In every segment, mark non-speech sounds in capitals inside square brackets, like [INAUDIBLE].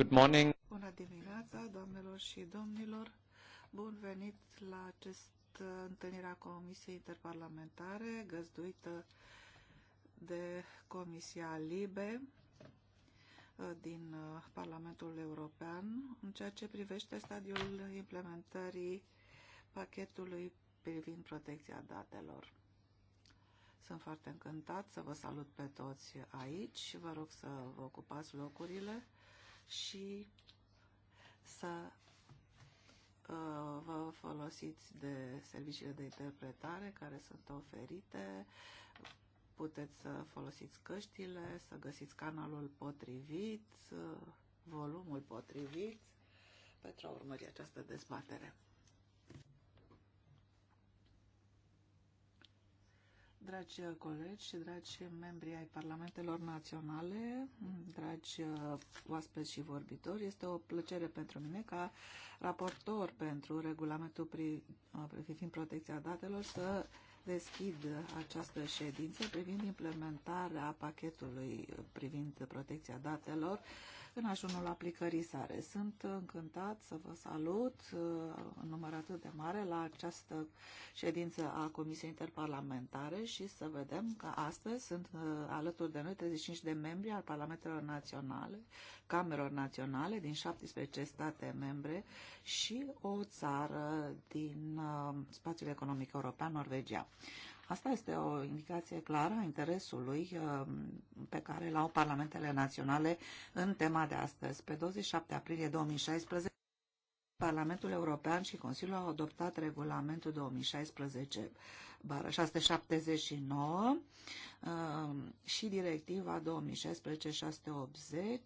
Good morning. Bună dimineața, doamnelor și domnilor. Bun venit la această uh, întâlnire a Comisiei Interparlamentare, găzduită de Comisia LIBE uh, din uh, Parlamentul European, în ceea ce privește stadiul implementării pachetului privind protecția datelor. Sunt foarte încântat să vă salut pe toți aici. Vă rog să vă ocupați locurile și să uh, vă folosiți de serviciile de interpretare care sunt oferite, puteți să folosiți căștile, să găsiți canalul potrivit, uh, volumul potrivit pentru a urmări această dezbatere. Dragi colegi și dragi membri ai Parlamentelor Naționale, dragi uh, oaspeți și vorbitori, este o plăcere pentru mine ca raportor pentru regulamentul uh, privind protecția datelor să deschid această ședință privind implementarea pachetului privind protecția datelor în ajunul aplicării sare. Sunt încântat să vă salut uh, în număr atât de mare la această ședință a Comisiei Interparlamentare și să vedem că astăzi sunt uh, alături de noi 35 de membri al Parlamentelor Naționale, Camerelor Naționale din 17 state membre și o țară din uh, spațiul economic european, Norvegia. Asta este o indicație clară a interesului uh, pe care l-au parlamentele naționale în tema de astăzi. Pe 27 aprilie 2016, Parlamentul European și Consiliul au adoptat regulamentul 2016 679 uh, și directiva 2016-680,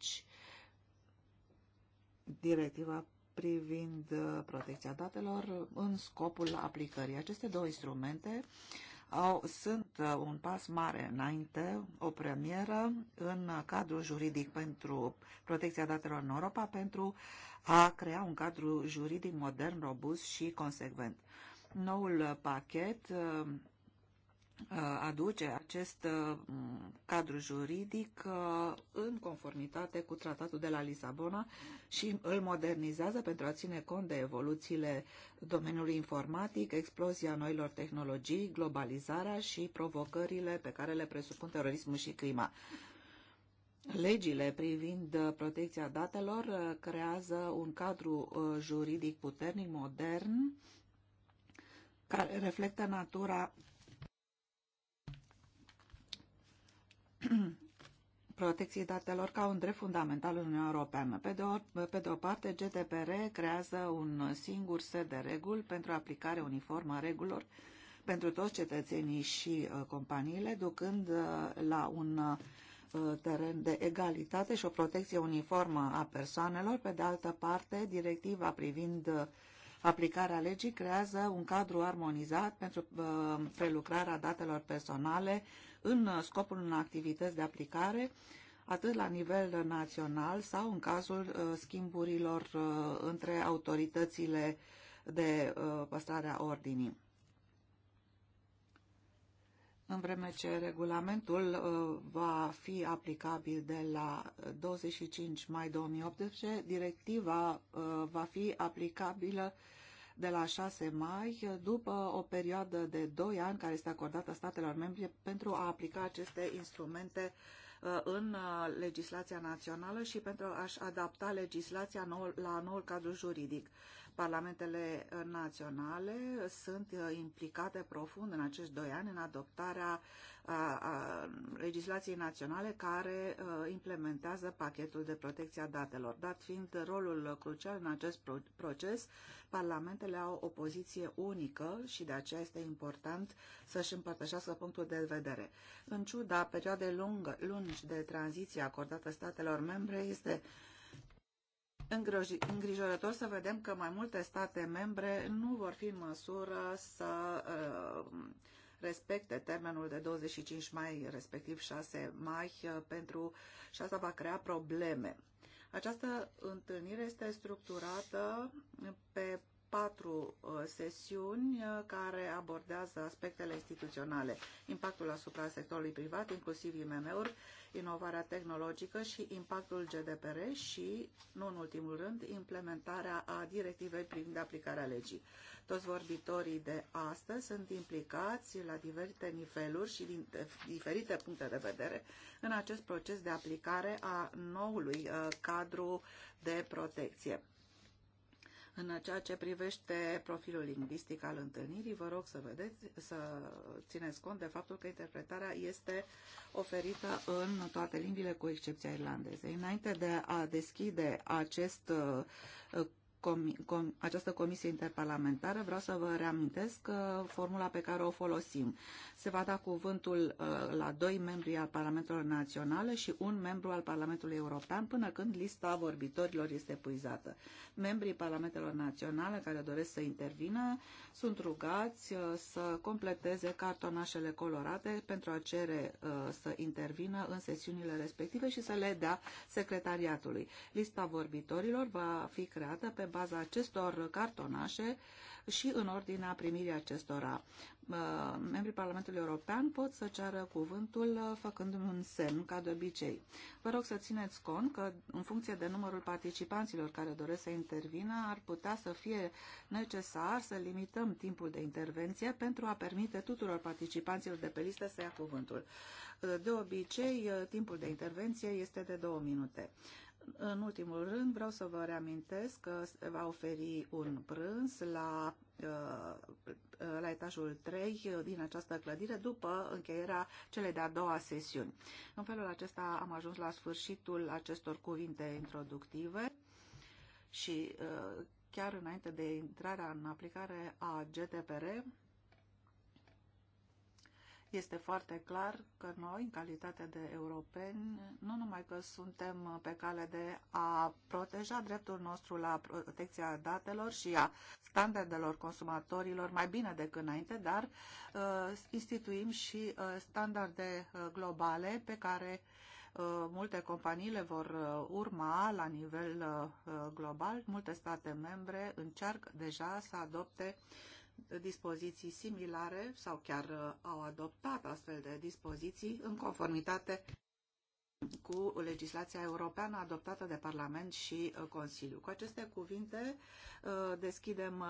directiva privind uh, protecția datelor în scopul aplicării. Aceste două instrumente au, sunt uh, un pas mare înainte, o premieră în cadrul juridic pentru protecția datelor în Europa pentru a crea un cadru juridic modern, robust și consecvent. Noul pachet uh, Uh, aduce acest uh, cadru juridic uh, în conformitate cu tratatul de la Lisabona și îl modernizează pentru a ține cont de evoluțiile domeniului informatic, explozia noilor tehnologii, globalizarea și provocările pe care le presupun terorismul și clima. Legile privind protecția datelor creează un cadru juridic puternic, modern, care reflectă natura [CLEARS THROAT] protecției datelor ca un drept fundamental în Uniunea Europeană. Pe de, o, pe de o parte, GDPR creează un singur set de reguli pentru aplicare uniformă a regulilor pentru toți cetățenii și uh, companiile, ducând uh, la un uh, teren de egalitate și o protecție uniformă a persoanelor. Pe de altă parte, directiva privind uh, aplicarea legii creează un cadru armonizat pentru uh, prelucrarea datelor personale în scopul unei activități de aplicare, atât la nivel național sau în cazul uh, schimburilor uh, între autoritățile de uh, păstrare a ordinii. În vreme ce regulamentul va fi aplicabil de la 25 mai 2018, directiva va fi aplicabilă de la 6 mai, după o perioadă de 2 ani care este acordată statelor membre pentru a aplica aceste instrumente uh, în uh, legislația națională și pentru a-și adapta legislația nou, la noul cadru juridic. Parlamentele naționale sunt uh, implicate profund în acești doi ani în adoptarea a, uh, a legislației naționale care uh, implementează pachetul de protecție a datelor. Dat fiind rolul crucial în acest proces, parlamentele au o poziție unică și de aceea este important să-și împărtășească punctul de vedere. În ciuda perioadei lungi de tranziție acordată statelor membre, este îngrijorător să vedem că mai multe state membre nu vor fi în măsură să uh, respecte termenul de 25 mai, respectiv 6 mai, uh, pentru și asta va crea probleme. Această întâlnire este structurată pe patru uh, sesiuni uh, care abordează aspectele instituționale, impactul asupra sectorului privat, inclusiv IMM-uri, inovarea tehnologică și impactul GDPR și, nu în ultimul rând, implementarea a directivei privind aplicarea legii. Toți vorbitorii de astăzi sunt implicați la diferite niveluri și din diferite puncte de vedere în acest proces de aplicare a noului uh, cadru de protecție. În ceea ce privește profilul lingvistic al întâlnirii, vă rog să vedeți, să țineți cont de faptul că interpretarea este oferită în toate limbile, cu excepția irlandezei. Înainte de a deschide acest uh, com, com, această comisie interparlamentară, vreau să vă reamintesc că uh, formula pe care o folosim se va da cuvântul uh, la doi membri al Parlamentului Național și un membru al Parlamentului European până când lista vorbitorilor este puizată. Membrii Parlamentelor Naționale care doresc să intervină sunt rugați uh, să completeze cartonașele colorate pentru a cere uh, să intervină în sesiunile respective și să le dea secretariatului. Lista vorbitorilor va fi creată pe baza acestor cartonașe și în ordinea primirii acestora. Uh, membrii Parlamentului European pot să ceară cuvântul uh, făcând un semn, ca de obicei. Vă rog să țineți cont că, în funcție de numărul participanților care doresc să intervină, ar putea să fie necesar să limităm timpul de intervenție pentru a permite tuturor participanților de pe listă să ia cuvântul. Uh, de obicei, timpul de intervenție este de două minute. În ultimul rând, vreau să vă reamintesc că se va oferi un prânz la, uh, la etajul 3 din această clădire după încheierea celei de-a doua sesiuni. În felul acesta am ajuns la sfârșitul acestor cuvinte introductive și uh, chiar înainte de intrarea în aplicare a GDPR, este foarte clar că noi, în calitate de europeni, nu numai că suntem pe cale de a proteja dreptul nostru la protecția datelor și a standardelor consumatorilor mai bine decât înainte, dar uh, instituim și uh, standarde uh, globale pe care uh, multe companii le vor uh, urma la nivel uh, global. Multe state membre încearcă deja să adopte uh, dispoziții similare sau chiar uh, au adoptat astfel de dispoziții în conformitate cu legislația europeană adoptată de Parlament și uh, Consiliu. Cu aceste cuvinte uh, deschidem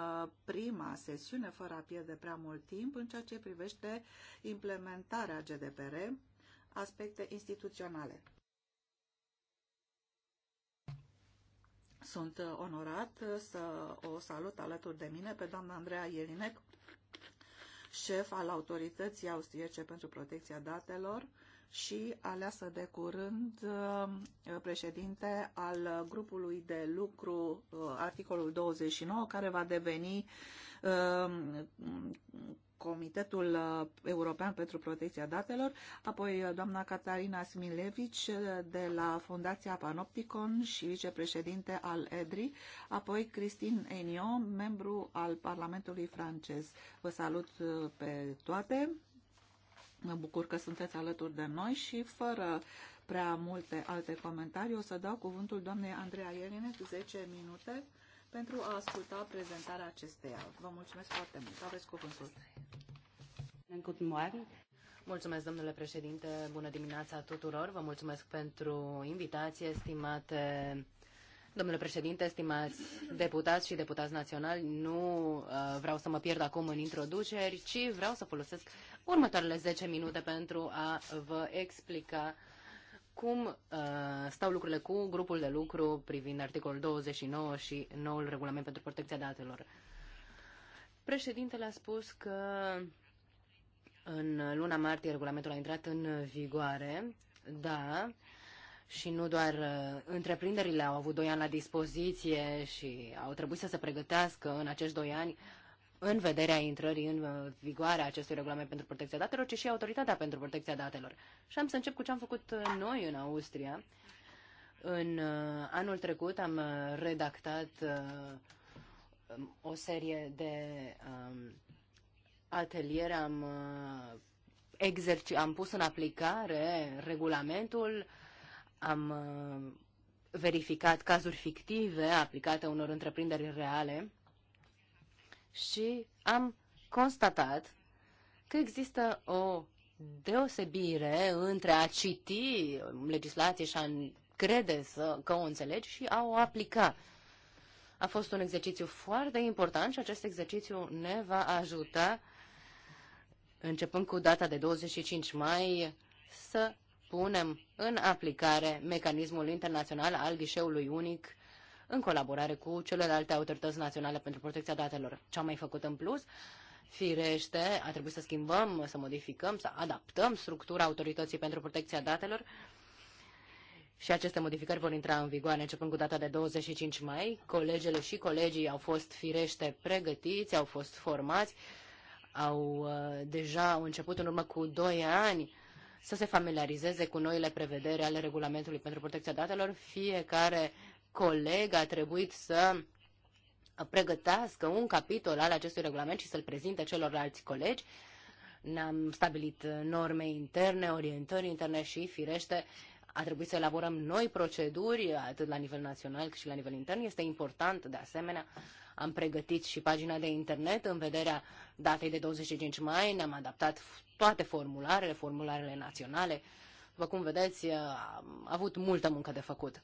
prima sesiune fără a pierde prea mult timp în ceea ce privește implementarea GDPR, aspecte instituționale. Sunt uh, onorat uh, să o salut alături de mine pe doamna Andreea Ielinec, șef al Autorității Austriece pentru Protecția Datelor și aleasă de curând uh, președinte al grupului de lucru articolul 29, care va deveni Comitetul uh, European pentru Protecția Datelor, apoi uh, doamna Catarina Smilevici uh, de la Fundația Panopticon și vicepreședinte al EDRI, apoi Christine Enion, membru al Parlamentului francez. Vă salut pe toate, mă bucur că sunteți alături de noi și fără prea multe alte comentarii o să dau cuvântul doamnei Andreea Ierine cu 10 minute pentru a asculta prezentarea acesteia. Vă mulțumesc foarte mult. Aveți cuvântul. Guten Morgen. Mulțumesc, domnule președinte. Bună dimineața tuturor. Vă mulțumesc pentru invitație, stimate Domnule președinte, stimați deputați și deputați naționali, nu uh, vreau să mă pierd acum în introduceri, ci vreau să folosesc următoarele 10 minute pentru a vă explica cum uh, stau lucrurile cu grupul de lucru privind articolul 29 și noul regulament pentru protecția datelor. Președintele a spus că în luna martie regulamentul a intrat în vigoare, da, și nu doar uh, întreprinderile au avut doi ani la dispoziție și au trebuit să se pregătească în acești doi ani, în vederea intrării în uh, vigoare a acestui regulament pentru protecția datelor, ci și autoritatea pentru protecția datelor. Și am să încep cu ce am făcut uh, noi în Austria. În uh, anul trecut am redactat um, o serie de um, ateliere, am, exerci- am pus în aplicare regulamentul, am verificat cazuri fictive aplicate unor întreprinderi reale și am constatat că există o deosebire între a citi legislație și a crede să, că o înțelegi și a o aplica. A fost un exercițiu foarte important și acest exercițiu ne va ajuta, începând cu data de 25 mai, să punem în aplicare mecanismul internațional al ghișeului unic în colaborare cu celelalte autorități naționale pentru protecția datelor. Ce am mai făcut în plus? Firește, a trebuit să schimbăm, să modificăm, să adaptăm structura autorității pentru protecția datelor și aceste modificări vor intra în vigoare începând cu data de 25 mai. Colegele și colegii au fost firește pregătiți, au fost formați, au uh, deja au început în urmă cu 2 ani să se familiarizeze cu noile prevederi ale regulamentului pentru protecția datelor. Fiecare coleg a trebuit să pregătească un capitol al acestui regulament și să-l prezinte celorlalți colegi. Ne-am stabilit norme interne, orientări interne și, firește, a trebuit să elaborăm noi proceduri, atât la nivel național cât și la nivel intern. Este important, de asemenea, am pregătit și pagina de internet în vederea datei de 25 mai, ne-am adaptat toate formularele, formularele naționale. După cum vedeți, a avut multă muncă de făcut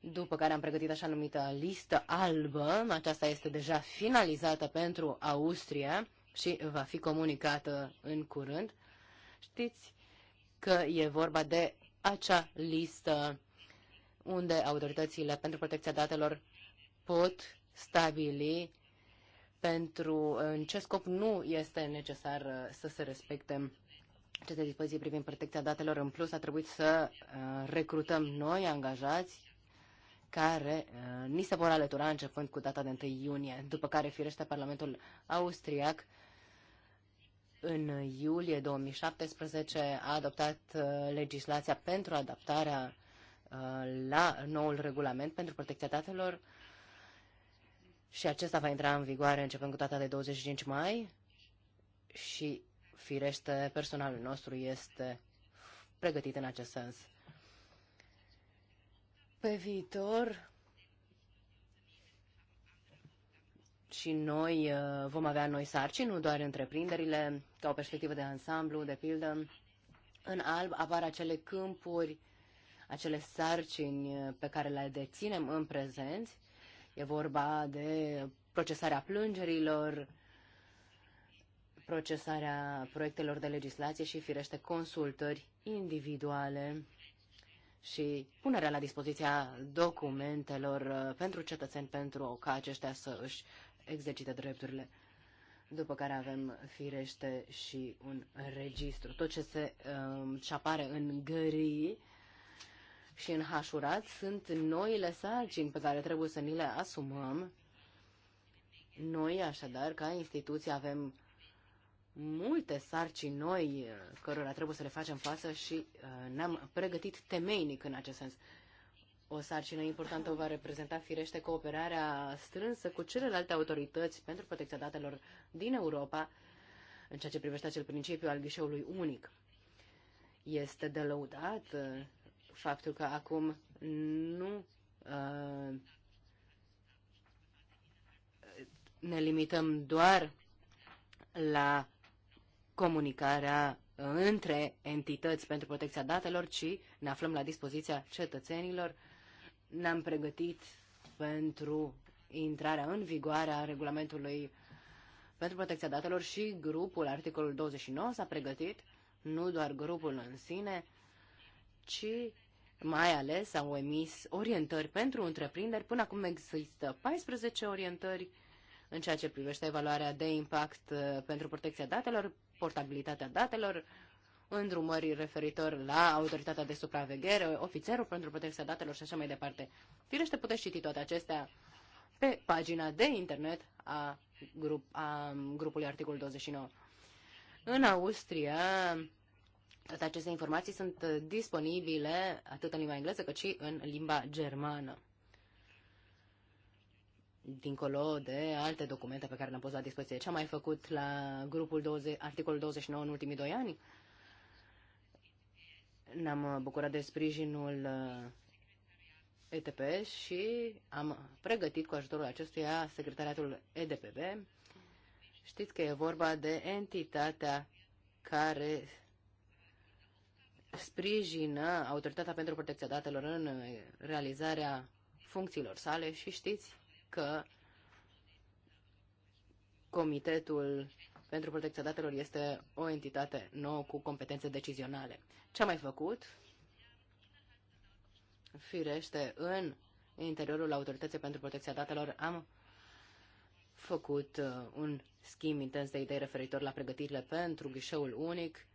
după care am pregătit așa numită listă albă. Aceasta este deja finalizată pentru Austria și va fi comunicată în curând. Știți că e vorba de acea listă unde autoritățile pentru protecția datelor pot stabili pentru în ce scop nu este necesar să se respecte aceste dispoziții privind protecția datelor. În plus, a trebuit să uh, recrutăm noi angajați care uh, ni se vor alătura începând cu data de 1 iunie, după care, firește, Parlamentul Austriac în iulie 2017 a adoptat uh, legislația pentru adaptarea uh, la noul regulament pentru protecția datelor și acesta va intra în vigoare începând cu data de 25 mai și firește personalul nostru este pregătit în acest sens. Pe viitor și noi uh, vom avea noi sarcini, nu doar întreprinderile, ca o perspectivă de ansamblu, de pildă. În alb apar acele câmpuri, acele sarcini uh, pe care le deținem în prezent. E vorba de procesarea plângerilor, procesarea proiectelor de legislație și, firește, consultări individuale și punerea la dispoziția documentelor uh, pentru cetățeni pentru ca aceștia să își exercite drepturile. După care avem firește și un registru. Tot ce se um, ce apare în gării și în hașurat sunt noile sarcini pe care trebuie să ni le asumăm. Noi, așadar, ca instituție, avem multe sarcini noi uh, cărora trebuie să le facem față și uh, ne-am pregătit temeinic în acest sens. O sarcină importantă o va reprezenta firește cooperarea strânsă cu celelalte autorități pentru protecția datelor din Europa în ceea ce privește acel principiu al ghișeului unic. Este de lăudat uh, faptul că acum nu uh, ne limităm doar la comunicarea între entități pentru protecția datelor, ci ne aflăm la dispoziția cetățenilor. Ne-am pregătit pentru intrarea în vigoare a regulamentului pentru protecția datelor și grupul, articolul 29, s-a pregătit, nu doar grupul în sine, ci mai ales au emis orientări pentru întreprinderi. Până acum există 14 orientări în ceea ce privește evaluarea de impact uh, pentru protecția datelor, portabilitatea datelor, îndrumări referitor la autoritatea de supraveghere, ofițerul pentru protecția datelor și așa mai departe. Firește, puteți citi toate acestea pe pagina de internet a, grup, a grupului articol 29. În Austria, toate aceste informații sunt disponibile atât în limba engleză cât și în limba germană dincolo de alte documente pe care le-am pus la dispoziție. Ce am mai făcut la grupul 20, articolul 29 în ultimii doi ani? Ne-am bucurat de sprijinul uh, ETP și am pregătit cu ajutorul acestuia secretariatul EDPB. Știți că e vorba de entitatea care sprijină Autoritatea pentru Protecția Datelor în realizarea funcțiilor sale și știți că Comitetul pentru Protecția Datelor este o entitate nouă cu competențe decizionale. Ce am mai făcut? Firește, în interiorul Autorității pentru Protecția Datelor am făcut uh, un schimb intens de idei referitor la pregătirile pentru ghișeul unic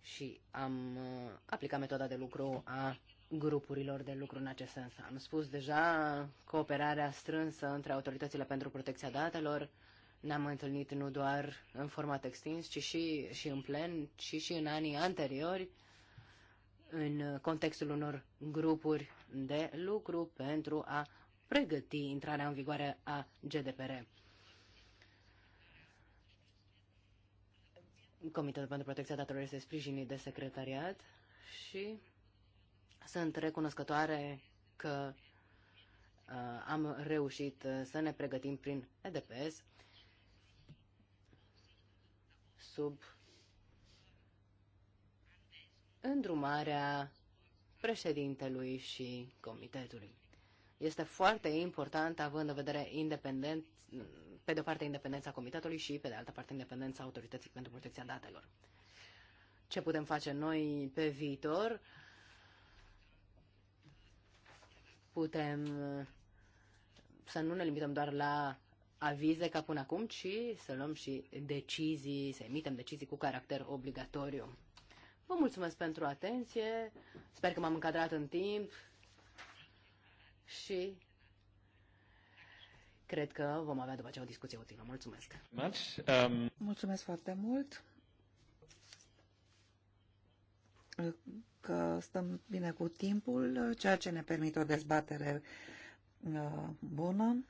și am uh, aplicat metoda de lucru a grupurilor de lucru în acest sens. Am spus deja cooperarea strânsă între autoritățile pentru protecția datelor. Ne-am întâlnit nu doar în format extins, ci și, și în plen, ci și în anii anteriori, în contextul unor grupuri de lucru pentru a pregăti intrarea în vigoare a GDPR. Comitetul pentru Protecția Datelor este sprijinit de secretariat și sunt recunoscătoare că uh, am reușit uh, să ne pregătim prin EDPS sub îndrumarea președintelui și comitetului. Este foarte important, având în vedere independent, pe de o parte independența comitetului și pe de altă parte independența autorității pentru protecția datelor. Ce putem face noi pe viitor? putem uh, să nu ne limităm doar la avize ca până acum, ci să luăm și decizii, să emitem decizii cu caracter obligatoriu. Vă mulțumesc pentru atenție, sper că m-am încadrat în timp și cred că vom avea după aceea o discuție utilă. Mulțumesc! Mulțumesc um, foarte mult! că stăm bine cu timpul, ceea ce ne permite o dezbatere uh, bună.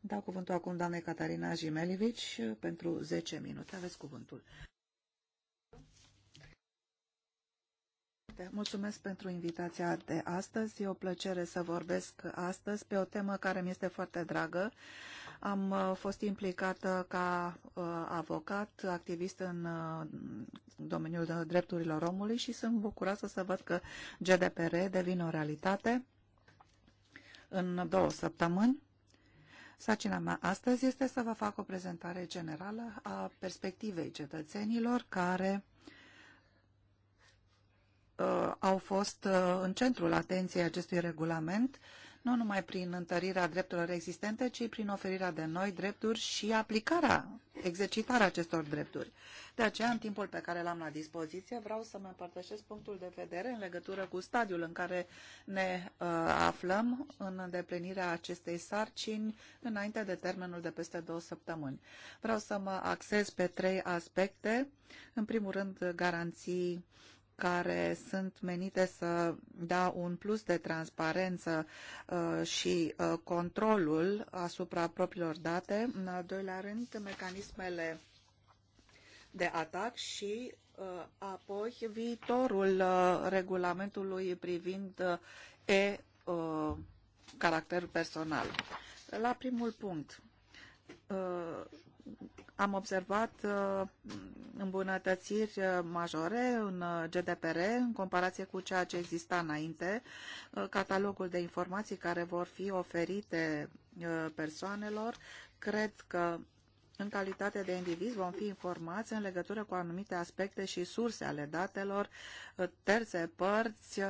Dau cuvântul acum doamnei Catarina Jimelivici pentru 10 minute. Aveți cuvântul. Mulțumesc pentru invitația de astăzi. E o plăcere să vorbesc astăzi pe o temă care mi este foarte dragă am uh, fost implicată ca uh, avocat, activist în uh, domeniul drepturilor omului și sunt bucuroasă să văd că GDPR devine o realitate în două săptămâni. Sacina mea astăzi este să vă fac o prezentare generală a perspectivei cetățenilor care uh, au fost uh, în centrul atenției acestui regulament nu numai prin întărirea drepturilor existente, ci prin oferirea de noi drepturi și aplicarea, exercitarea acestor drepturi. De aceea, în timpul pe care l-am la dispoziție, vreau să-mi împărtășesc punctul de vedere în legătură cu stadiul în care ne uh, aflăm în îndeplinirea acestei sarcini înainte de termenul de peste două săptămâni. Vreau să mă axez pe trei aspecte. În primul rând, garanții care sunt menite să dea un plus de transparență uh, și uh, controlul asupra propriilor date. În al doilea rând, mecanismele de atac și uh, apoi viitorul regulamentului privind e caracter personal. La primul punct, am observat îmbunătățiri uh, majore în uh, GDPR în comparație cu ceea ce exista înainte, uh, catalogul de informații care vor fi oferite persoanelor. Cred că în calitate de indivizi vom fi informați în legătură cu anumite aspecte și surse ale datelor, terțe părți,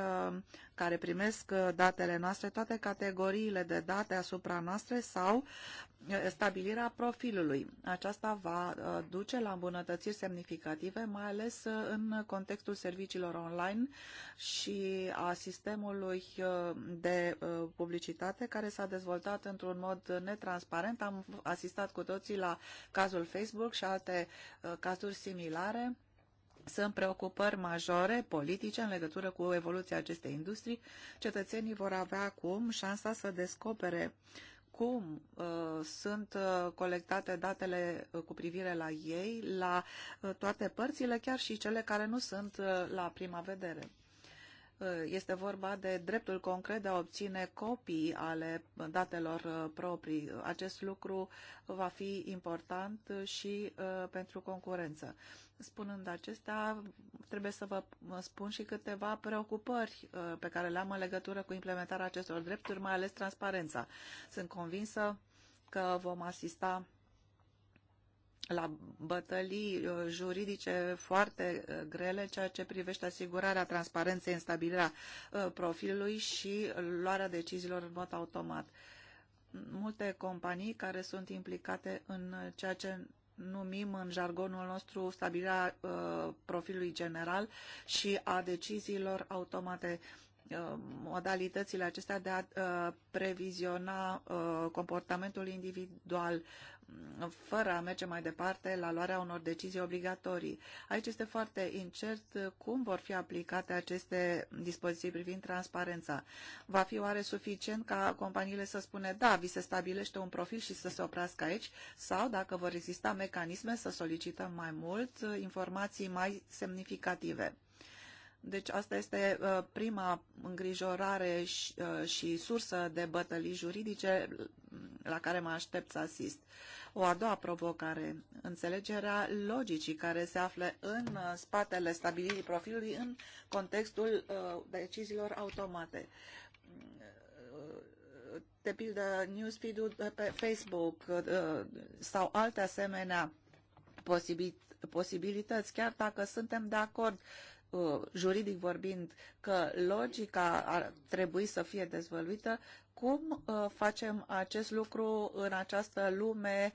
care primesc uh, datele noastre, toate categoriile de date asupra noastre sau uh, stabilirea profilului. Aceasta va uh, duce la îmbunătățiri semnificative, mai ales în contextul serviciilor online și a sistemului de publicitate care s-a dezvoltat într-un mod netransparent. Am asistat cu toții la cazul Facebook și alte cazuri similare sunt preocupări majore politice în legătură cu evoluția acestei industrii. Cetățenii vor avea acum șansa să descopere cum uh, sunt uh, colectate datele uh, cu privire la ei, la uh, toate părțile, chiar și cele care nu sunt uh, la prima vedere. Uh, este vorba de dreptul concret de a obține copii ale datelor proprii. Acest lucru va fi important și pentru concurență. Spunând acesta, trebuie să vă spun și câteva preocupări uh, pe care le am în legătură cu implementarea acestor drepturi, mai ales transparența. Sunt convinsă că vom asista la bătălii uh, juridice foarte uh, grele ceea ce privește asigurarea transparenței în stabilirea profilului și luarea deciziilor în mod automat. Multe companii care sunt implicate în ceea ce numim în jargonul nostru stabilirea uh, profilului general și a deciziilor automate uh, modalitățile acestea de a uh, previziona uh, comportamentul individual, fără a merge mai departe la luarea unor decizii obligatorii. Aici este foarte incert cum vor fi aplicate aceste dispoziții privind transparența. Va fi oare suficient ca companiile să spune da, vi se stabilește un profil și să se oprească aici sau dacă vor exista mecanisme să solicităm mai mult informații mai semnificative. Deci asta este uh, prima îngrijorare și, uh, și sursă de bătălii juridice la care mă aștept să asist. O a doua provocare, înțelegerea logicii care se află în uh, spatele stabilirii profilului în contextul deciziilor automate de pildă newsfeed-ul pe Facebook sau alte asemenea posibilități, chiar dacă suntem de acord Uh, juridic vorbind, că logica ar trebui să fie dezvăluită, cum uh, facem acest lucru în această lume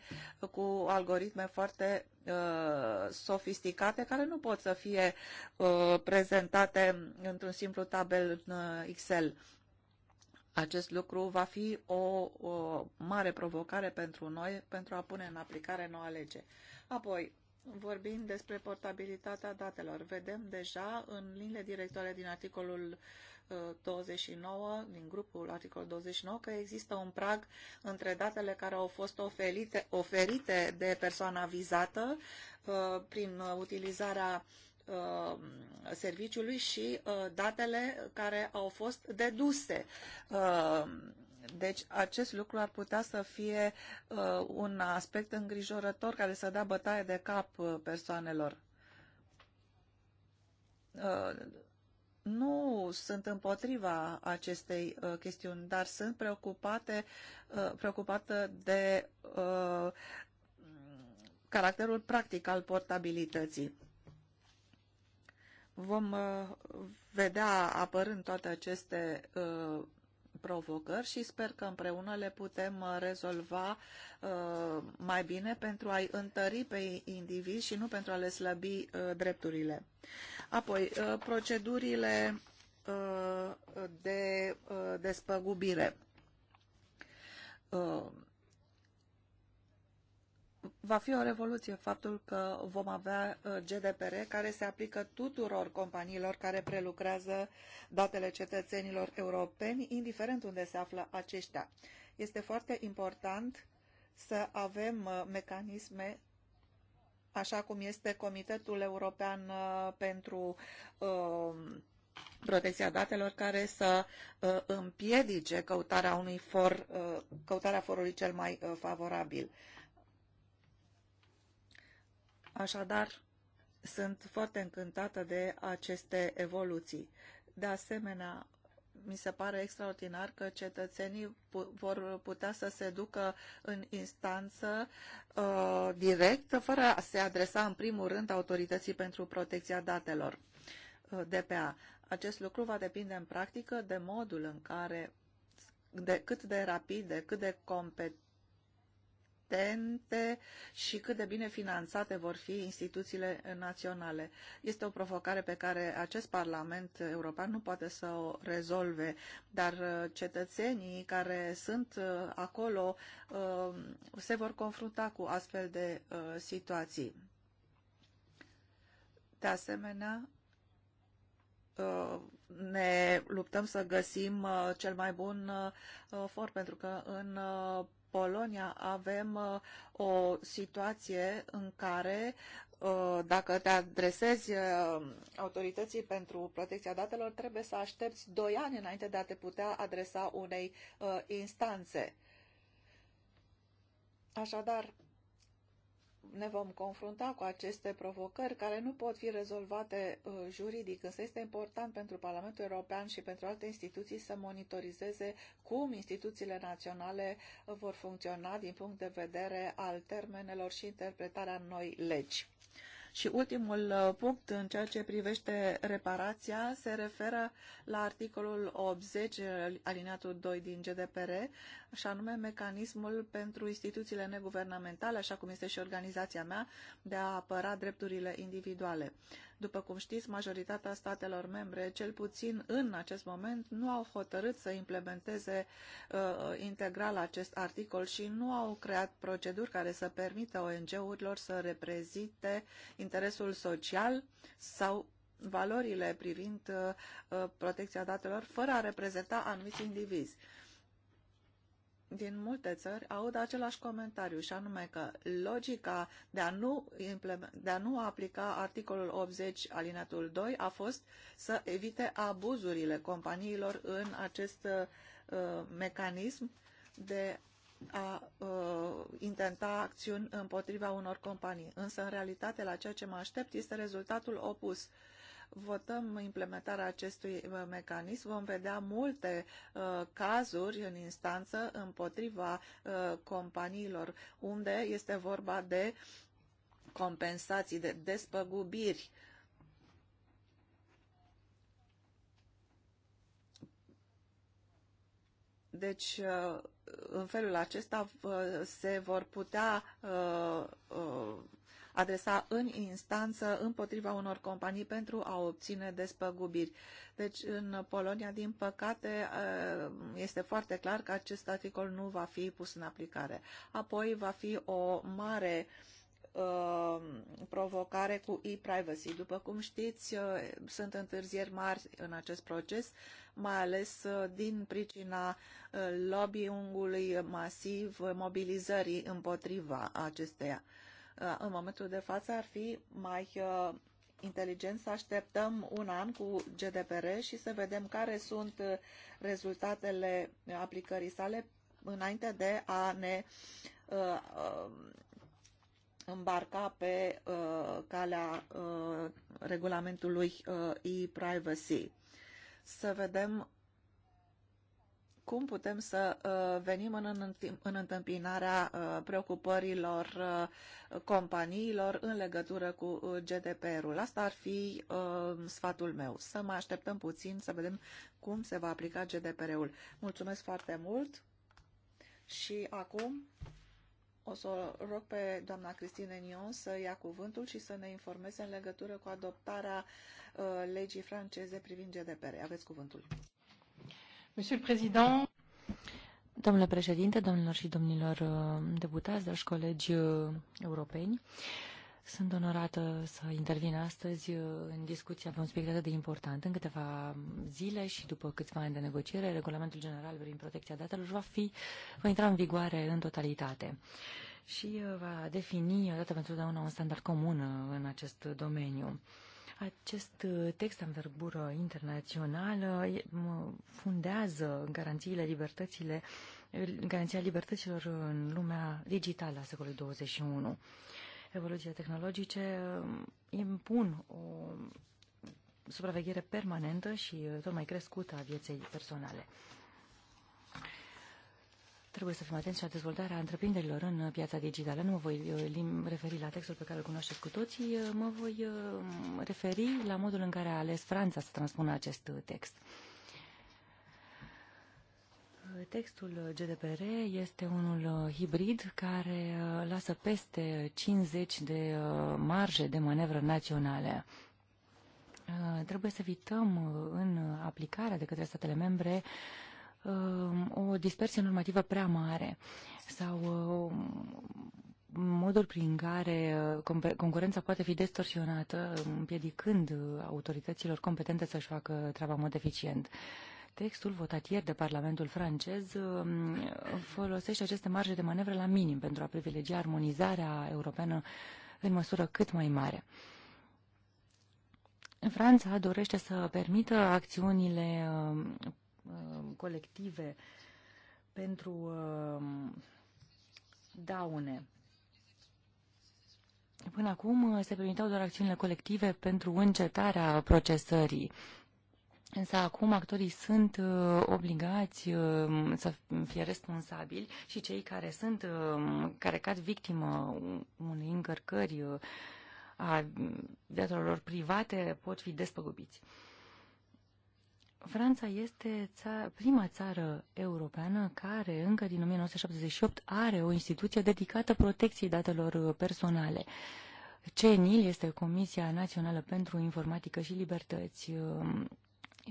cu algoritme foarte uh, sofisticate care nu pot să fie prezentate într-un simplu tabel în Excel. Acest lucru va fi o, o mare provocare pentru noi pentru a pune în aplicare noua lege. Apoi, vorbim despre portabilitatea datelor. Vedem deja în linile directoare din articolul 29, uh, din grupul articolul 29, că există un prag între datele care au fost oferite, oferite de persoana vizată uh, prin utilizarea uh, serviciului și datele care au fost deduse deci acest lucru ar putea să fie uh, un aspect îngrijorător care să dea bătaie de cap uh, persoanelor. Uh, nu sunt împotriva acestei uh, chestiuni, dar sunt preocupate, preocupată de caracterul practic al portabilității. Vom vedea apărând toate aceste provocări și sper că împreună le putem uh, rezolva uh, mai bine pentru a-i întări pe indivizi și nu pentru a le slăbi uh, drepturile. Apoi, procedurile de despăgubire Va fi o revoluție faptul că vom avea uh, GDPR care se aplică tuturor companiilor care prelucrează datele cetățenilor europeni, indiferent unde se află aceștia. Este foarte important să avem uh, mecanisme așa cum este Comitetul European uh, pentru um, protecția datelor care să împiedice căutarea unui for, căutarea forului cel mai favorabil Așadar, sunt foarte încântată de aceste evoluții. De asemenea, mi se pare extraordinar că cetățenii vor putea să se ducă în instanță uh, direct, fără a se adresa în primul rând autorității pentru protecția datelor, uh, DPA. Acest lucru va depinde în practică de modul în care, de cât de rapide, cât de competent, competente și cât de bine finanțate vor fi instituțiile naționale. Este o provocare pe care acest Parlament European nu poate să o rezolve, dar uh, cetățenii care sunt uh, acolo uh, se vor confrunta cu astfel de situații. De asemenea, ne luptăm să găsim cel mai bun for, pentru că în Polonia avem uh, o situație în care uh, dacă te adresezi uh, autorității pentru protecția datelor, trebuie să aștepți 2 ani înainte de a te putea adresa unei instanțe. Așadar, ne vom confrunta cu aceste provocări care nu pot fi rezolvate uh, juridic, însă este important pentru Parlamentul European și pentru alte instituții să monitorizeze cum instituțiile naționale uh, vor funcționa din punct de vedere al termenelor și interpretarea noi legi. Și ultimul uh, punct în ceea ce privește reparația se referă la articolul 80 alineatul 2 din GDPR, și anume mecanismul pentru instituțiile neguvernamentale, așa cum este și organizația mea, de a apăra drepturile individuale. După cum știți, majoritatea statelor membre, cel puțin în acest moment, nu au hotărât să implementeze uh, integral acest articol și nu au creat proceduri care să permită ONG-urilor să reprezinte interesul social sau valorile privind uh, uh protecția datelor fără a reprezenta anumiți indivizi din multe țări aud același comentariu și anume că logica de a nu, de a nu aplica articolul 80 alineatul 2 a fost să evite abuzurile companiilor în acest uh, mecanism de a uh, intenta acțiuni împotriva unor companii. Însă, în realitate, la ceea ce mă aștept este rezultatul opus. Uh, votăm implementarea acestui uh, mecanism, vom vedea multe uh, cazuri în instanță împotriva uh, companiilor, unde este vorba de compensații, de despăgubiri. Deci, uh, în felul acesta uh, se vor putea uh, adresa în instanță împotriva unor companii pentru a obține despăgubiri. Deci în Polonia, din păcate, eh, este foarte clar că acest articol nu va fi pus în aplicare. Apoi va fi o mare eh, provocare cu e-privacy. După cum știți, eh, sunt întârzieri mari în acest proces, mai ales din pricina lobby lobby-ului masiv mobilizării împotriva acesteia. Uh, în momentul de față ar fi mai uh, inteligent să așteptăm un an cu GDPR și să vedem care sunt uh, rezultatele aplicării sale înainte de a ne um, îmbarca pe calea regulamentului e-privacy. Să vedem cum putem să uh, venim în, în întâmpinarea uh, preocupărilor uh, companiilor în legătură cu GDPR-ul. Asta ar fi sfatul meu. Să mai așteptăm puțin să vedem cum se va aplica GDPR-ul. Mulțumesc foarte mult și acum o să rog pe doamna Cristine Nion să ia cuvântul și să ne informeze în legătură cu adoptarea legii franceze privind GDPR. Aveți cuvântul. Monsieur le Président. Domnule președinte, domnilor și domnilor uh, deputați, dragi colegi uh, europeni, sunt onorată să intervin astăzi uh, în discuția pe un subiect atât de important. În câteva zile și după câțiva ani de negociere, Regulamentul General privind protecția datelor va, fi, va intra în vigoare în totalitate și va defini, odată pentru totdeauna, un standard comun în acest domeniu. Acest uh, text în verbură internațională fundează garanțiile libertățile, garanția libertăților în lumea digitală a secolului 21. Evoluțiile tehnologice uh, impun o supraveghere permanentă și uh, tot mai crescută a vieței personale. Trebuie să fim atenți la dezvoltarea întreprinderilor în uh, piața digitală. Nu mă voi uh, referi la textul pe care îl cunoașteți cu toții, uh, mă voi referi la modul în care a ales Franța să transpună acest text. Textul GDPR este unul hibrid care lasă peste 50 de marje de manevră naționale. Trebuie să evităm în aplicarea de către statele membre uh, Um, o dispersie normativă prea mare sau um, modul prin care uh, concurența poate fi distorsionată, um, împiedicând uh, autorităților competente să-și facă treaba în mod eficient. Textul votat ieri de Parlamentul francez folosește aceste marje de manevră la minim pentru a privilegia armonizarea europeană în măsură cât mai mare. Franța dorește să permită acțiunile Um, colective pentru um, daune. Până acum uh, se permiteau doar acțiunile colective pentru încetarea procesării. Însă acum actorii sunt uh, obligați uh, să fie responsabili și cei care sunt, uh, care cad victimă unei încărcări uh, a datorilor private pot fi despăgubiți. Uh, Franța este ța prima țară europeană care încă din 1978 are o instituție dedicată protecției datelor personale. CENIL este Comisia Națională pentru Informatică și Libertăți, um,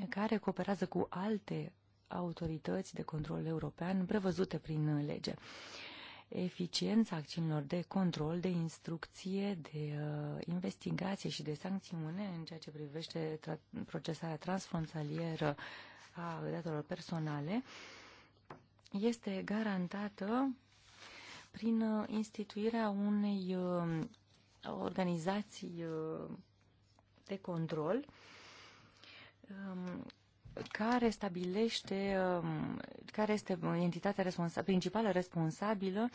care cooperează cu alte autorități de control european prevăzute prin lege. Uh, eficiența acțiunilor de control, de instrucție, de uh, investigație și de sancțiune în ceea ce privește tra- procesarea transfrontalieră a datelor personale este garantată prin uh, instituirea unei uh, organizații uh, de control um, care stabilește um, care este entitatea responsa principală responsabilă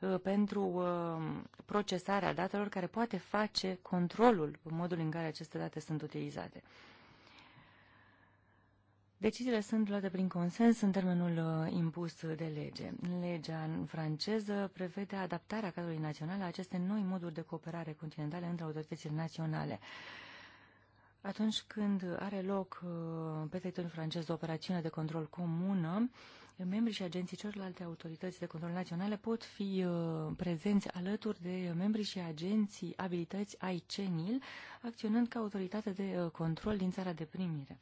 uh, pentru um, procesarea datelor care poate face controlul modul în care aceste date sunt utilizate. Deciziile sunt luate prin consens în termenul uh, impus de lege. Legea franceză prevede adaptarea cadrului național la aceste noi moduri de cooperare continentale între autoritățile naționale. Atunci când are loc uh, pe teritoriul francez o operațiune de control comună, membrii și agenții celorlalte autorități de control naționale pot fi uh, prezenți alături de membrii și agenții abilități ai CENIL, acționând ca autoritate de uh, control din țara de primire.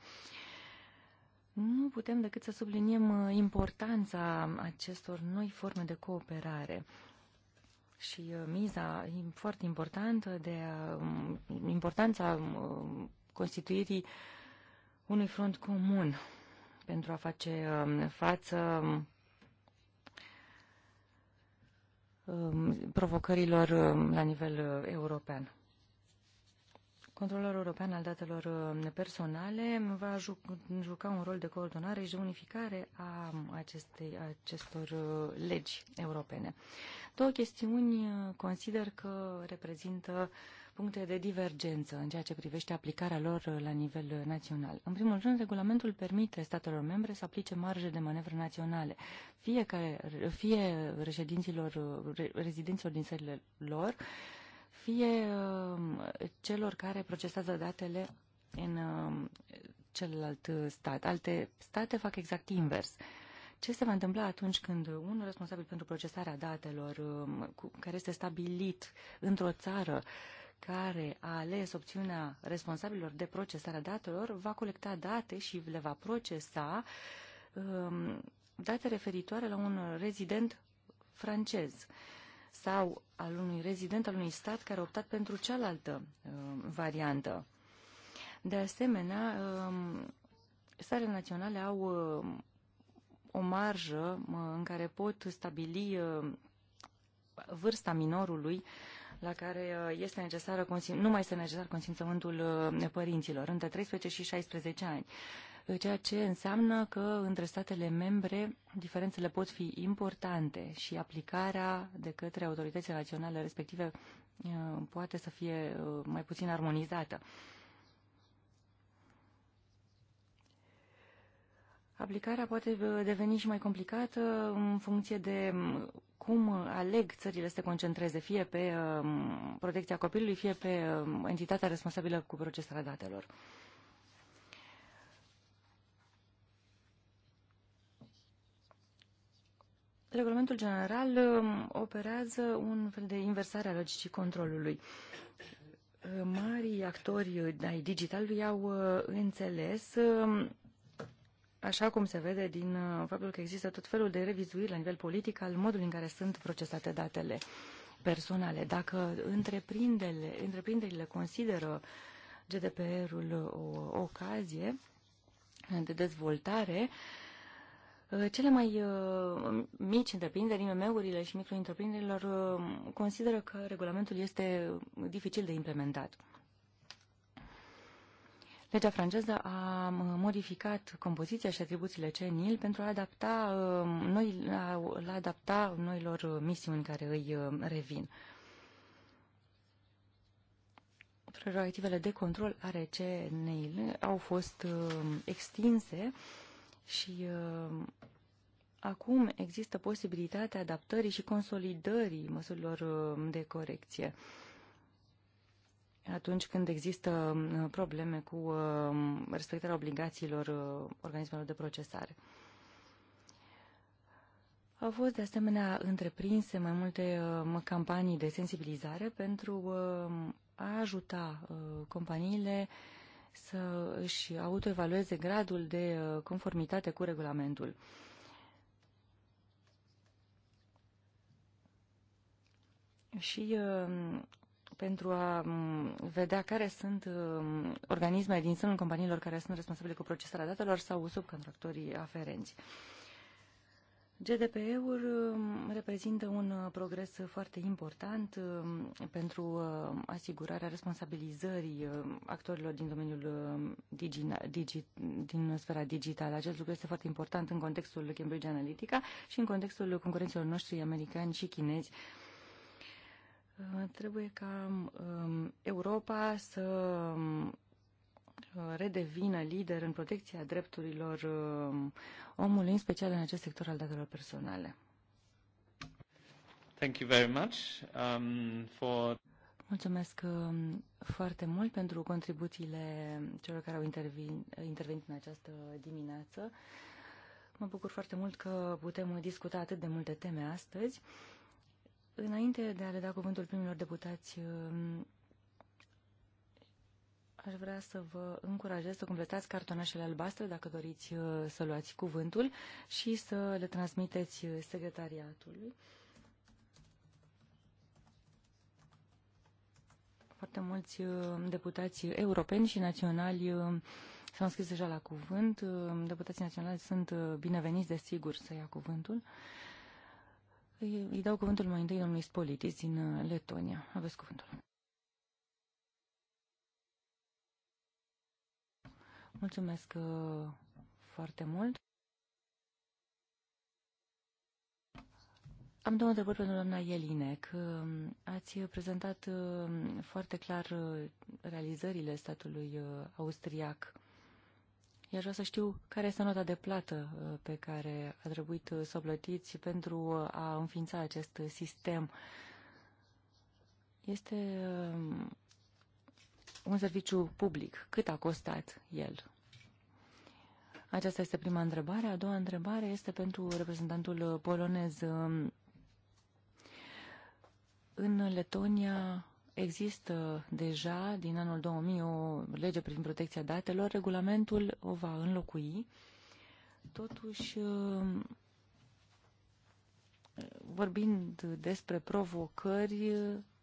Nu putem decât să subliniem importanța acestor noi forme de cooperare și miza foarte importantă de a, um, importanța um, constituirii unui front comun pentru a face um, față um, provocărilor um, la nivel uh, european. Controlul European al Datelor Personale va juca un rol de coordonare și de unificare a acestei, a acestor uh, legi europene. Două chestiuni uh, consider că reprezintă uh, puncte de divergență în ceea ce privește aplicarea lor la nivel național. În primul rând, regulamentul permite statelor membre să aplice marje de manevră naționale, fie, care, fie reședinților, rezidenților din țările lor, fie um, celor care procesează datele în um, celălalt stat. Alte state fac exact invers. Ce se va întâmpla atunci când un responsabil pentru procesarea datelor, um, care este stabilit într-o țară, care a ales opțiunea responsabililor de procesarea datelor va colecta date și le va procesa um, date referitoare la un rezident francez sau al unui rezident al unui stat care a optat pentru cealaltă um, variantă. De asemenea, um, statele naționale au um, o marjă um, în care pot stabili um, vârsta minorului uh, la care uh, este necesară, nu mai este necesar consimțământul uh, părinților, între 13 și 16 ani uh, ceea ce înseamnă că între statele membre diferențele pot fi importante și aplicarea de către autoritățile naționale respective poate să fie mai puțin armonizată. Aplicarea poate deveni și mai complicată în funcție de um, cum aleg țările să se concentreze fie pe um, protecția copilului, fie pe um, entitatea responsabilă cu procesarea datelor. Regulamentul general um, operează un fel de inversare a logicii controlului. Marii actori ai digitalului au uh, înțeles așa cum se vede din uh, faptul că există tot felul de revizuiri la nivel politic al modului în care sunt procesate datele personale. Dacă întreprinderile, întreprinderile consideră GDPR-ul o ocazie de dezvoltare, uh, cele mai uh, mici întreprinderi, IMM-urile și micro consideră că regulamentul este dificil de implementat. Legea franceză a modificat compoziția și atribuțiile CNIL pentru a adapta, ă, noi, la, a adapta noilor misiuni care îi ă, revin. Prerogativele de control are CNIL au fost ă, extinse și acum există posibilitatea adaptării și consolidării măsurilor de corecție atunci când există uh, probleme cu uh, respectarea obligațiilor uh, organismelor de procesare. Au fost de asemenea întreprinse mai multe campanii de sensibilizare pentru a ajuta companiile să își autoevalueze gradul de conformitate cu regulamentul. Și pentru a vedea care sunt organismele din sânul companiilor care sunt responsabile cu procesarea datelor sau subcontractorii aferenți. GDPR-ul reprezintă un uh, progres foarte important uh, pentru uh, asigurarea responsabilizării actorilor din domeniul digi, digi, din sfera digitală. Acest lucru este foarte important în contextul Cambridge Analytica și în contextul concurenților noștri americani și chinezi Uh, trebuie ca um, Europa să um, uh, redevină lider în protecția drepturilor um, omului, în special în acest sector al datelor personale. Thank you very much um, for... Mulțumesc foarte mult pentru contribuțiile celor care au intervin, intervenit în această dimineață. Mă bucur foarte mult că putem discuta atât de multe teme astăzi. Înainte de a le da cuvântul primilor deputați, um, aș vrea să vă încurajez să completați cartonașele albastre dacă doriți uh, să luați cuvântul și să le transmiteți secretariatului. Foarte mulți uh, deputați europeni și naționali uh, s-au înscris deja la cuvânt. Deputații naționali sunt bineveniți, desigur, să ia cuvântul. Îi, dau cuvântul mai întâi domnului Spolitis din uh, Letonia. Aveți cuvântul. Mulțumesc uh, foarte mult. Am două întrebări pentru doamna Elinec. Um, ați prezentat um, foarte clar uh, realizările statului austriac iar vreau să știu care este nota de plată uh, pe care a trebuit uh, să o plătiți pentru uh, a înființa acest sistem. Este um, un serviciu public. Cât a costat el? Aceasta este prima întrebare. A doua întrebare este pentru reprezentantul polonez. Um, în Letonia Există deja din anul 2000 o lege privind protecția datelor, regulamentul o va înlocui. Totuși, vorbind despre provocări,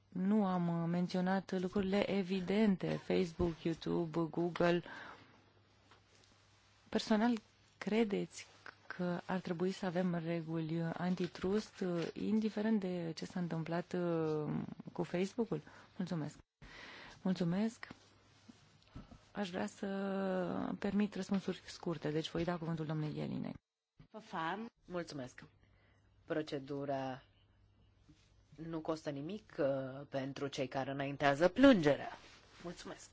nu am menționat lucrurile evidente, Facebook, YouTube, Google. Personal, credeți că ar trebui să avem reguli antitrust, uh, indiferent de ce s-a întâmplat uh, cu Facebook-ul? Mulțumesc. Mulțumesc. Aș vrea să permit răspunsuri scurte, deci voi da cuvântul domnului Ieline. Mulțumesc. Procedura nu costă nimic uh, pentru cei care înaintează plângerea. Mulțumesc.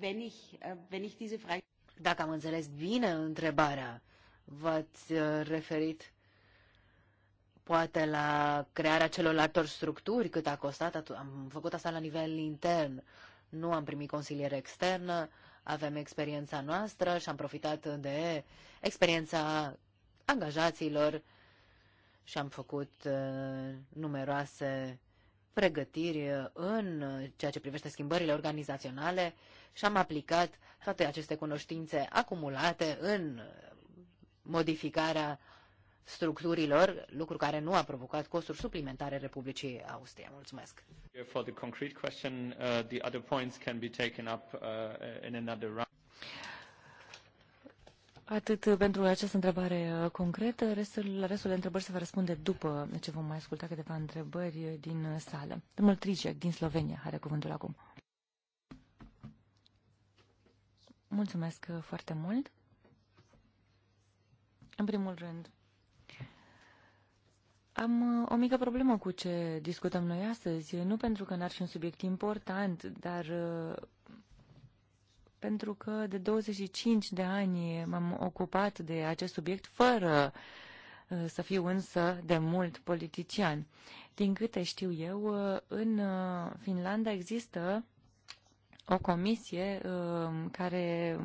Äh, Dacă am înțeles bine întrebarea, v-ați uh, referit poate la crearea celorlalte structuri cât a costat, am făcut asta la nivel intern, nu am primit consiliere externă, avem experiența noastră și am profitat de experiența angajaților și am făcut uh, numeroase pregătiri în ceea ce privește schimbările organizaționale și am aplicat toate aceste cunoștințe acumulate în modificarea structurilor, lucru care nu a provocat costuri suplimentare Republicii Austria. Mulțumesc. For the concrete question, uh, the other points can be taken up uh, in another round. Atât pentru această întrebare uh, concretă. Restul, la restul de întrebări se va răspunde după ce vom mai asculta câteva întrebări uh, din uh, sală. Domnul Tricek din Slovenia are cuvântul acum. Mulțumesc uh, foarte mult. În primul rând, am uh, o mică problemă cu ce discutăm noi astăzi, nu pentru că n-ar fi un subiect important, dar uh, pentru că de 25 de ani m-am ocupat de acest subiect fără să fiu însă de mult politician. Din câte știu eu, în Finlanda există o comisie um, care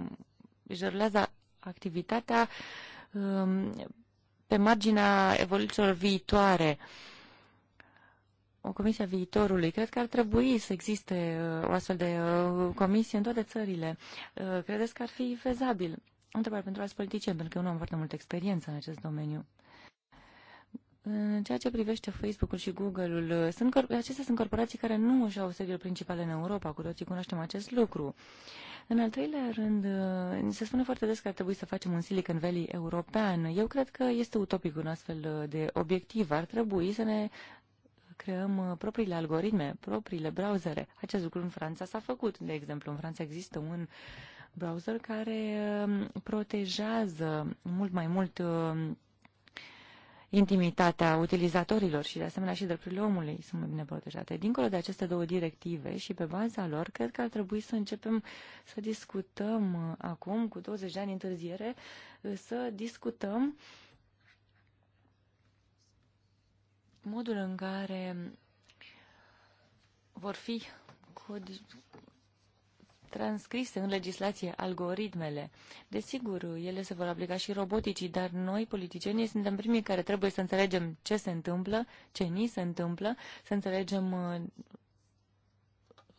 jărlează activitatea um, pe marginea evoluțiilor viitoare, o comisie a viitorului. Cred că ar trebui să existe uh, o astfel de uh, comisie în toate țările. Uh, credeți că ar fi fezabil? Întrebare pentru alți politicieni, pentru că eu nu am foarte multă experiență în acest domeniu. În ceea ce privește Facebook-ul și Google-ul, uh, sunt, acestea sunt corporații care nu își au sediul principal în Europa, cu toții cunoaștem acest lucru. În al treilea rând, uh, se spune foarte des că ar trebui să facem un Silicon Valley european. Eu cred că este utopic un astfel uh, de obiectiv. Ar trebui să ne creăm propriile algoritme, propriile browsere. Acest lucru în Franța s-a făcut, de exemplu. În Franța există un browser care protejează mult mai mult intimitatea utilizatorilor și, de asemenea, și drepturile omului sunt mai bine protejate. Dincolo de aceste două directive și pe baza lor, cred că ar trebui să începem să discutăm uh, acum, cu 20 de ani întârziere, uh, să discutăm modul în care vor fi transcrise în legislație algoritmele. Desigur, ele se vor aplica și roboticii, dar noi, politicienii, suntem primii care trebuie să înțelegem ce se întâmplă, ce ni se întâmplă, să înțelegem uh,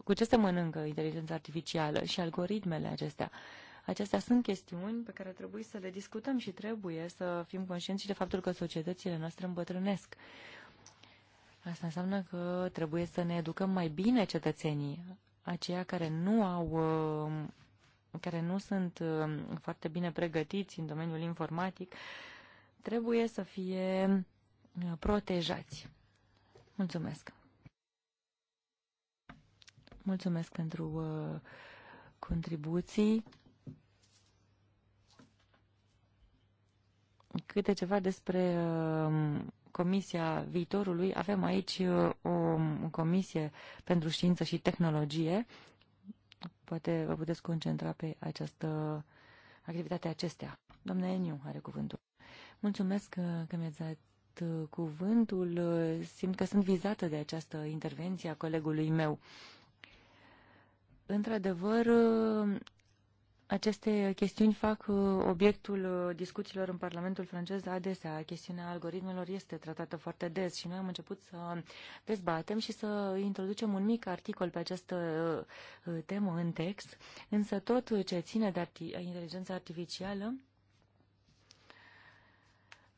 cu ce se mănâncă inteligența artificială și algoritmele acestea. Acestea sunt chestiuni pe care trebuie să le discutăm și trebuie să fim conștienți și de faptul că societățile noastre îmbătrânesc. Asta înseamnă că trebuie să ne educăm mai bine cetățenii aceia care nu au uh, care nu sunt uh, foarte bine pregătiți în domeniul informatic, trebuie să fie uh, protejați. Mulțumesc! Mulțumesc pentru contribuții. Câte ceva despre Comisia Viitorului avem aici uh, o comisie pentru știință și tehnologie. Poate vă puteți concentra pe această activitate acestea. Doamna Eniu are cuvântul. Mulțumesc uh, că mi-ați dat uh, cuvântul. Simt că sunt vizată de această intervenție a colegului meu. Într-adevăr, aceste chestiuni fac uh, obiectul uh, discuțiilor în Parlamentul francez adesea. Chestiunea algoritmelor este tratată foarte des și noi am început să dezbatem și să introducem un mic articol pe această uh, temă în text, însă tot ce ține de arti- inteligența artificială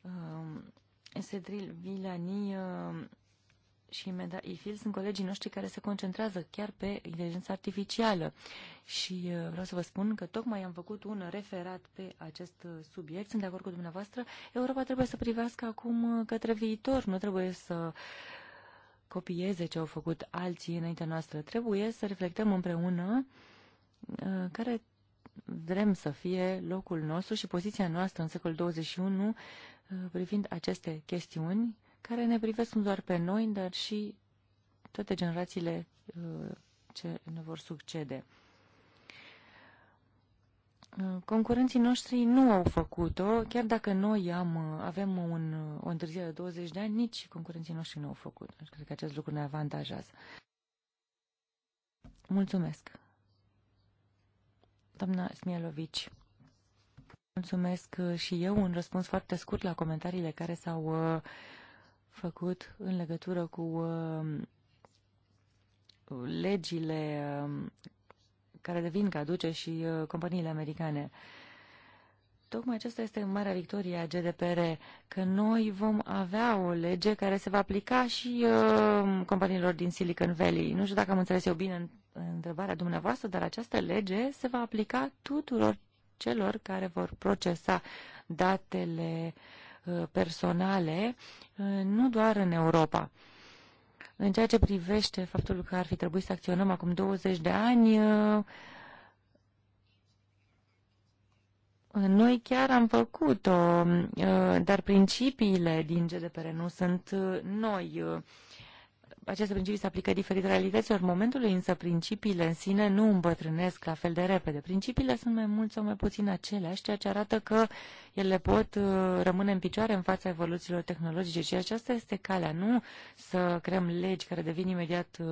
um, Cedril Villani și Meda Ifil sunt colegii noștri care se concentrează chiar pe inteligența artificială. Și uh, vreau să vă spun că tocmai am făcut un referat pe acest uh, subiect. Sunt de acord cu dumneavoastră. Europa trebuie să privească acum uh, către viitor. Nu trebuie să copieze ce au făcut alții înaintea noastră. Trebuie să reflectăm împreună care vrem să fie locul nostru și poziția noastră în secolul 21 privind aceste chestiuni care ne privesc nu doar pe noi, dar și toate generațiile uh, ce ne vor succede. Uh, concurenții noștri nu au făcut-o, chiar dacă noi am, uh, avem un, o întârziere de 20 de ani, nici concurenții noștri nu au făcut. Deci, cred că acest lucru ne avantajează. Mulțumesc. Doamna Smielovici, mulțumesc și eu un răspuns foarte scurt la comentariile care s-au uh, făcut în legătură cu um, legile um, care devin caduce și uh, companiile americane. Tocmai aceasta este marea victorie a GDPR, că noi vom avea o lege care se va aplica și uh, companiilor din Silicon Valley. Nu știu dacă am înțeles eu bine întrebarea dumneavoastră, dar această lege se va aplica tuturor celor care vor procesa datele uh, Uh, personale, uh, nu doar în Europa. În ceea ce privește faptul că ar fi trebuit să acționăm acum 20 de ani, uh, noi chiar am făcut-o, dar principiile din GDPR nu sunt noi aceste principii se aplică diferit realităților momentului, însă principiile în sine nu îmbătrânesc la fel de repede. Principiile sunt mai mult sau mai puțin aceleași, ceea ce arată că ele pot uh, rămâne în picioare în fața evoluțiilor tehnologice și aceasta este calea, nu să creăm legi care devin imediat uh,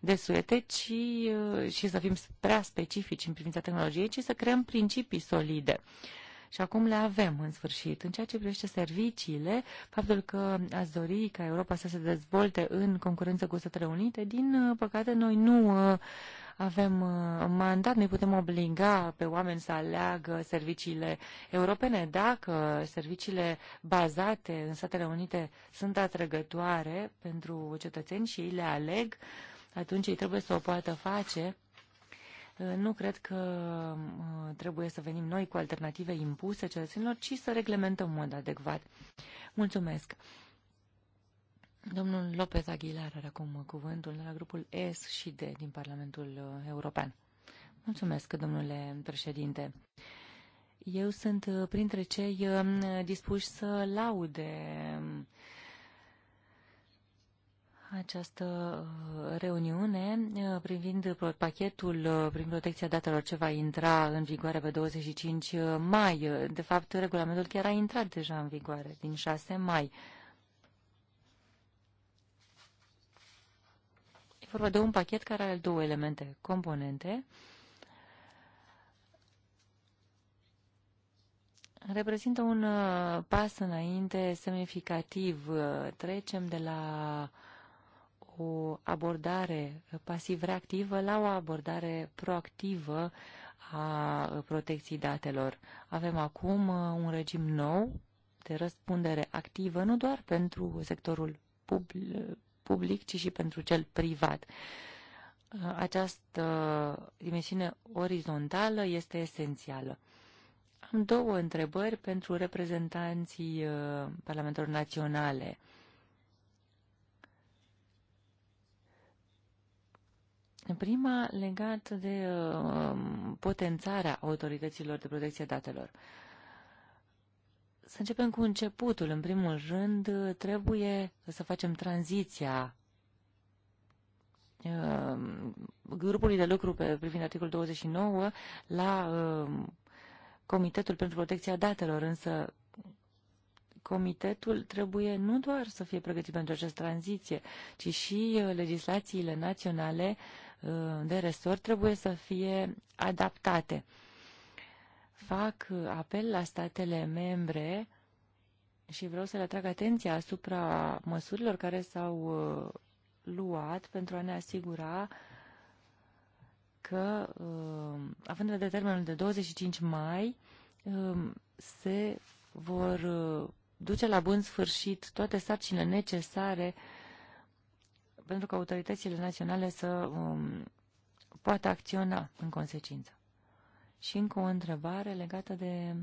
desuete, ci uh, și să fim prea specifici în privința tehnologiei, ci să creăm principii solide. Uh, și acum le avem în sfârșit. În ceea ce privește serviciile, faptul că ați dori ca Europa să se dezvolte în concurență cu Statele Unite, din uh, păcate noi nu uh, avem uh, mandat, noi putem obliga pe oameni să aleagă serviciile europene. Dacă serviciile bazate în Statele Unite sunt atrăgătoare pentru cetățeni și ei le aleg, atunci ei trebuie să o poată face Uh, nu cred că uh, trebuie să venim noi cu alternative impuse cetățenilor, ci să reglementăm în mod adecvat. Mulțumesc! Domnul Lopez Aguilar are acum cuvântul la grupul S și D din Parlamentul uh, European. Mulțumesc, domnule președinte. Eu sunt printre cei dispuși să laude um, această uh, reuniune uh, privind pachetul uh, prin protecția datelor ce va intra în vigoare pe 25 mai. De fapt, regulamentul chiar a intrat deja în vigoare din 6 mai. E vorba de un pachet care are două elemente componente. reprezintă un pas înainte semnificativ. Trecem de la o abordare pasiv-reactivă la o abordare proactivă a protecției datelor. Avem acum uh, un regim nou de răspundere activă, nu doar pentru sectorul public, ci și pentru cel privat. Uh, această dimensiune orizontală este esențială. Am două întrebări pentru reprezentanții uh, Parlamentelor Naționale. Prima legată de uh, potențarea autorităților de protecție datelor. Să începem cu începutul. În primul rând, trebuie să facem tranziția uh, grupului de lucru privind articolul 29 la uh, Comitetul pentru Protecția Datelor, însă Comitetul trebuie nu doar să fie pregătit pentru această tranziție, ci și legislațiile naționale uh, Uh, de resort trebuie să fie adaptate. Fac apel la statele membre și vreau să le atrag atenția asupra măsurilor care s-au uh, luat pentru a ne asigura că, uh, având în vedere termenul de 25 mai, um, se vor duce la bun sfârșit toate sarcinile necesare uh, pentru că autoritățile naționale să um, poată acționa în consecință. Și încă o întrebare legată de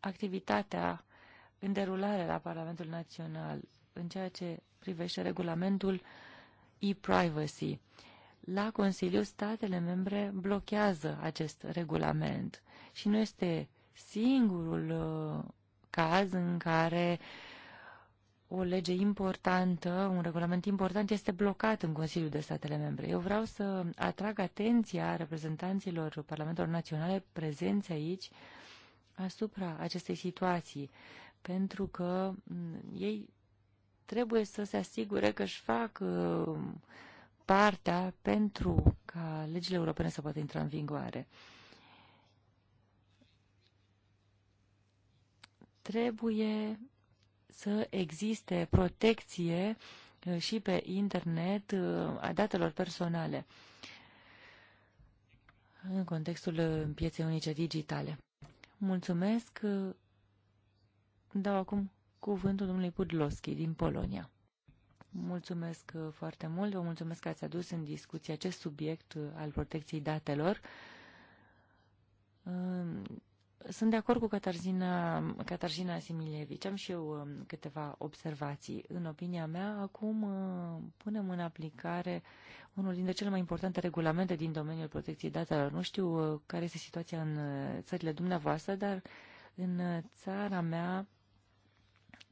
activitatea în derulare la Parlamentul Național în ceea ce privește regulamentul e-privacy. La Consiliu, statele membre blochează acest regulament și nu este singurul uh, caz în care uh, o lege importantă, un regulament important este blocat în Consiliul de Statele Membre. Eu vreau să atrag atenția reprezentanților Parlamentelor Naționale prezenți aici asupra acestei situații, pentru că mm, ei trebuie să se asigure că își fac mm, partea pentru ca legile europene să poată intra în vigoare. Trebuie să existe protecție uh, și pe internet uh, a datelor personale în contextul uh, pieței unice digitale. Mulțumesc. Dau acum cuvântul domnului Pudloschi din Polonia. Mulțumesc foarte mult, vă mulțumesc că ați adus în discuție acest subiect al protecției datelor. Sunt de acord cu Catarzina, Catarzina Similievici. Am și eu um, câteva observații. În opinia mea, acum uh, punem în aplicare unul dintre cele mai importante regulamente din domeniul protecției datelor. Nu știu uh, care este situația în uh, țările dumneavoastră, dar în țara mea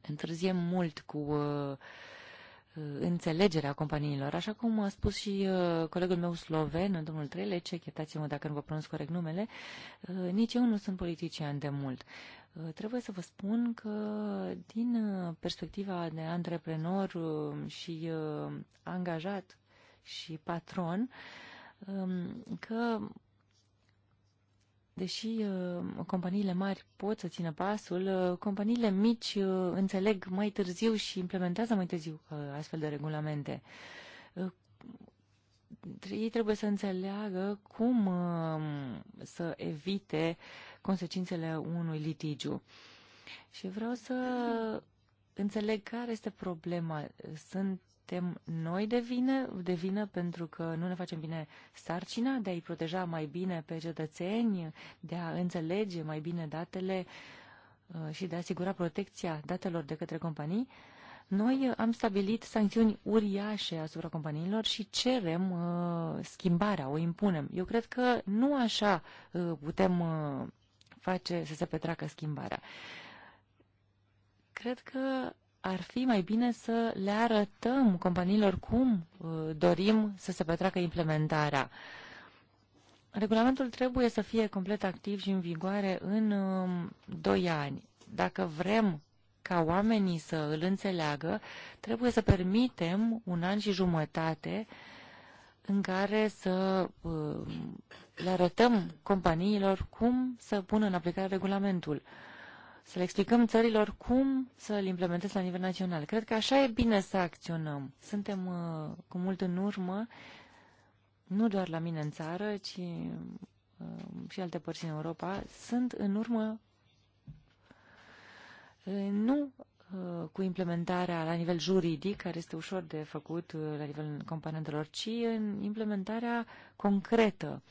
întârziem mult cu uh, înțelegerea companiilor. Așa cum a spus și uh, colegul meu sloven, domnul Trelece, chetați mă dacă nu vă pronunț corect numele, uh, nici eu nu sunt politician de mult. Uh, trebuie să vă spun că din perspectiva de antreprenor și angajat și patron, um, că Deși uh, companiile mari pot să țină pasul, uh, companiile mici uh, înțeleg mai târziu și implementează mai târziu astfel de regulamente. Ei trebuie să înțeleagă cum să evite consecințele unui litigiu. Și vreau să înțeleg care este problema. Sunt suntem noi de, vină, de vină pentru că nu ne facem bine sarcina de a-i proteja mai bine pe cetățeni, de a înțelege mai bine datele uh, și de a asigura protecția datelor de către companii. Noi am stabilit sancțiuni uriașe asupra companiilor și cerem uh, schimbarea, o impunem. Eu cred că nu așa uh, putem uh, face să se petreacă schimbarea. Cred că ar fi mai bine să le arătăm companiilor cum uh, dorim să se petreacă implementarea. Regulamentul trebuie să fie complet activ și în vigoare în 2 um, ani. Dacă vrem ca oamenii să îl înțeleagă, trebuie să permitem un an și jumătate în care să um, le arătăm companiilor cum să pună în aplicare regulamentul să le explicăm țărilor cum să îl implementez la nivel național. Cred că așa e bine să acționăm. Suntem uh, cu mult în urmă, nu doar la mine în țară, ci uh, și alte părți în Europa. Sunt în urmă uh, nu uh, cu implementarea la nivel juridic, care este ușor de făcut uh, la nivel componentelor, ci în implementarea concretă,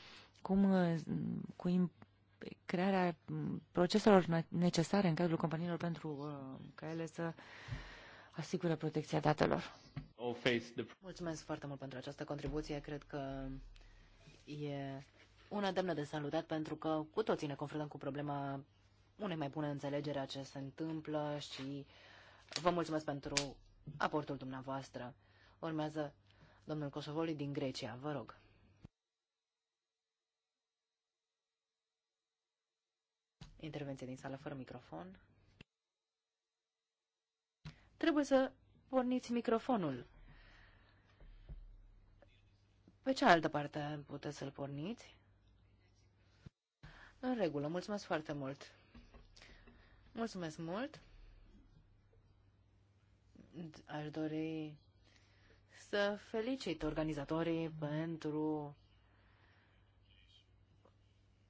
cum, uh, cu crearea mm, proceselor necesare în cadrul companiilor pentru uh, ca ele să asigure protecția datelor. Mulțumesc foarte mult pentru această contribuție. Cred că e una demnă de salutat pentru că cu toții ne confruntăm cu problema unei mai bune înțelegere a ce se întâmplă și vă mulțumesc pentru aportul dumneavoastră. Urmează domnul Kosovoli din Grecia. Vă rog. Intervenție din sală fără microfon. Trebuie să porniți microfonul. Pe cealaltă parte puteți să-l porniți. În regulă, mulțumesc foarte mult. Mulțumesc mult. Aș dori să felicit organizatorii pentru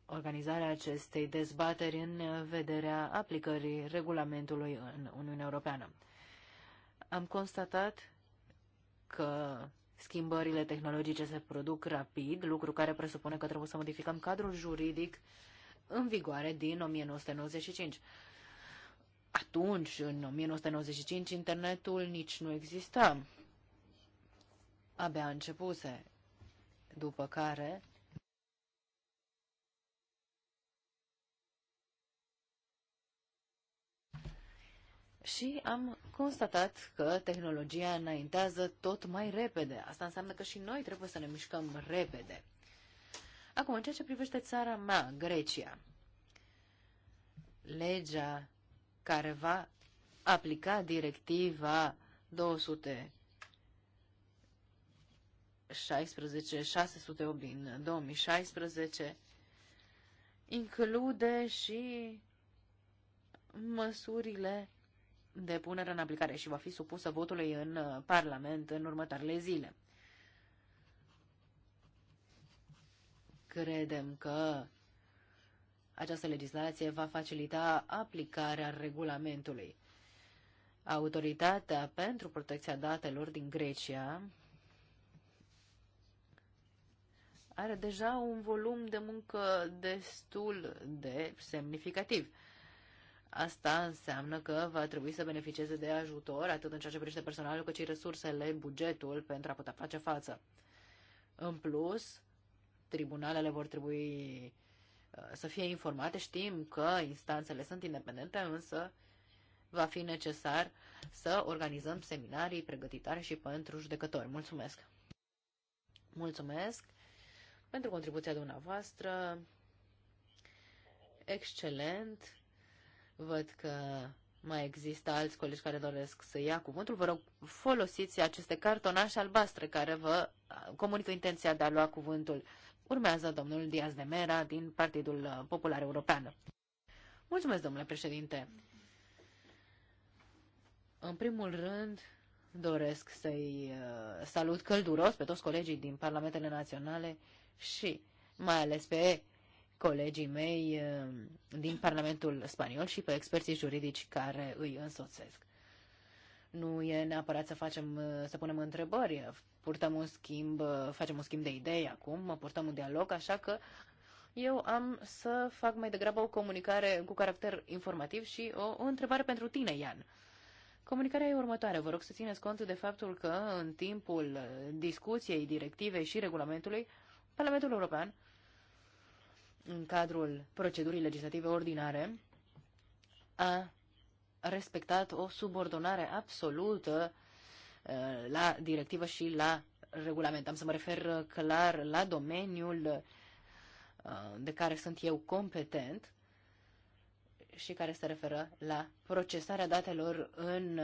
organizarea acestei dezbateri în vederea aplicării regulamentului în Uniunea Europeană. Am constatat că schimbările tehnologice se produc rapid, lucru care presupune că trebuie să modificăm cadrul juridic în vigoare din 1995. Atunci, în 1995, internetul nici nu exista. Abia începuse. După care, și am constatat că tehnologia înaintează tot mai repede. Asta înseamnă că și noi trebuie să ne mișcăm repede. Acum, în ceea ce privește țara mea, Grecia, legea care va aplica directiva 200 16, 608 din 2016 include și măsurile de punere în aplicare și va fi supusă votului în uh, Parlament în următoarele zile. Credem că această legislație va facilita aplicarea regulamentului. Autoritatea pentru protecția datelor din Grecia are deja un volum de muncă destul de semnificativ. Asta înseamnă că va trebui să beneficieze de ajutor, atât în ceea ce privește personalul, cât și resursele, bugetul, pentru a putea face față. În plus, tribunalele vor trebui uh, să fie informate. Știm că instanțele sunt independente, însă va fi necesar să organizăm seminarii pregătitare și pentru judecători. Mulțumesc! Mulțumesc pentru contribuția dumneavoastră. Excelent! Văd că mai există alți colegi care doresc să ia cuvântul. Vă rog, folosiți aceste cartonașe albastre care vă comunică intenția de a lua cuvântul. Urmează domnul Diaz de Mera din Partidul Popular European. Mulțumesc, domnule președinte. În primul rând, doresc să-i uh, salut călduros pe toți colegii din Parlamentele Naționale și mai ales pe colegii mei eh, din Parlamentul Spaniol și pe experții juridici care îi însoțesc. Nu e neapărat să facem, eh, să punem întrebări, purtăm un schimb, eh, facem un schimb de idei acum, purtăm un dialog, așa că eu am să fac mai degrabă o comunicare cu caracter informativ și o, o întrebare pentru tine, Ian. Comunicarea e următoare. Vă rog să țineți cont de faptul că în timpul discuției directivei și regulamentului, Parlamentul European în cadrul procedurii legislative ordinare, a respectat o subordonare absolută uh, la directivă și la regulament. Am să mă refer uh, clar la domeniul uh, de care sunt eu competent și care se referă la procesarea datelor în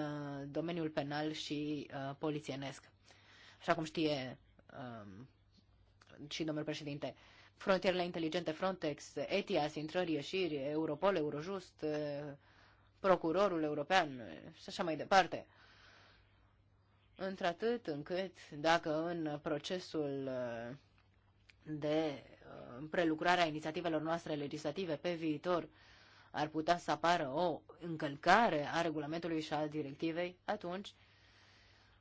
domeniul penal și polițienesc. Așa cum știe um, și domnul președinte, frontierele inteligente Frontex, ETIAS, intrări, ieșiri, Europol, Eurojust, eh, procurorul european eh, și așa mai departe. Într-atât încât dacă în procesul eh, de prelucrare a inițiativelor noastre legislative pe viitor ar putea să apară o încălcare a regulamentului și a directivei, atunci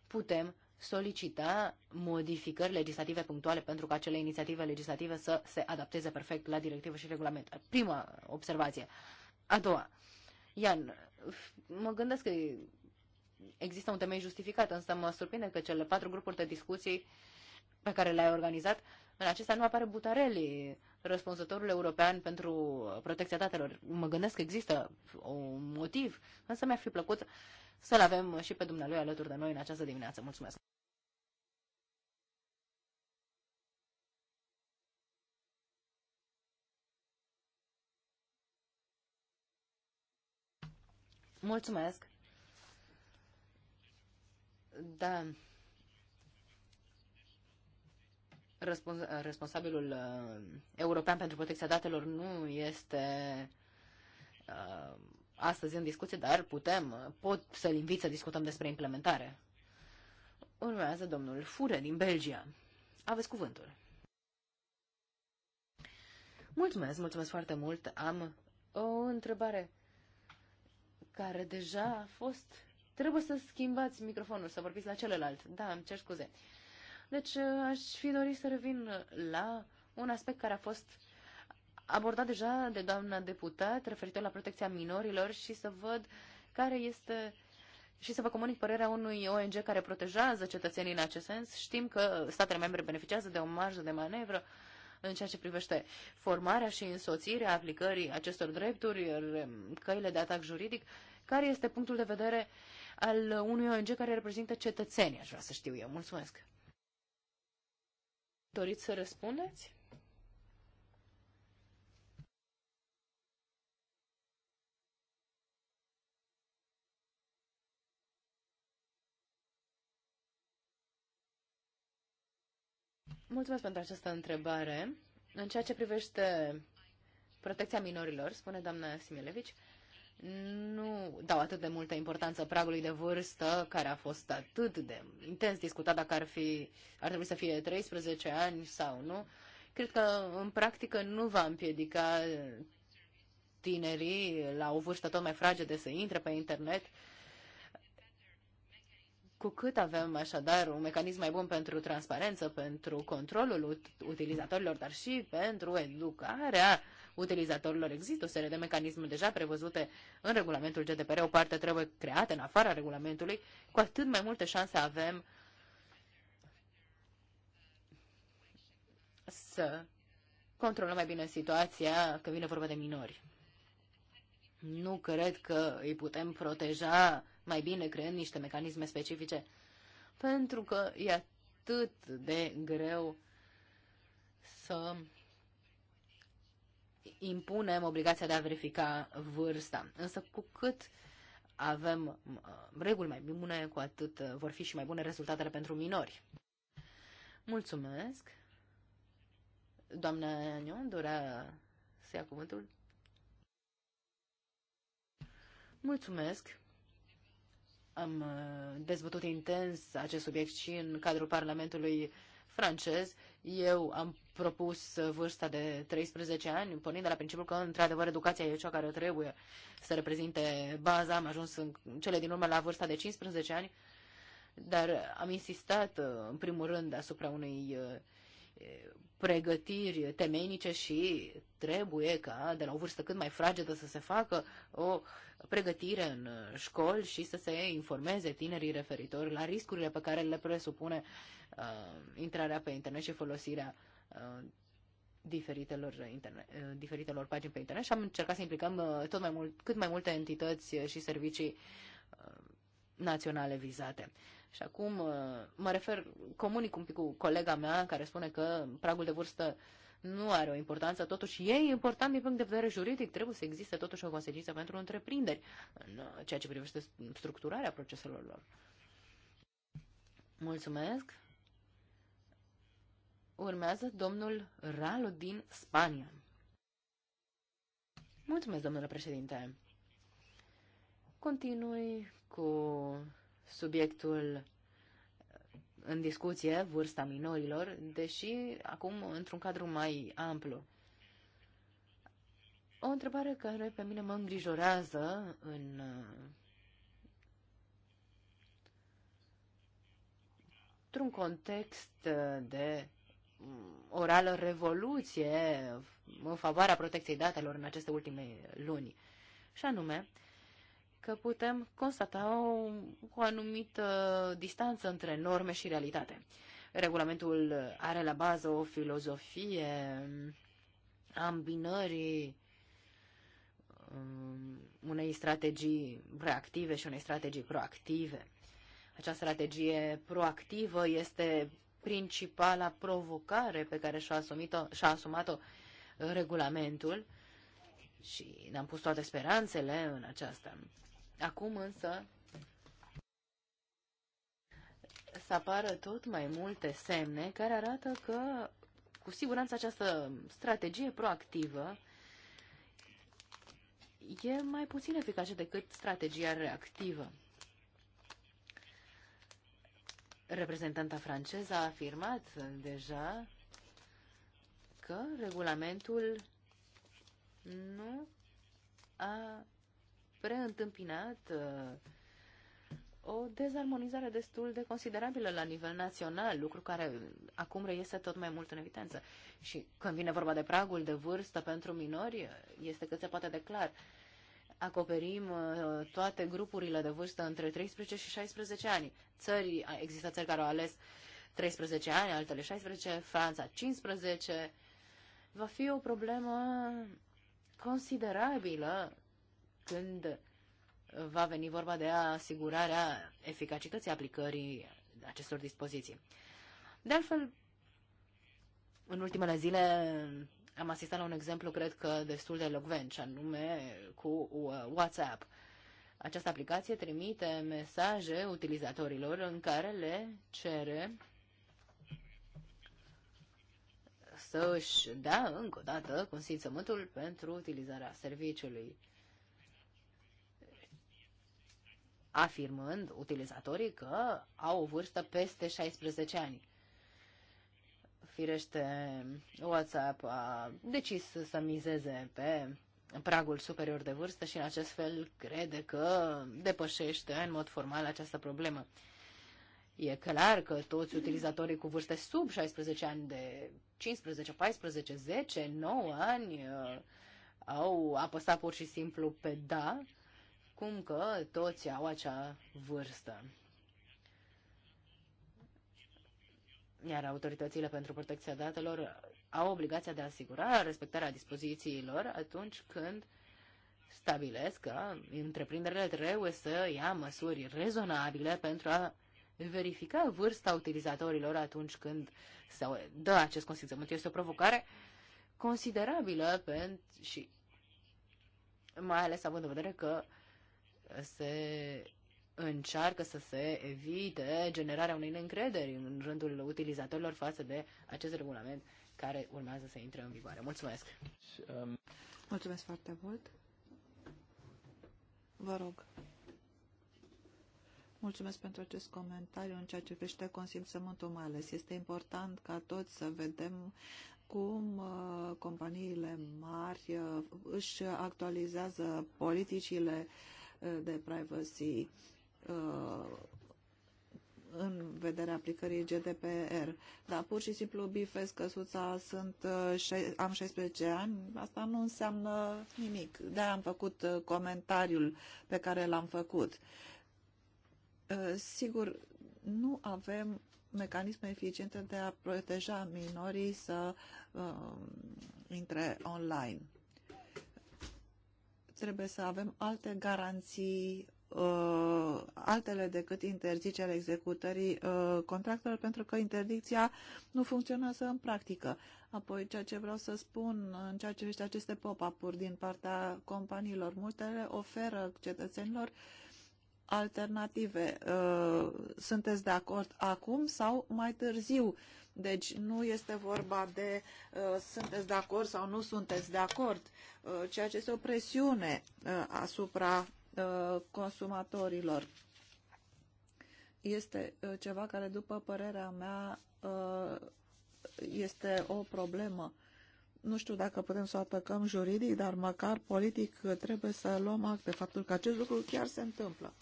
putem solicita modificări legislative punctuale pentru ca acele inițiative legislative să se adapteze perfect la directivă și regulament. Prima observație. A doua. Ian, mă gândesc că există un temei justificat, însă mă surprinde că cele patru grupuri de discuții pe care le-ai organizat, în acestea nu apare Butarelli, răspunzătorul european pentru protecția datelor. Mă gândesc că există un motiv, însă mi-ar fi plăcut să-l avem și pe dumnealui alături de noi în această dimineață. Mulțumesc! Mulțumesc! Da. Răspuns, responsabilul uh, european pentru protecția datelor nu este uh, astăzi în discuție, dar putem, pot să-l invit să discutăm despre implementare. Urmează domnul Fure din Belgia. Aveți cuvântul. Mulțumesc, mulțumesc foarte mult. Am o întrebare care deja a fost... Trebuie să schimbați microfonul, să vorbiți la celălalt. Da, îmi cer scuze. Deci aș fi dorit să revin la un aspect care a fost abordat deja de doamna deputat referitor la protecția minorilor și să văd care este și să vă comunic părerea unui ONG care protejează cetățenii în acest sens. Știm că statele membre beneficiază de o marjă de manevră în ceea ce privește formarea și însoțirea aplicării acestor drepturi, căile de atac juridic. Care este punctul de vedere al unui ONG care reprezintă cetățenii, aș vrea să știu eu. Mulțumesc! Doriți să răspundeți? Mulțumesc pentru această întrebare. În ceea ce privește protecția minorilor, spune doamna Similevici, nu dau atât de multă importanță pragului de vârstă, care a fost atât de intens discutat dacă ar, fi, ar trebui să fie 13 ani sau nu. Cred că, în practică, nu va împiedica tinerii la o vârstă tot mai fragedă să intre pe internet cu cât avem așadar un mecanism mai bun pentru transparență, pentru controlul utilizatorilor, dar și pentru educarea utilizatorilor, există o serie de mecanisme deja prevăzute în regulamentul GDPR, o parte trebuie creată în afara regulamentului, cu atât mai multe șanse avem să controlăm mai bine situația când vine vorba de minori. Nu cred că îi putem proteja mai bine creând niște mecanisme specifice, pentru că e atât de greu să impunem obligația de a verifica vârsta. Însă cu cât avem uh, reguli mai bune, cu atât uh, vor fi și mai bune rezultatele pentru minori. Mulțumesc! Doamna Ion dorea să ia cuvântul? Mulțumesc! Am uh, dezbătut intens acest subiect și în cadrul Parlamentului francez. Eu am propus uh, vârsta de 13 ani, pornind de la principiul că, într-adevăr, educația e cea care trebuie să reprezinte baza. Am ajuns în cele din urmă la vârsta de 15 ani, dar am insistat, uh, în primul rând, asupra unei uh, pregătiri temeinice și trebuie ca de la o vârstă cât mai fragedă să se facă o pregătire în școli și să se informeze tinerii referitor la riscurile pe care le presupune uh, intrarea pe internet și folosirea uh, diferitelor, internet, uh, diferitelor pagini pe internet și am încercat să implicăm uh, tot mai mult, cât mai multe entități și servicii uh, naționale vizate. Și acum uh, mă refer, comunic un pic cu colega mea care spune că pragul de vârstă nu are o importanță, totuși e important din punct de vedere juridic, trebuie să existe totuși o consecință pentru întreprinderi în uh, ceea ce privește structurarea proceselor lor. Mulțumesc. Urmează domnul Ralu din Spania. Mulțumesc, domnule președinte. Continui cu subiectul în discuție, vârsta minorilor, deși acum într-un cadru mai amplu. O întrebare care pe mine mă îngrijorează în într-un context de orală revoluție în favoarea protecției datelor în aceste ultime luni. Și anume, că putem constata o, o anumită distanță între norme și realitate. Regulamentul are la bază o filozofie a îmbinării um, unei strategii reactive și unei strategii proactive. Această strategie proactivă este principala provocare pe care și-a asumat-o, și-a asumat-o regulamentul și ne-am pus toate speranțele în aceasta. Acum însă să apară tot mai multe semne care arată că, cu siguranță, această strategie proactivă e mai puțin eficace decât strategia reactivă. Reprezentanta franceză a afirmat deja că regulamentul nu a întâmpinat uh, o dezarmonizare destul de considerabilă la nivel național, lucru care acum reiese tot mai mult în evidență. Și când vine vorba de pragul de vârstă pentru minori, este cât se poate de clar. Acoperim uh, toate grupurile de vârstă între 13 și 16 ani. Țări, există țări care au ales 13 ani, altele 16, Franța 15. Va fi o problemă considerabilă când va veni vorba de asigurarea eficacității aplicării acestor dispoziții. De altfel, în ultimele zile am asistat la un exemplu, cred că destul de elocvent, și anume cu WhatsApp. Această aplicație trimite mesaje utilizatorilor în care le cere să își dea încă o dată consimțământul pentru utilizarea serviciului. afirmând utilizatorii că au o vârstă peste 16 ani. Firește, WhatsApp a decis să mizeze pe pragul superior de vârstă și în acest fel crede că depășește în mod formal această problemă. E clar că toți utilizatorii cu vârste sub 16 ani de 15, 14, 10, 9 ani uh, au apăsat pur și simplu pe da cum că toți au acea vârstă. Iar autoritățile pentru protecția datelor au obligația de a asigura respectarea dispozițiilor atunci când stabilesc că întreprinderile trebuie să ia măsuri rezonabile pentru a verifica vârsta utilizatorilor atunci când se dă acest consimțământ. Este o provocare considerabilă pentru și mai ales având în vedere că se încearcă să se evite generarea unei neîncrederi în rândul utilizatorilor față de acest regulament care urmează să intre în vigoare. Mulțumesc! Mulțumesc foarte mult! Vă rog! Mulțumesc pentru acest comentariu în ceea ce privește consimțământul mai ales. Este important ca toți să vedem cum uh, companiile mari uh, își actualizează politicile uh, de privacy uh, în vederea aplicării GDPR. Dar pur și simplu bifez căsuța, sunt, uh, am 16 ani, asta nu înseamnă nimic. de am făcut uh, comentariul pe care l-am făcut. Sigur, nu avem mecanisme eficiente de a proteja minorii să uh, intre online trebuie să avem alte garanții uh, altele decât interzicerea executării uh, contractelor, pentru că interdicția nu funcționează în practică. Apoi, ceea ce vreau să spun în ceea ce vește aceste pop-up-uri din partea companiilor, multele oferă cetățenilor uh, alternative. Uh, sunteți de acord acum sau mai târziu? Deci nu este vorba de uh, sunteți de acord sau nu sunteți de acord, uh, ceea ce este o presiune asupra consumatorilor. Este ceva care, după părerea mea, este o problemă nu știu dacă putem să o atacăm juridic, dar măcar politic trebuie să luăm act de faptul că acest lucru chiar se întâmplă.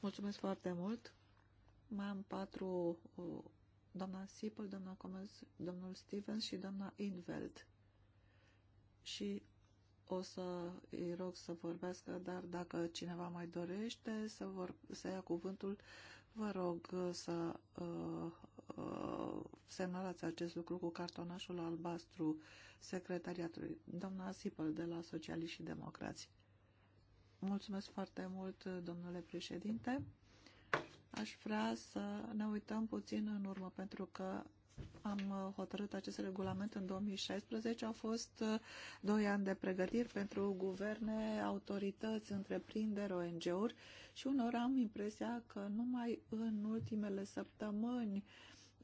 Mulțumesc foarte mult. Mai am patru, doamna Sipel, doamna Comez, domnul Stevens și doamna Inveld. Și o să îi rog să vorbească, dar dacă cineva mai dorește să, vor, să ia cuvântul, vă rog să uh, Uh, semnalați acest lucru cu cartonașul albastru secretariatului. Doamna Sipăl de la Socialiști și Democrați. Mulțumesc foarte mult, domnule președinte. Aș vrea să ne uităm puțin în urmă, pentru că am hotărât acest regulament în 2016. Au fost uh, doi ani de pregătiri pentru guverne, autorități, întreprinderi, ONG-uri și unor am impresia că numai în ultimele săptămâni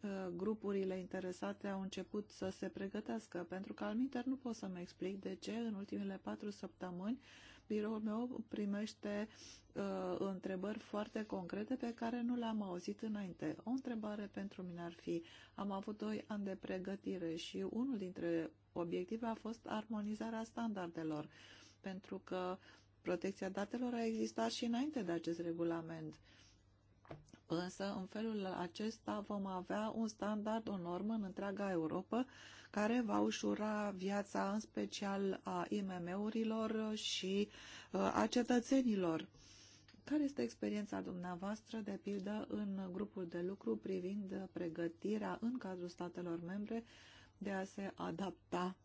Uh, grupurile interesate au început să se pregătească, pentru că alminter nu pot să-mi explic de ce în ultimele patru săptămâni biroul meu primește uh, întrebări foarte concrete pe care nu le-am auzit înainte. O întrebare pentru mine ar fi, am avut doi ani de pregătire și unul dintre obiective a fost armonizarea standardelor, pentru că protecția datelor a existat și înainte de acest regulament. Uh, Însă, în felul acesta, vom avea un standard, o normă în întreaga Europa, care va ușura viața, în special a IMM-urilor și uh, a cetățenilor. Care este experiența dumneavoastră, de pildă, în grupul de lucru privind pregătirea în cadrul statelor membre de a se adapta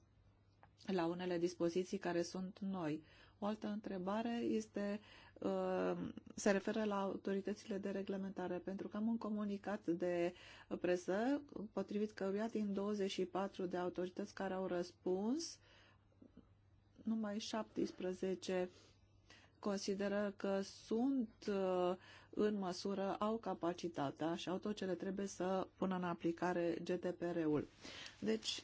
la unele dispoziții care sunt noi? O altă întrebare este, uh, se referă la autoritățile de reglementare, pentru că am un comunicat de presă, potrivit căruia din 24 de autorități care au răspuns, numai 17 consideră că sunt uh, în măsură, au capacitatea și au tot ce le trebuie să pună în aplicare GDPR-ul. Deci,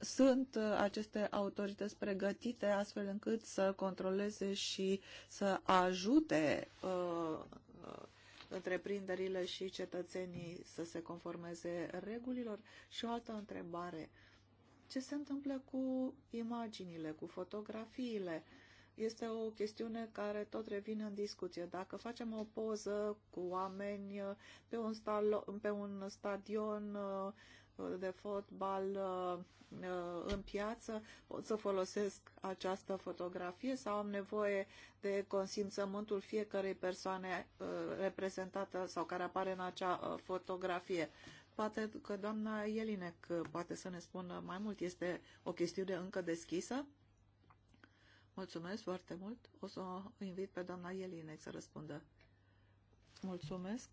sunt uh, aceste autorități pregătite astfel încât să controleze și să ajute uh, întreprinderile și cetățenii să se conformeze regulilor? Și o altă întrebare. Ce se întâmplă cu imaginile, cu fotografiile? Este o chestiune care tot revine în discuție. Dacă facem o poză cu oameni uh, pe un, stalo- pe un stadion, uh, de fotbal uh, în piață, pot să folosesc această fotografie sau am nevoie de consimțământul fiecărei persoane uh, reprezentată sau care apare în acea uh, fotografie. Poate că doamna Elinec poate să ne spună mai mult. Este o chestiune încă deschisă? Mulțumesc foarte mult. O să o invit pe doamna Elinec să răspundă. Mulțumesc.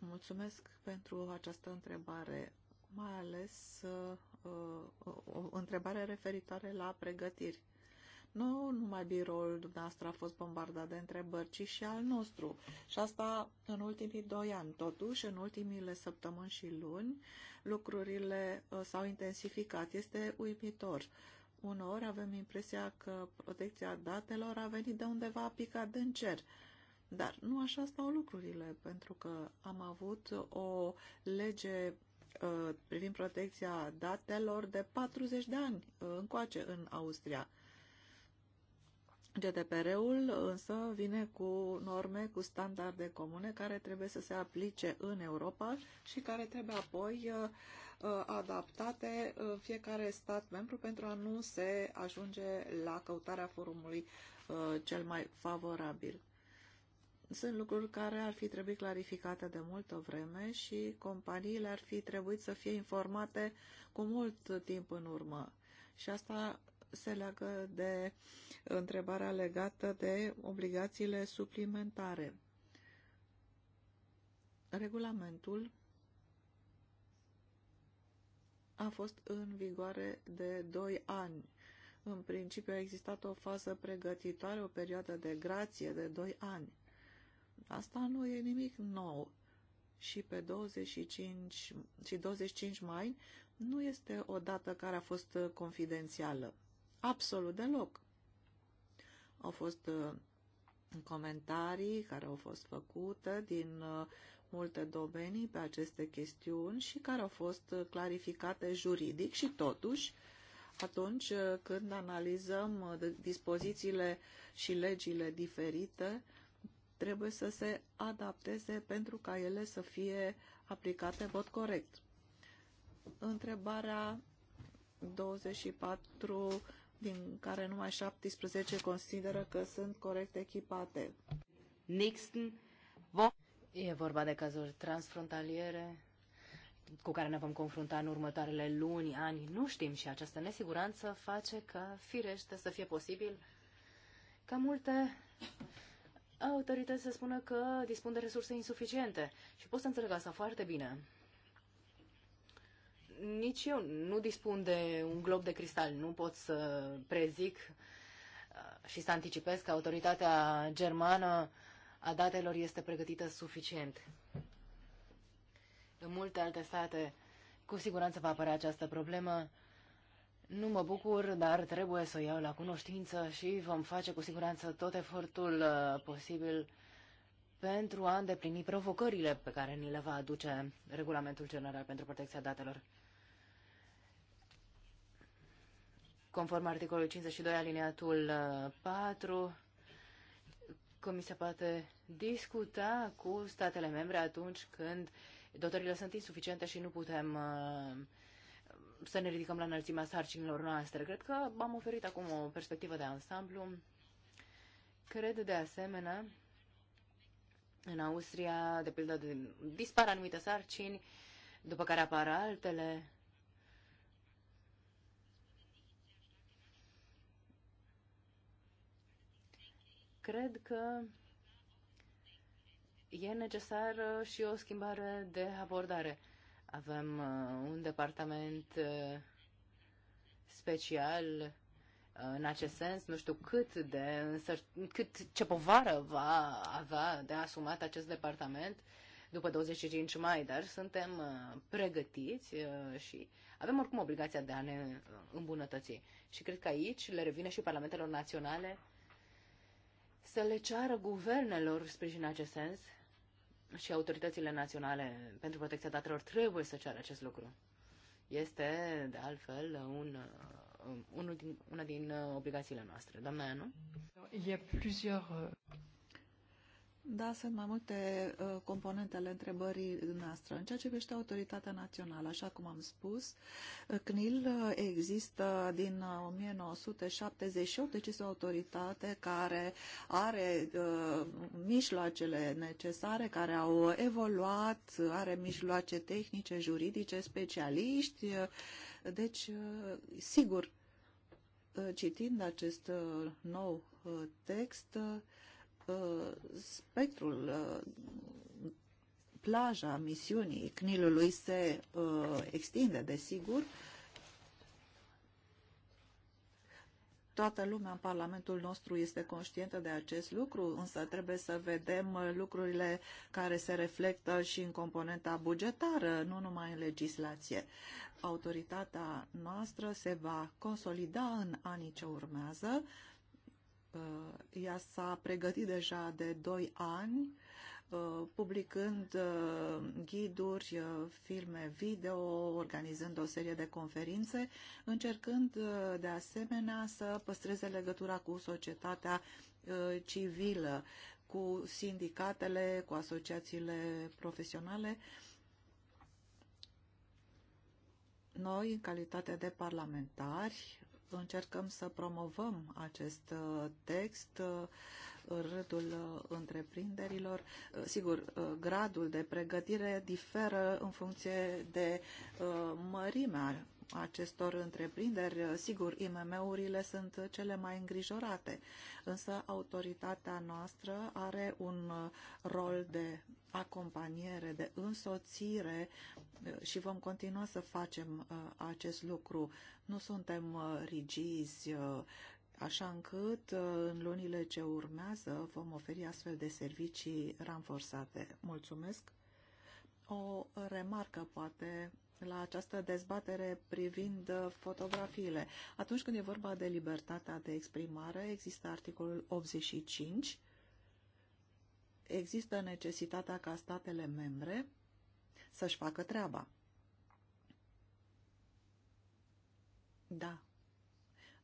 Mulțumesc pentru această întrebare, mai ales uh, uh, o întrebare referitoare la pregătiri. Nu numai biroul dumneavoastră a fost bombardat de întrebări, ci și al nostru. Și asta în ultimii doi ani. Totuși, în ultimile săptămâni și luni, lucrurile uh, s-au intensificat. Este uimitor. Uneori avem impresia că protecția datelor a venit de undeva picat în cer. Uh, dar nu așa stau lucrurile, pentru că am avut o lege uh, privind protecția datelor de 40 de ani uh, încoace în Austria. GDPR-ul însă vine cu norme, cu standarde comune care trebuie să se aplice în Europa și care trebuie apoi uh, uh, adaptate în fiecare stat membru pentru a nu se ajunge la căutarea forumului uh, cel mai favorabil sunt lucruri care ar fi trebuit clarificate de multă vreme și companiile ar fi trebuit să fie informate cu mult timp în urmă. Și asta se leagă de întrebarea legată de obligațiile suplimentare. Regulamentul a fost în vigoare de 2 ani. În principiu a existat o fază pregătitoare, o perioadă de grație de 2 ani. Asta nu e nimic nou. Și pe 25 și 25 mai nu este o dată care a fost uh, confidențială. Absolut deloc. Au fost uh, comentarii care au fost făcute din uh, multe domenii pe aceste chestiuni și care au fost clarificate juridic și totuși atunci când analizăm dispozițiile și legile diferite, trebuie să se adapteze pentru ca ele să fie aplicate în mod corect. Întrebarea 24, din care numai 17 consideră că sunt corect echipate. Nixon. E vorba de cazuri transfrontaliere cu care ne vom confrunta în următoarele luni, ani, nu știm și această nesiguranță face ca firește să fie posibil ca multe autorități să spună că dispun de resurse insuficiente. Și pot să înțeleg asta foarte bine. Nici eu nu dispun de un glob de cristal. Nu pot să prezic uh, și să anticipez că autoritatea germană a datelor este pregătită suficient. În multe alte state, cu siguranță va apărea această problemă nu mă bucur, dar trebuie să o iau la cunoștință și vom face cu siguranță tot efortul uh, posibil pentru a îndeplini provocările pe care ni le va aduce Regulamentul General pentru Protecția Datelor. Conform articolului 52 alineatul 4, Comisia poate discuta cu statele membre atunci când dotările sunt insuficiente și nu putem uh, să ne ridicăm la înălțimea sarcinilor noastre. Cred că am oferit acum o perspectivă de ansamblu. Cred de asemenea, în Austria, de pildă, dispar anumite sarcini, după care apar altele. Cred că e necesară și o schimbare de abordare. Avem uh, un departament uh, special uh, în acest sens, nu știu cât de, însă, cât, ce povară va avea de asumat acest departament după 25 mai, dar suntem pregătiți și avem oricum obligația de a ne îmbunătăți. Și cred că aici le revine și parlamentelor naționale să le ceară guvernelor sprijin în acest sens și autoritățile naționale pentru protecția datelor trebuie să ceară acest lucru. Este, de altfel, un, um, unul din, una din uh, obligațiile noastre. Doamna Ianu? Il y a plusieurs uh, da, sunt mai multe uh, componente ale întrebării noastre. În ceea ce privește autoritatea națională, așa cum am spus, uh, CNIL uh, există din 1978, uh, deci este o autoritate care are uh, mijloacele necesare, care au evoluat, are mijloace tehnice, juridice, specialiști. deci, uh, sigur, uh, citind acest uh, nou uh, text, uh, Uh, spectrul, uh, plaja misiunii CNIL-ului se uh, extinde, desigur. Toată lumea în Parlamentul nostru este conștientă de acest lucru, însă trebuie să vedem lucrurile care se reflectă și în componenta bugetară, nu numai în legislație. Autoritatea noastră se va consolida în anii ce urmează Uh, ea s-a pregătit deja de 2 ani, uh, publicând uh, ghiduri, filme video, organizând o serie de conferințe, încercând de asemenea să păstreze legătura cu societatea civilă, cu sindicatele, cu asociațiile profesionale. Noi, în calitate de parlamentari, încercăm să promovăm acest uh, text uh, în rândul uh, întreprinderilor. Sigur, gradul de pregătire diferă în funcție de mărimea acestor întreprinderi. Sigur, IMM-urile sunt cele mai îngrijorate, însă autoritatea noastră are un rol de acompaniere, de însoțire și vom continua să facem uh, acest lucru. Nu suntem uh, rigizi, uh, așa încât în lunile ce urmează vom oferi astfel de servicii ranforsate. Mulțumesc! O remarcă poate la această dezbatere privind uh, fotografiile. Atunci când e vorba de libertatea de exprimare, există articolul 85, există necesitatea ca statele membre să-și facă treaba. Da,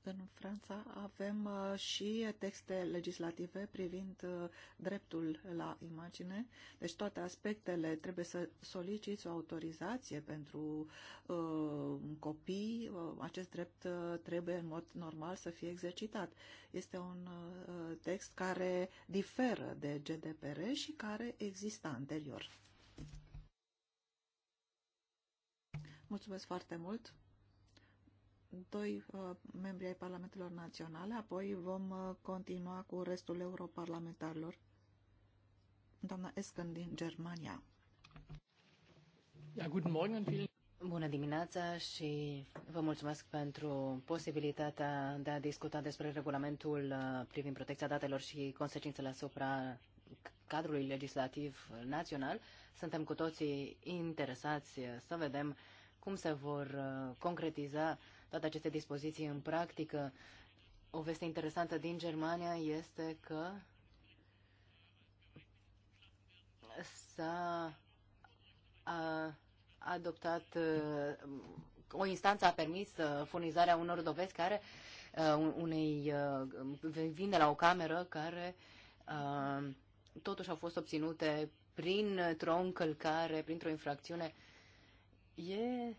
în Franța avem uh, și texte legislative privind uh, dreptul la imagine, deci toate aspectele trebuie să soliciți o autorizație pentru uh, copii. Uh, acest drept trebuie în mod normal să fie exercitat. Este un uh, text care diferă de GDPR și care exista anterior. Mulțumesc foarte mult! doi uh, membri ai Parlamentelor Naționale, apoi vom uh, continua cu restul europarlamentarilor. Doamna Esken din Germania. Ja, guten Morgen und vielen Bună dimineața și vă mulțumesc pentru posibilitatea de a discuta despre regulamentul uh, privind protecția datelor și consecințele asupra cadrului legislativ național. Suntem cu toții interesați să vedem cum se vor uh, concretiza toate aceste dispoziții în practică. O veste interesantă din Germania este că s-a adoptat uh, o instanță a permis uh, furnizarea unor dovezi care uh, unei vin de la o cameră care totuși au fost obținute printr-o încălcare, printr-o infracțiune. E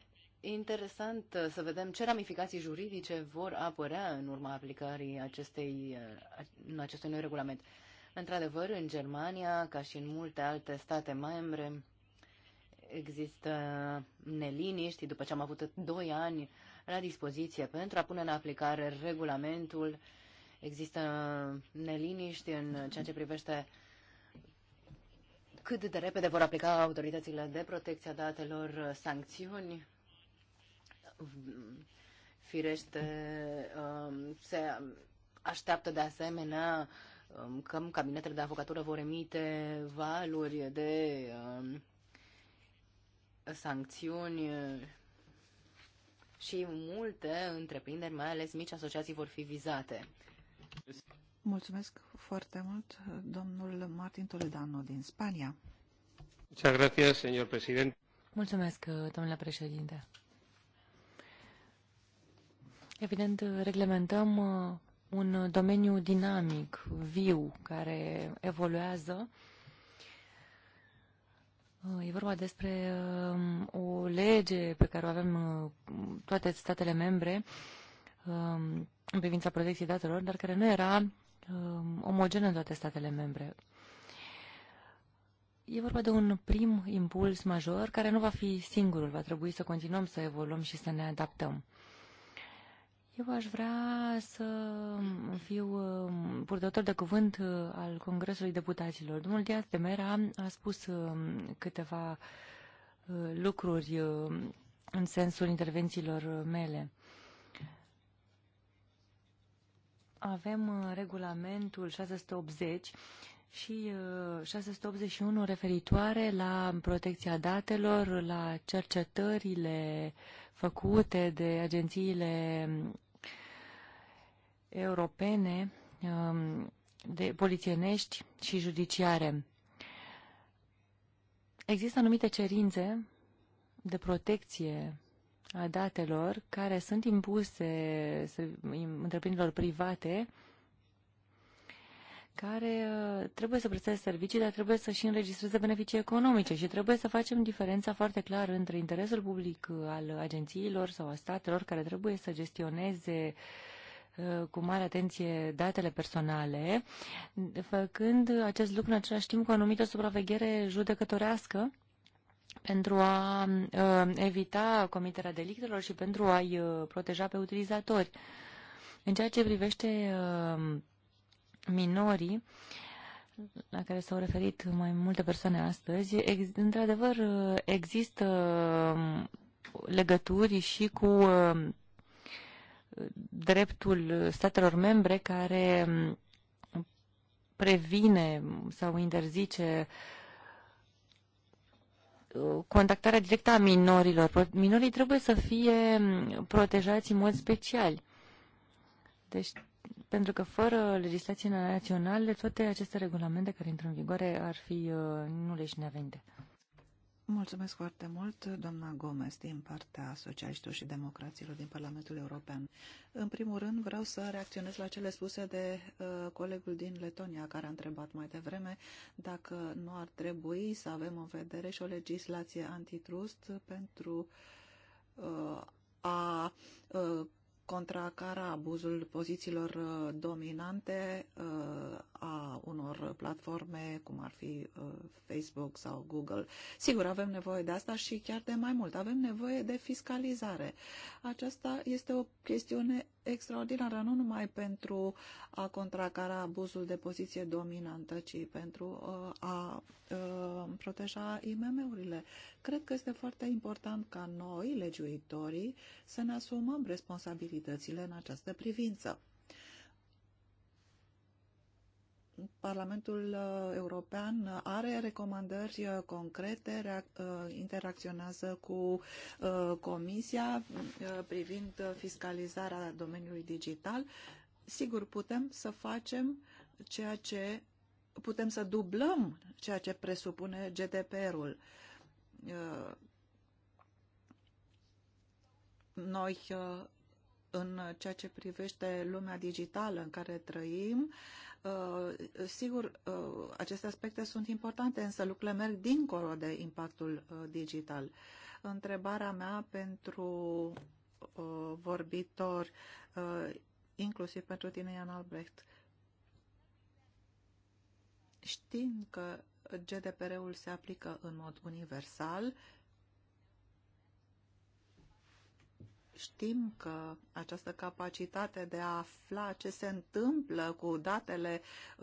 interesant uh, să vedem ce ramificații juridice vor apărea în urma aplicării acestei, uh, în acestui nou regulament. Într-adevăr, în Germania, ca și în multe alte state membre, există neliniști după ce am avut doi ani la dispoziție pentru a pune în aplicare regulamentul. Există neliniști în ceea ce privește cât de repede vor aplica autoritățile de protecție a datelor sancțiuni Firește, um, se așteaptă de asemenea um, că cabinetele de avocatură vor emite valuri de um, sancțiuni și multe întreprinderi, mai ales mici asociații, vor fi vizate. Mulțumesc foarte mult, domnul Martin Toledano din Spania. Muchas gracias, señor presidente. Mulțumesc, domnule președinte. Evident, reglementăm uh, un domeniu dinamic, viu, care evoluează. Uh, e vorba despre uh, o lege pe care o avem toate statele membre um, în privința protecției datelor, dar care nu era um, omogenă în toate statele membre. E vorba de un prim impuls major care nu va fi singurul, va trebui să continuăm să evoluăm și să ne adaptăm. Eu aș vrea să fiu uh, purtător de cuvânt uh, al Congresului Deputaților. Domnul Diaz de Mera a spus uh, câteva lucruri în sensul intervențiilor mele. Avem regulamentul 680 și 681 referitoare la protecția datelor, la cercetările făcute de agențiile europene um, de polițienești și judiciare. Există anumite cerințe de protecție a datelor care sunt impuse întreprinderilor private care uh, trebuie să presteze servicii, dar trebuie să și înregistreze beneficii economice și trebuie să facem diferența foarte clară între interesul public uh, al agențiilor sau a statelor care trebuie să gestioneze uh, Uh, cu mare atenție datele personale, făcând acest lucru în același timp cu o anumită supraveghere judecătorească pentru a uh, evita comiterea delictelor și pentru a-i uh, proteja pe utilizatori. În ceea ce privește minorii, la care s-au referit mai multe persoane astăzi, ex- într-adevăr există um, legături și cu dreptul statelor membre care mm, previne sau interzice uh, contactarea directă a minorilor. Minorii trebuie să fie mm, protejați în mod special. Deci, pentru că fără legislație națională, toate aceste regulamente care intră în vigoare ar fi uh, nu și venite. Mulțumesc foarte mult, doamna Gomez, din partea Socialiștilor și Democraților din Parlamentul European. În primul rând, vreau să reacționez la cele spuse de uh, colegul din Letonia, care a întrebat mai devreme dacă nu ar trebui să avem în vedere și o legislație antitrust pentru uh, a uh, contracara abuzul pozițiilor uh, dominante, uh, a unor platforme, cum ar fi uh, Facebook sau Google. Sigur, avem nevoie de asta și chiar de mai mult. Avem nevoie de fiscalizare. Aceasta este o chestiune extraordinară, nu numai pentru a contracara abuzul de poziție dominantă, ci pentru uh, a uh, proteja IMM-urile. Cred că este foarte important ca noi, legiuitorii, să ne asumăm responsabilitățile în această privință. Parlamentul uh, European are recomandări uh, concrete, uh, interacționează cu Comisia privind fiscalizarea domeniului digital. Sigur, putem să facem ceea ce putem să dublăm ceea ce presupune GDPR-ul. Noi, în ceea ce privește lumea digitală în care trăim, Uh, sigur, uh, aceste aspecte sunt importante, însă lucrurile merg dincolo de impactul uh, digital. Întrebarea mea pentru vorbitor, inclusiv pentru tine, Ian Albrecht, știind că GDPR-ul se aplică în mod universal Știm că această capacitate de a afla ce se întâmplă cu datele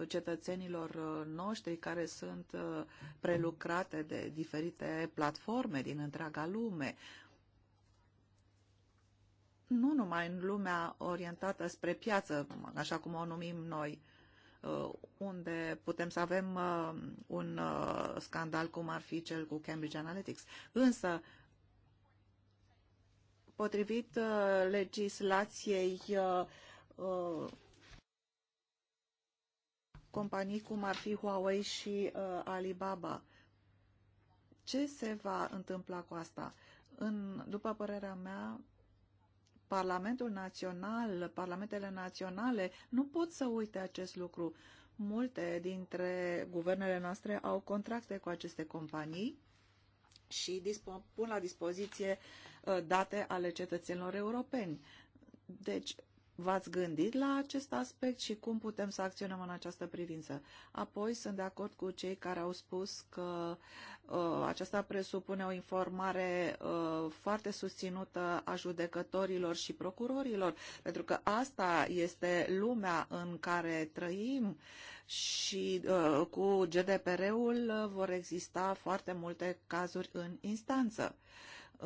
cetățenilor noștri care sunt uh, prelucrate de diferite platforme din întreaga lume, nu numai în lumea orientată spre piață, așa cum o numim noi, uh, unde putem să avem uh, un scandal cum ar fi cel cu Cambridge Analytics. Însă, potrivit uh, legislației uh, uh, companii cum ar fi Huawei și Alibaba. Ce se va întâmpla cu asta? În, după părerea mea, Parlamentul Național, Parlamentele Naționale nu pot să uite acest lucru. Multe dintre guvernele noastre au contracte cu aceste companii și dispun, pun la dispoziție Uh, date ale cetățenilor europeni. Deci, V-ați gândit la acest aspect și cum putem să acționăm în această privință? Apoi sunt de acord cu cei care au spus că uh, aceasta presupune o informare uh, foarte susținută a judecătorilor și procurorilor, pentru că asta este lumea în care trăim și uh, cu GDPR-ul uh, vor exista foarte multe cazuri în instanță. Uh,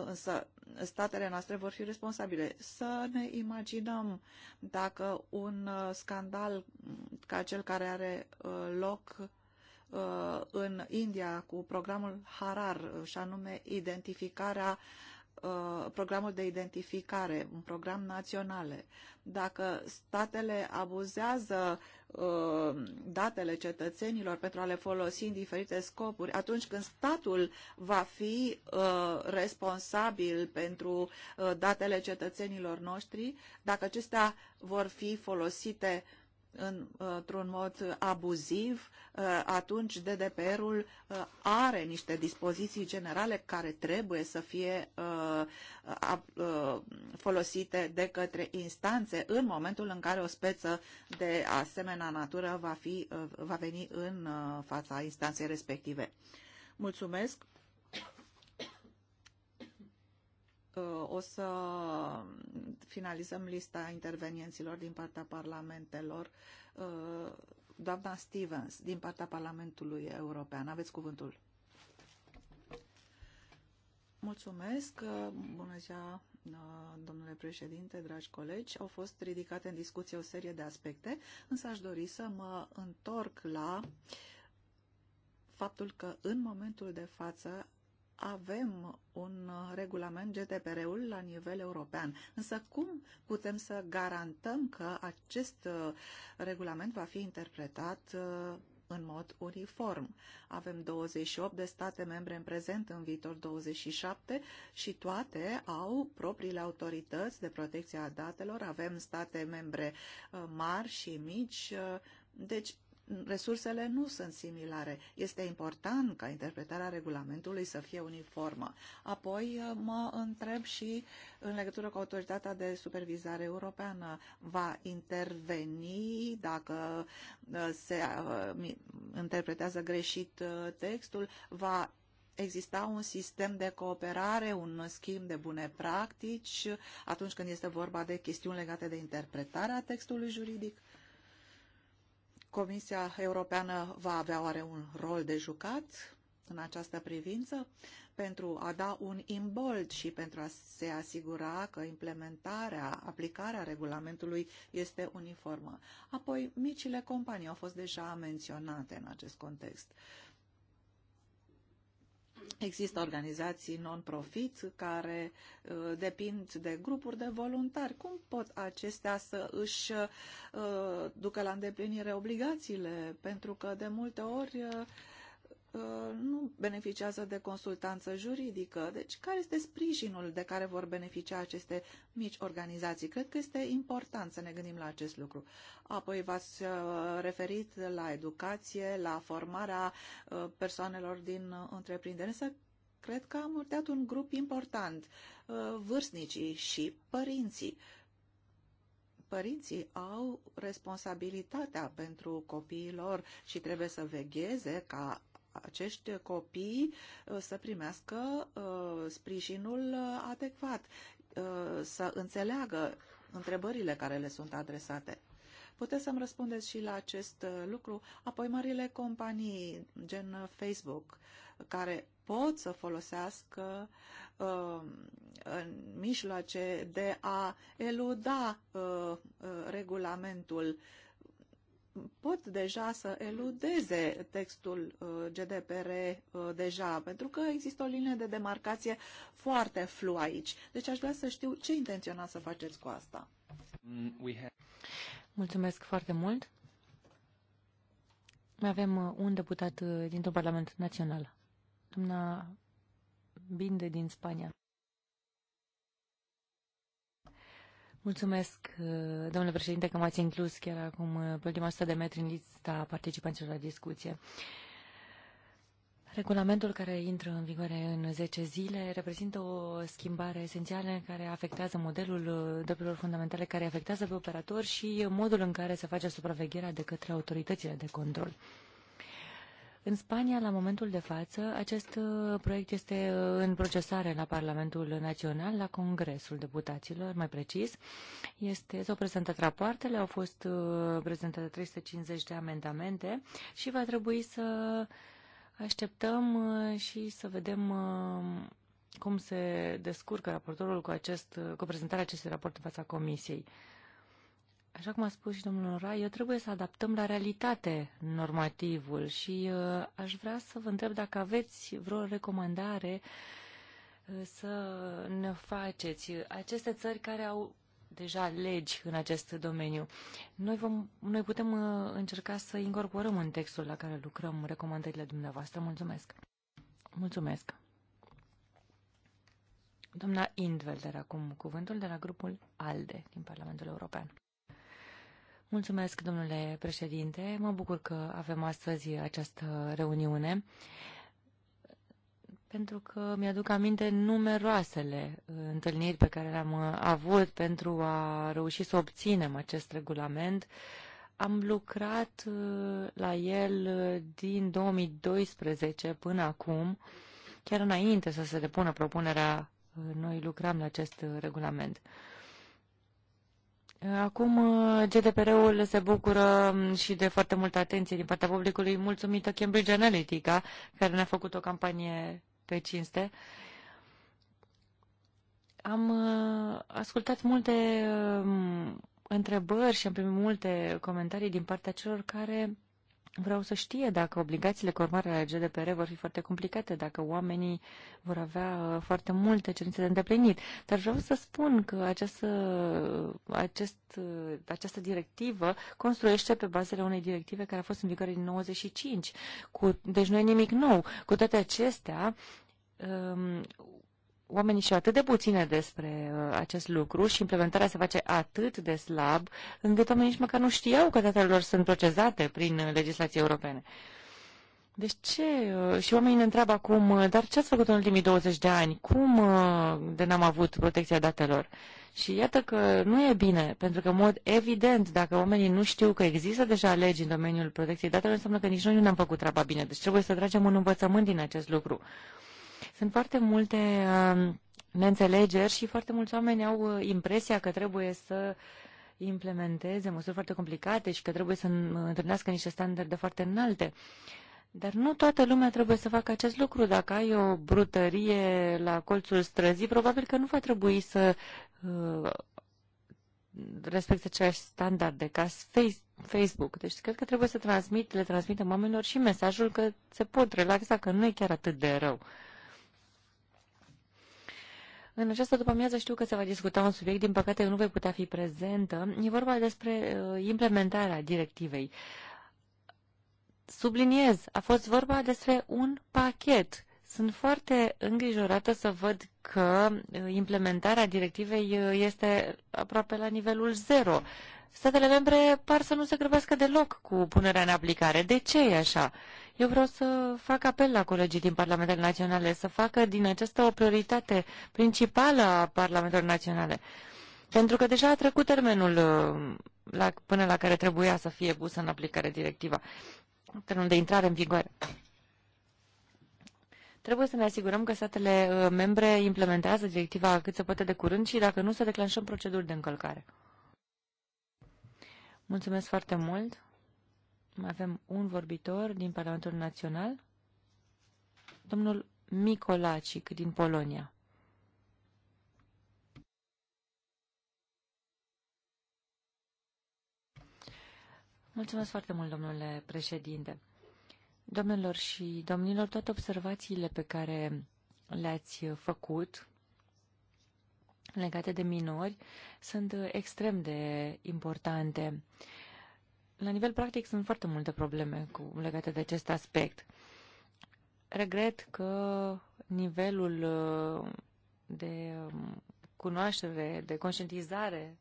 însă statele noastre vor fi responsabile. Să ne imaginăm dacă un uh, scandal ca cel care are uh, loc uh, în India cu programul Harar și anume identificarea Uh, programul de identificare, un program național. Dacă statele abuzează uh, datele cetățenilor pentru a le folosi în diferite scopuri, atunci când statul va fi uh, responsabil pentru datele cetățenilor noștri, dacă acestea vor fi folosite într-un mod abuziv, uh, atunci DDPR-ul uh, are niște dispoziții generale care trebuie să fie uh, folosite de către instanțe în momentul în care o speță de asemenea natură va, fi, va veni în fața instanței respective. Mulțumesc! Uh, o să finalizăm lista intervenienților din partea parlamentelor. Uh, doamna Stevens, din partea Parlamentului European, aveți cuvântul. Mulțumesc. Uh, bună ziua, domnule președinte, dragi colegi. Au fost ridicate în discuție o serie de aspecte, însă aș dori să mă întorc la faptul că în momentul de față avem un regulament GDPR-ul la nivel european. Însă cum putem să garantăm că acest uh, regulament va fi interpretat uh, în mod uniform. Avem 28 de state membre în prezent, în viitor 27 și toate au propriile autorități de protecție a datelor. Avem state membre uh, mari și mici, deci resursele nu sunt similare. Este important ca interpretarea regulamentului să fie uniformă. Apoi uh, mă întreb și în legătură cu Autoritatea de Supervizare Europeană va interveni dacă uh, se uh, interpretează greșit textul, va exista un sistem de cooperare, un schimb de bune practici atunci când este vorba de chestiuni legate de interpretarea textului juridic? Comisia Europeană va avea oare un rol de jucat în această privință pentru a da un imbold și pentru a se asigura că implementarea, aplicarea regulamentului este uniformă. Apoi, micile companii au fost deja menționate în acest context. Uh, Există organizații non-profit care uh, depind de grupuri de voluntari. Cum pot acestea să își uh, ducă la îndeplinire obligațiile? Pentru că de multe ori uh, Uh, nu beneficiază de consultanță juridică. Deci, care este sprijinul de care vor beneficia aceste mici organizații? Cred că este important să ne gândim la acest lucru. Apoi v-ați uh, referit la educație, la formarea uh, persoanelor din întreprindere, să cred că am urteat un grup important, vârstnicii și părinții părinții au responsabilitatea pentru copiilor și trebuie să vegheze ca acești copii uh, să primească uh, sprijinul uh, adecvat, să înțeleagă întrebările care le sunt adresate. Puteți să-mi răspundeți și la acest lucru. Apoi, marile companii, gen Facebook, care pot să folosească uh, mijloace de a eluda uh, uh, regulamentul pot deja să eludeze textul uh, GDPR uh, deja, pentru că există o linie de demarcație foarte flu aici. Deci aș vrea să știu ce intenționați să faceți cu asta. Mm, Mulțumesc foarte mult. Mai avem uh, un deputat dintr-un Parlament Național, doamna Binde din Spania. Mulțumesc, uh, domnule președinte, că m-ați inclus chiar acum uh, pe ultima 100 de metri în lista participanților la discuție. Regulamentul care intră în vigoare în 10 zile reprezintă o schimbare esențială care afectează modelul uh, drepturilor fundamentale, care afectează pe operatori și modul în care se face supravegherea de către autoritățile de control. În Spania, la momentul de față, acest uh, proiect este uh, în procesare la Parlamentul Național, la Congresul Deputaților, mai precis. Este, s-au prezentat rapoartele, au fost uh, prezentate 350 de amendamente și va trebui să așteptăm și să vedem cum se descurcă raportorul cu, acest, cu prezentarea acestui raport în fața Comisiei. Așa cum a spus și domnul eu trebuie să adaptăm la realitate normativul și uh, aș vrea să vă întreb dacă aveți vreo recomandare uh, să ne faceți aceste țări care au deja legi în acest domeniu. Noi, vom, noi putem uh, încerca să incorporăm în textul la care lucrăm recomandările dumneavoastră. Mulțumesc! Mulțumesc! Doamna Indvelder, acum cuvântul de la grupul ALDE din Parlamentul European. Mulțumesc, domnule președinte. Mă bucur că avem astăzi această reuniune, pentru că mi-aduc aminte numeroasele întâlniri pe care le-am avut pentru a reuși să obținem acest regulament. Am lucrat uh, la el uh, din 2012 până acum, chiar înainte să se depună propunerea, uh, noi lucram la acest regulament. Acum uh, GDPR-ul se bucură um, și de foarte multă atenție din partea publicului, mulțumită Cambridge Analytica, care ne-a făcut o campanie pe cinste. Am uh, ascultat multe um, întrebări și am primit multe comentarii din partea celor care vreau să știe dacă obligațiile cu urmare la GDPR vor fi foarte complicate, dacă oamenii vor avea uh, foarte multe cerințe de îndeplinit. Dar vreau să spun că această, acest, uh, această directivă construiește pe bazele unei directive care a fost în vigoare din 95. Cu, deci nu e nimic nou. Cu toate acestea, um, oamenii știu atât de puține despre uh, acest lucru și implementarea se face atât de slab, încât oamenii nici măcar nu știau că datele lor sunt procesate prin uh, legislație europene. Deci ce? Uh, și oamenii ne întreabă acum, uh, dar ce ați făcut în ultimii 20 de ani? Cum uh, de n-am avut protecția datelor? Și iată că nu e bine, pentru că, în mod evident, dacă oamenii nu știu că există deja legi în domeniul protecției datelor, înseamnă că nici noi nu ne-am făcut treaba bine. Deci trebuie să tragem un învățământ din acest lucru. Uh, sunt foarte multe uh, neînțelegeri și foarte mulți oameni au uh, impresia că trebuie să implementeze măsuri foarte complicate și că trebuie să întâlnească niște standarde foarte înalte. Dar nu toată lumea trebuie să facă acest lucru. Dacă ai o brutărie la colțul străzii, probabil că nu va trebui să uh, respecte aceleași standarde ca Facebook. Deci cred că trebuie să transmit, le transmitem oamenilor și mesajul că se pot relaxa, că nu e chiar atât de rău. În această după-amiază știu că se va discuta un subiect, din păcate eu nu voi putea fi prezentă. E vorba despre uh, implementarea directivei. Subliniez, a fost vorba despre un pachet. Sunt foarte îngrijorată să văd că uh, implementarea directivei uh, este aproape la nivelul zero statele membre par să nu se grăbească deloc cu punerea în aplicare. De ce e așa? Eu vreau să fac apel la colegii din Parlamentele Naționale să facă din aceasta o prioritate principală a Parlamentelor Naționale. Pentru că deja a trecut termenul uh, la, până la care trebuia să fie pusă în aplicare directiva, termenul de intrare în vigoare. Trebuie să ne asigurăm că statele uh, membre implementează directiva cât se poate de curând și dacă nu, să declanșăm proceduri de încălcare. Mulțumesc foarte mult. Mai avem un vorbitor din Parlamentul Național, domnul Micolacic din Polonia. Mulțumesc foarte mult, domnule președinte. Domnilor și domnilor, toate observațiile pe care le-ați făcut legate de minori sunt uh, extrem de importante. La nivel practic sunt foarte multe probleme cu, legate de acest aspect. Regret că nivelul uh, de um, cunoaștere, de conștientizare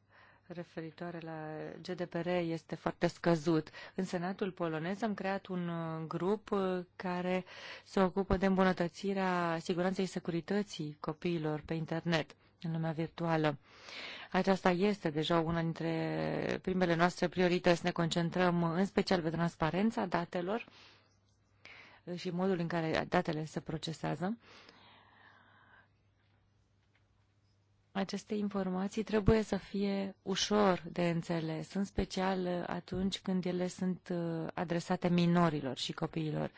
referitoare la GDPR este foarte scăzut. În Senatul polonez am creat un uh, grup care se ocupă de îmbunătățirea siguranței securității copiilor pe internet în lumea virtuală. Aceasta este deja una dintre primele noastre priorități. Ne concentrăm în special pe transparența datelor și modul în care datele se procesează. Aceste informații trebuie să fie ușor de înțeles, în special atunci când ele sunt uh, adresate minorilor și copiilor. Uh,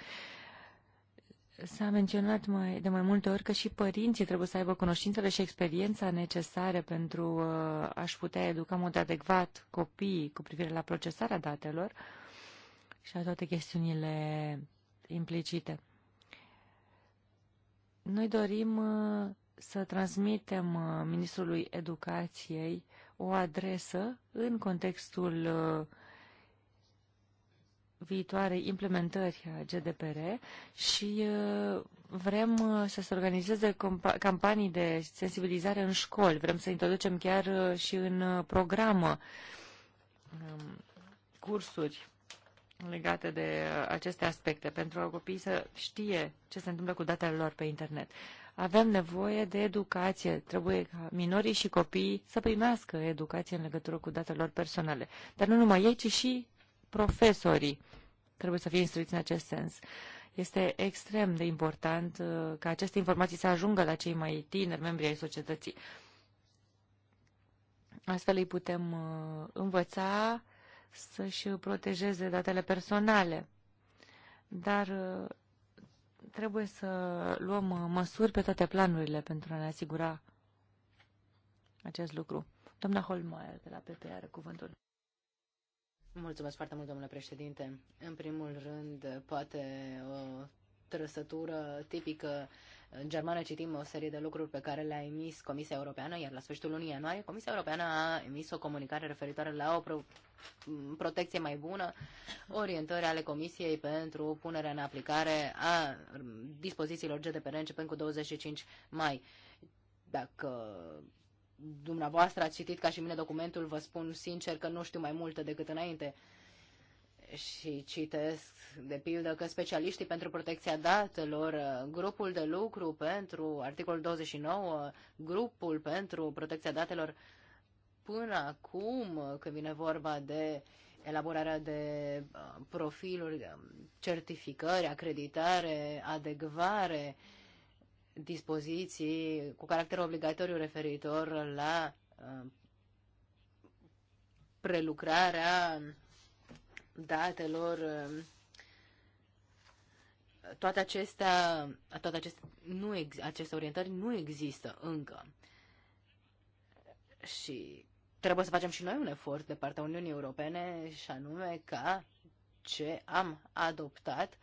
S-a menționat mai, de mai multe ori că și părinții trebuie să aibă cunoștințele și experiența necesare pentru uh, a-și putea educa în mod adecvat copiii cu privire la procesarea datelor și la toate chestiunile implicite. Noi dorim uh, să transmitem uh, Ministrului Educației o adresă în contextul uh, viitoarei implementări a GDPR și uh, vrem uh, să se organizeze campanii de sensibilizare în școli. Vrem să introducem chiar uh, și în programă um, cursuri legate de aceste aspecte, pentru a copiii să știe ce se întâmplă cu datele lor pe internet. Avem nevoie de educație. Trebuie ca minorii și copiii să primească educație în legătură cu datele lor personale. Dar nu numai ei, ci și profesorii trebuie să fie instruiți în acest sens. Este extrem de important uh, ca aceste informații să ajungă la cei mai tineri membri ai societății. Astfel îi putem uh, învăța să-și protejeze datele personale. Dar uh, trebuie să luăm măsuri pe toate planurile pentru a ne asigura acest lucru. Doamna Holmeier de la PPR cuvântul. Mulțumesc foarte mult, domnule președinte. În primul rând, poate o trăsătură tipică în germană citim o serie de lucruri pe care le-a emis Comisia Europeană, iar la sfârșitul lunii ianuarie Comisia Europeană a emis o comunicare referitoare la o pro- protecție mai bună, orientări ale Comisiei pentru punerea în aplicare a dispozițiilor GDPR începând cu 25 mai. Dacă dumneavoastră ați citit ca și mine documentul, vă spun sincer că nu știu mai multe decât înainte. Și citesc, de pildă, că specialiștii pentru protecția datelor, grupul de lucru pentru articolul 29, grupul pentru protecția datelor, până acum, când vine vorba de elaborarea de uh, profiluri, um, certificări, acreditare, adecvare, uh, dispoziții cu caracter obligatoriu referitor la uh, prelucrarea datelor uh, toate acestea, toate acestea, nu ex, aceste orientări nu există încă. Și trebuie să facem și noi un efort de partea Uniunii Europene și anume ca ce am adoptat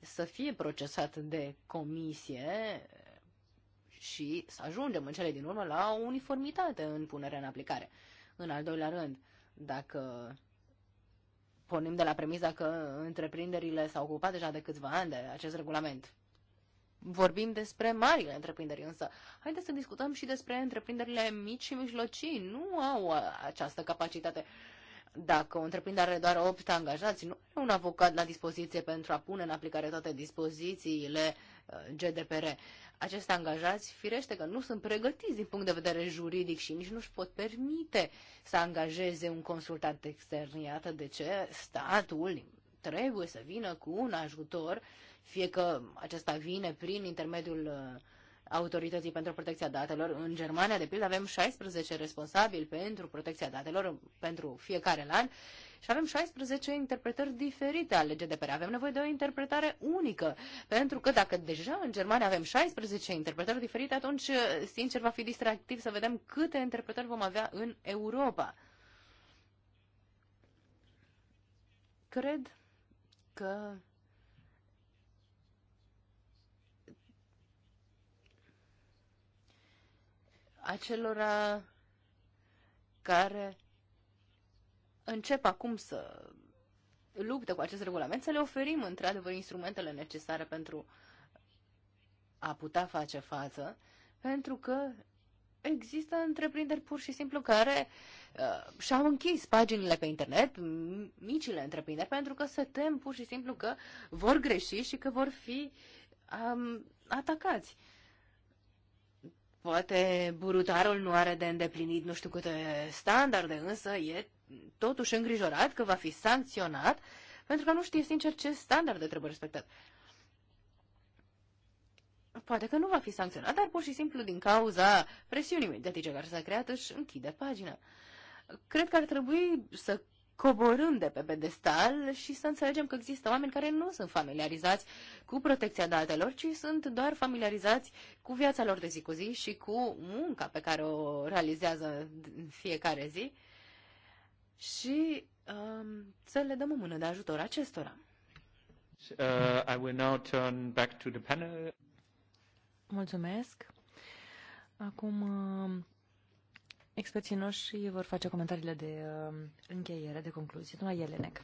să fie procesat de comisie și să ajungem în cele din urmă la o uniformitate în punerea în aplicare. În al doilea rând, dacă pornim de la premiza că întreprinderile s-au ocupat deja de câțiva ani de acest regulament, vorbim despre marile întreprinderi, însă haideți să discutăm și despre întreprinderile mici și mijlocii. Nu au această capacitate. Dacă o întreprindere are doar 8 angajați, nu are un avocat la dispoziție pentru a pune în aplicare toate dispozițiile Uh, GDPR. Acești angajați, firește că nu sunt pregătiți din punct de vedere juridic și nici nu își pot permite să angajeze un consultant extern. Iată de ce statul trebuie să vină cu un ajutor, fie că acesta vine prin intermediul uh, Autorității pentru Protecția Datelor. În Germania, de pildă, avem 16 responsabili pentru protecția datelor pentru fiecare an și avem 16 interpretări diferite ale GDPR. Avem nevoie de o interpretare unică, pentru că dacă deja în Germania avem 16 interpretări diferite, atunci, uh, sincer, va fi distractiv să vedem câte interpretări vom avea în Europa. Cred că acelora care încep acum să luptă cu acest regulament, să le oferim într-adevăr instrumentele necesare pentru a putea face față, pentru că există întreprinderi pur și simplu care uh, și-au închis paginile pe internet, micile întreprinderi, pentru că se tem pur și simplu că vor greși și că vor fi um, atacați. Uh, Poate burutarul nu are de îndeplinit nu știu câte standarde, însă e totuși îngrijorat că va fi sancționat pentru că nu știe sincer ce standarde trebuie respectat. Poate că nu va fi sancționat, dar pur și simplu din cauza presiunii mediatice care s-a creat își închide pagina. Cred că ar trebui să coborâm de pe pedestal și să înțelegem că există oameni care nu sunt familiarizați cu protecția datelor, ci sunt doar familiarizați cu viața lor de zi cu zi și cu munca pe care o realizează în fiecare zi și um, să le dăm o mână de ajutor acestora. Uh, I will now turn back to the panel. Mulțumesc. Acum um, Experții noștri vor face comentariile de uh, încheiere, de concluzie. Doamna Elenec.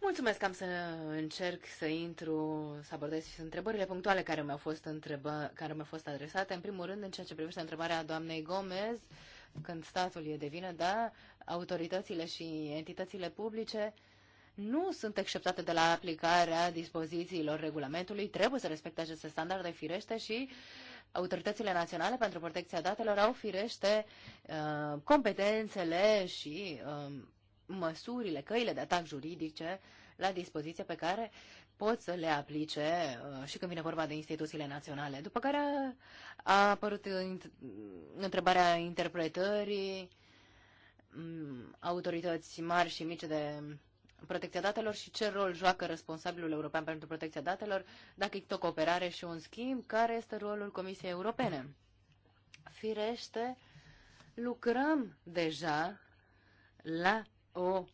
Mulțumesc, am să încerc să intru, să abordez și întrebările punctuale care mi-au fost, întrebă, care mi-au fost adresate. În primul rând, în ceea ce privește întrebarea doamnei Gomez, când statul e de vină, da, autoritățile și entitățile publice nu sunt exceptate de la aplicarea dispozițiilor regulamentului, trebuie să respecte aceste standarde firește și uh, autoritățile naționale pentru protecția datelor au firește uh, competențele și uh, măsurile, căile de atac juridice la dispoziție pe care pot să le aplice uh, și când vine vorba de instituțiile naționale. După care a apărut întrebarea interpretării um, autorități mari și mici de protecția datelor și ce rol joacă responsabilul european pentru protecția datelor, dacă există o cooperare și un schimb, care este rolul Comisiei Europene. Firește, lucrăm deja la o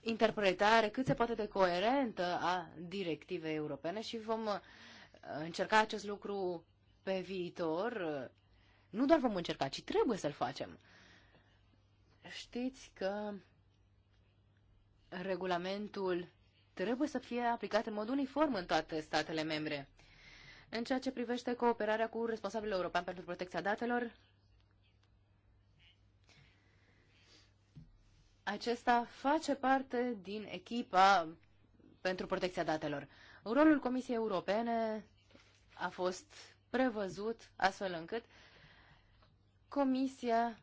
interpretare cât se poate de coerentă a directivei europene și vom uh, încerca acest lucru pe viitor. Nu doar vom încerca, ci trebuie să-l facem. Știți că regulamentul trebuie să fie aplicat în mod uniform în toate statele membre. În ceea ce privește cooperarea cu responsabilul european pentru protecția datelor, acesta face parte din echipa pentru protecția datelor. Rolul Comisiei Europene a fost prevăzut astfel încât Comisia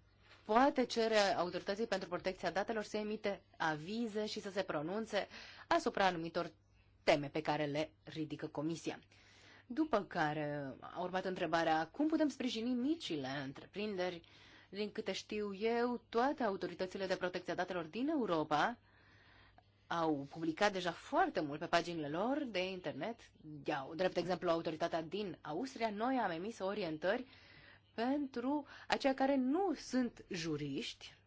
poate cere autorității pentru protecția datelor să emite avize și să se pronunțe asupra anumitor teme pe care le ridică Comisia. După care a urmat întrebarea cum putem sprijini micile întreprinderi. Din câte știu eu, toate autoritățile de protecție a datelor din Europa au publicat deja foarte mult pe paginile lor de internet. Iau, drept exemplu, autoritatea din Austria, noi am emis orientări uh, pentru aceia care nu sunt juriști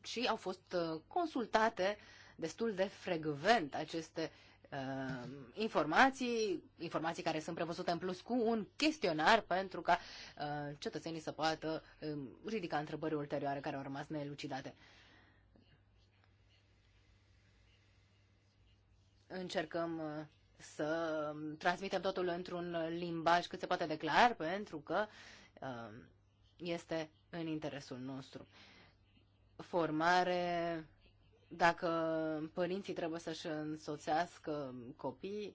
și au fost uh, consultate destul de frecvent aceste uh, informații, informații care sunt prevăzute în plus cu un chestionar pentru ca uh, cetățenii să poată uh, ridica întrebări ulterioare care au rămas nelucidate. Încercăm uh, să transmitem totul într-un limbaj cât se poate de clar, pentru că um, este în interesul nostru. Formare, dacă părinții trebuie să-și însoțească copii,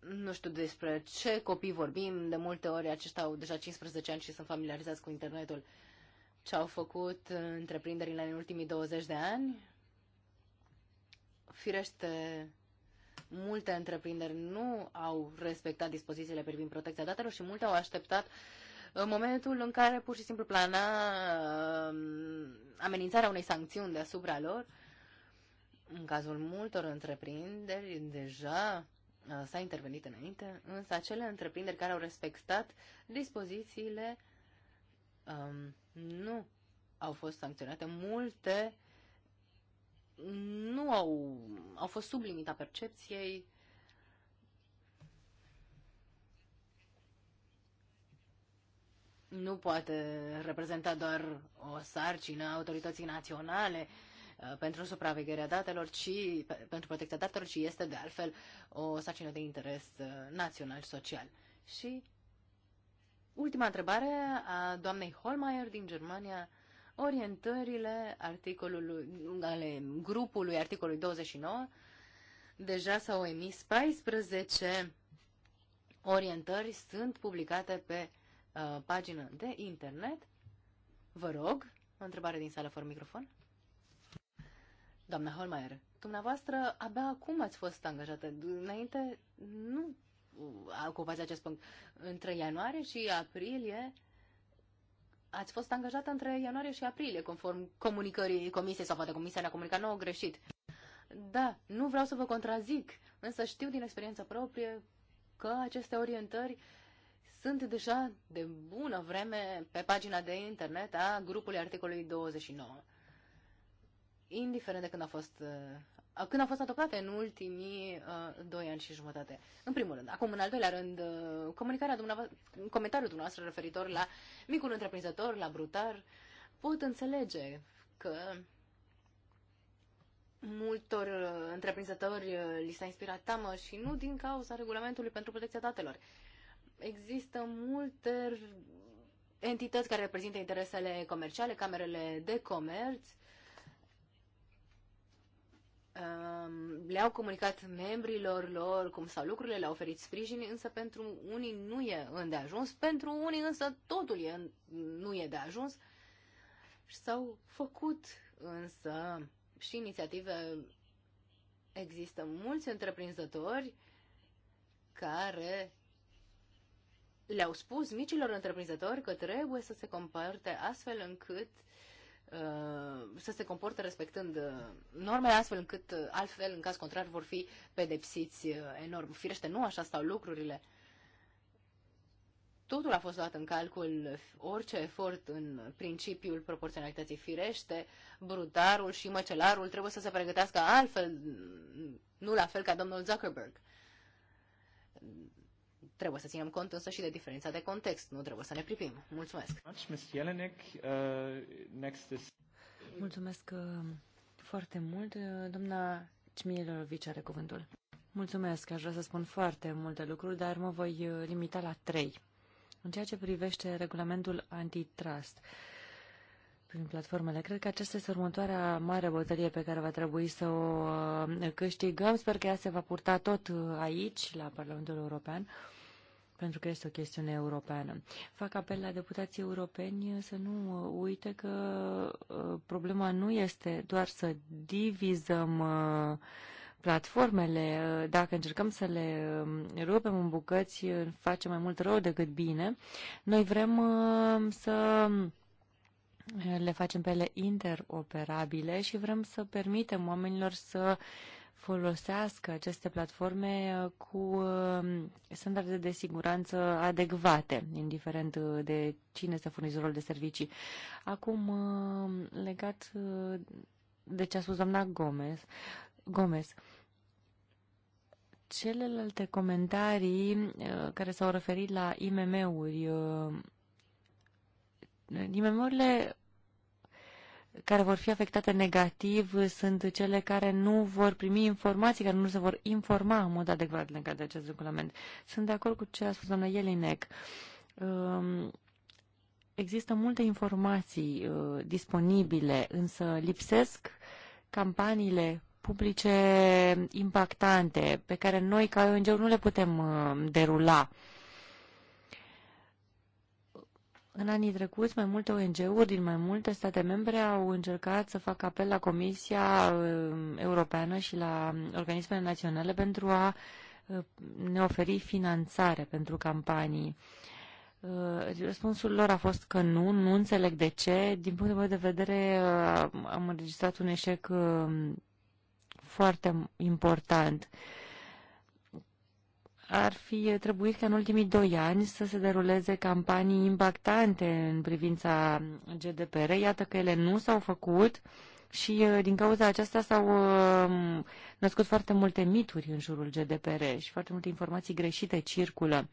nu știu despre ce copii vorbim, de multe ori aceștia au deja 15 ani și sunt familiarizați cu internetul. Ce au făcut întreprinderile în ultimii 20 de ani? Firește, multe întreprinderi nu au respectat dispozițiile privind protecția datelor și multe au așteptat în uh, momentul în care pur și simplu plana uh, amenințarea unei sancțiuni deasupra lor. În cazul multor întreprinderi, deja uh, s-a intervenit înainte, însă acele întreprinderi care au respectat dispozițiile um, nu au fost sancționate. Multe nu au, au fost sub limita percepției. Nu poate reprezenta doar o sarcină a autorității naționale uh, pentru supravegherea datelor, ci pentru protecția datelor, ci este de altfel o sarcină de interes uh, național și social. Și ultima întrebare a doamnei Holmeier din Germania orientările articolului, ale grupului articolului 29. Deja s-au emis 14 orientări, sunt publicate pe uh, pagină de internet. Vă rog, o întrebare din sală fără microfon. Doamna Holmeier, dumneavoastră abia acum ați fost angajată. Înainte nu uh, ocupați acest punct. Între ianuarie și aprilie ați fost angajată între ianuarie și aprilie, conform comunicării comisiei, sau poate comisia ne-a comunicat nouă greșit. Da, nu vreau să vă contrazic, însă știu din experiență proprie că aceste orientări sunt deja de bună vreme pe pagina de internet a grupului articolului 29. Indiferent de când a fost uh, când au fost adoptate în ultimii uh, doi ani și jumătate. În primul rând. Acum, în al doilea rând, uh, comunicarea dumneavoastră, comentariul dumneavoastră referitor la micul întreprinzător, la brutar, pot înțelege că multor uh, întreprinzători uh, li s-a inspirat teamă și nu din cauza regulamentului pentru protecția datelor. Există multe entități care reprezintă interesele comerciale, camerele de comerț, Um, le-au comunicat membrilor lor cum sau lucrurile, le-au oferit sprijin, însă pentru unii nu e îndeajuns, pentru unii însă totul e, nu e de ajuns. Și s-au făcut însă și inițiative. Există mulți întreprinzători care le-au spus micilor întreprinzători că trebuie să se comporte astfel încât uh, Uh, să se comporte respectând uh, normele astfel încât uh, altfel, în caz contrar, vor fi pedepsiți enorm. Firește, nu așa stau lucrurile. Totul a fost luat în calcul, orice efort în principiul proporționalității firește, brutarul și măcelarul trebuie să se pregătească altfel, nu la fel ca domnul Zuckerberg Trebuie să ținem cont însă și de diferența de context. Nu trebuie să ne pripim. Mulțumesc. Mulțumesc uh, uh, foarte mult. Uh, doamna Cmilovici are cuvântul. Mulțumesc. Aș vrea să spun foarte multe lucruri, dar mă voi limita la trei. În ceea ce privește regulamentul antitrust, prin platformele. Cred că aceasta este următoarea mare bătălie pe care va trebui să o câștigăm. Sper că ea se va purta tot aici, la Parlamentul European pentru că este o chestiune europeană. Fac apel la deputații europeni să nu uite că uh, problema nu este doar să divizăm uh, platformele, uh, dacă încercăm să le rupem în bucăți, face mai mult rău decât bine. Noi vrem să le facem pe ele interoperabile și vrem să permitem oamenilor să uh, folosească aceste platforme uh, cu uh, standarde de siguranță adecvate, indiferent uh, de cine este furnizorul de servicii. Acum, legat de ce a spus doamna Gomez, Gomez celelalte comentarii care s-au referit la IMM-uri, IMM-urile care vor fi afectate negativ sunt cele care nu vor primi informații, care nu se vor informa în mod adecvat legat de acest regulament. Sunt de acord cu ce a spus doamna Jelinec. Um, există multe informații uh, disponibile, însă lipsesc campaniile publice impactante pe care noi ca ONG nu le putem uh, derula în anii trecuți, mai multe ONG-uri din mai multe state membre au încercat să facă apel la Comisia uh, Europeană și la organismele naționale pentru a uh, ne oferi finanțare pentru campanii. Uh, răspunsul lor a fost că nu, nu înțeleg de ce. Din punctul meu de vedere, am înregistrat un eșec foarte important ar fi trebuit ca în ultimii doi ani să se deruleze campanii impactante în privința GDPR. Iată că ele nu s-au făcut. Uh, și uh, din cauza aceasta s-au um, născut foarte multe mituri în jurul GDPR și foarte multe informații greșite circulă.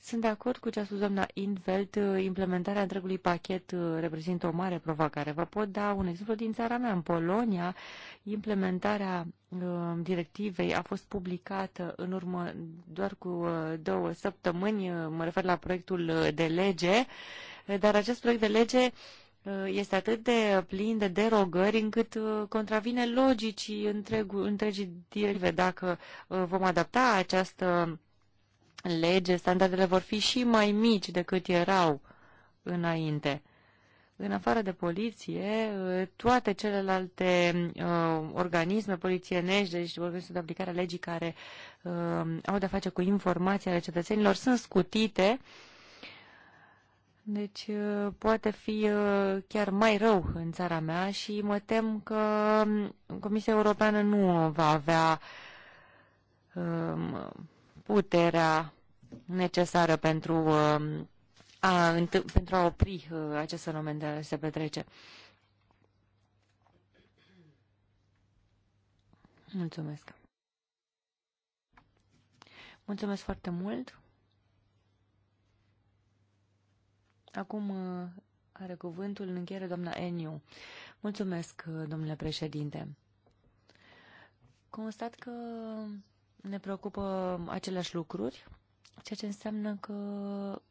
Sunt de acord cu ce a spus doamna Invelt, uh, implementarea întregului pachet uh, reprezintă o mare provocare. Vă pot da un exemplu din țara mea, în Polonia, implementarea um, directivei a fost publicată în urmă doar cu două săptămâni, mă refer la proiectul de lege, dar acest proiect de lege uh, Uh, este atât de plin de derogări încât uh, contravine logicii întregii direcții. Dacă uh, vom adapta această lege, standardele vor fi și mai mici decât erau înainte. În afară de poliție, toate celelalte uh, organisme polițienești, deci organisme de aplicare a legii care uh, au de-a face cu informația ale cetățenilor, sunt scutite uh, deci uh, poate fi uh, chiar mai rău în țara mea și mă tem că um, Comisia Europeană nu va avea um, puterea necesară pentru um, a, pentru a opri uh, acest fenomen de a se petrece. Mulțumesc. Mulțumesc foarte mult. Acum uh, are cuvântul în încheiere doamna Eniu. Mulțumesc, uh, domnule președinte. Constat că ne preocupă aceleași lucruri, ceea ce înseamnă că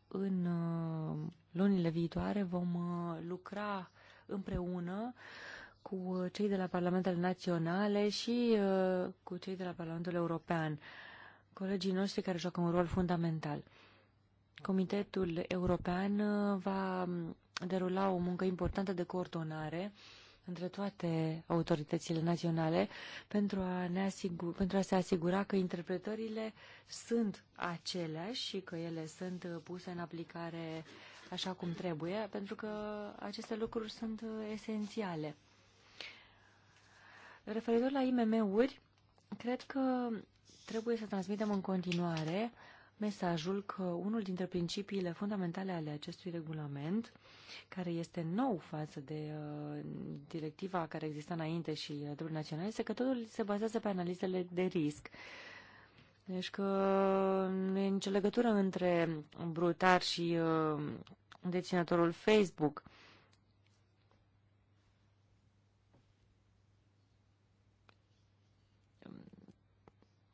în uh, lunile viitoare vom lucra împreună cu cei de la Parlamentele Naționale și cu cei de la Parlamentul European, colegii noștri care joacă un rol fundamental. Comitetul European uh, va mm, derula o muncă importantă de coordonare între toate autoritățile naționale pentru a, ne asigur, pentru a se asigura că interpretările sunt aceleași și că ele sunt uh, puse în aplicare așa cum trebuie, pentru că aceste lucruri sunt uh, esențiale. Referitor la IMM-uri, cred că trebuie să transmitem în continuare uh, mesajul că unul dintre principiile fundamentale ale acestui regulament, care este nou față de uh, directiva care exista înainte și uh, dreptul național, este că totul se bazează pe analizele de risc. Deci că nu e nicio legătură între brutar și uh, deținătorul Facebook.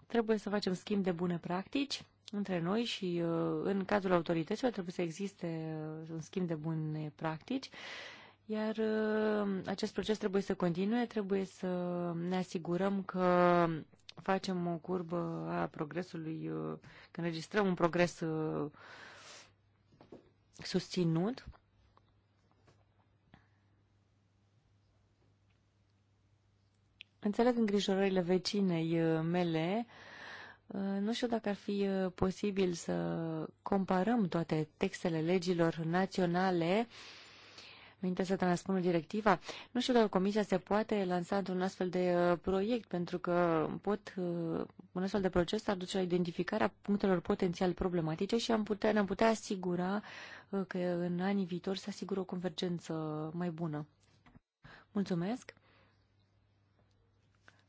Trebuie să facem schimb de bune practici între noi și uh, în cadrul autorităților trebuie să existe uh, un schimb de bune practici, iar uh, acest proces trebuie să continue, trebuie să ne asigurăm că facem o curbă a progresului, că înregistrăm un progres susținut. Înțeleg îngrijorările vecinei mele, Uh, nu știu dacă ar fi uh, posibil să comparăm toate textele legilor naționale minte să transpun directiva. Nu știu dacă Comisia se poate lansa într-un astfel de uh, proiect, pentru că pot, un astfel de proces ar duce la identificarea punctelor potențial problematice și am putea, ne-am putea asigura că în anii viitori se asigură o convergență mai bună. Mulțumesc!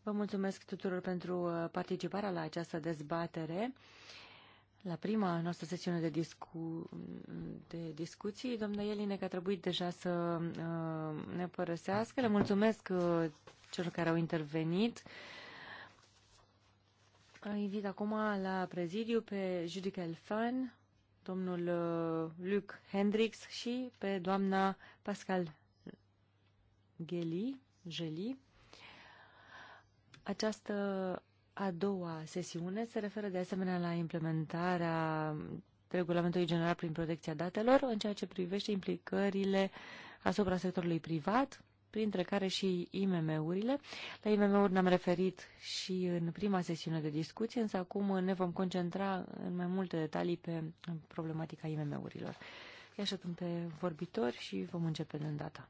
Vă mulțumesc tuturor pentru uh, participarea la această dezbatere. La prima noastră sesiune de, discu- de discuții, doamna Eline, că a trebuit deja să uh, ne părăsească. Le mulțumesc uh, celor care au intervenit. Invit acum la prezidiu pe Judica Elfan, domnul Luc Hendrix și pe doamna Pascal Geli Geli. Această a doua sesiune se referă de asemenea la implementarea regulamentului general prin protecția datelor în ceea ce privește implicările asupra sectorului privat, printre care și IMM-urile. La IMM-uri ne-am referit și în prima sesiune de discuție, însă acum ne vom concentra în mai multe detalii pe problematica IMM-urilor. Ia și pe vorbitori și vom începe de îndată.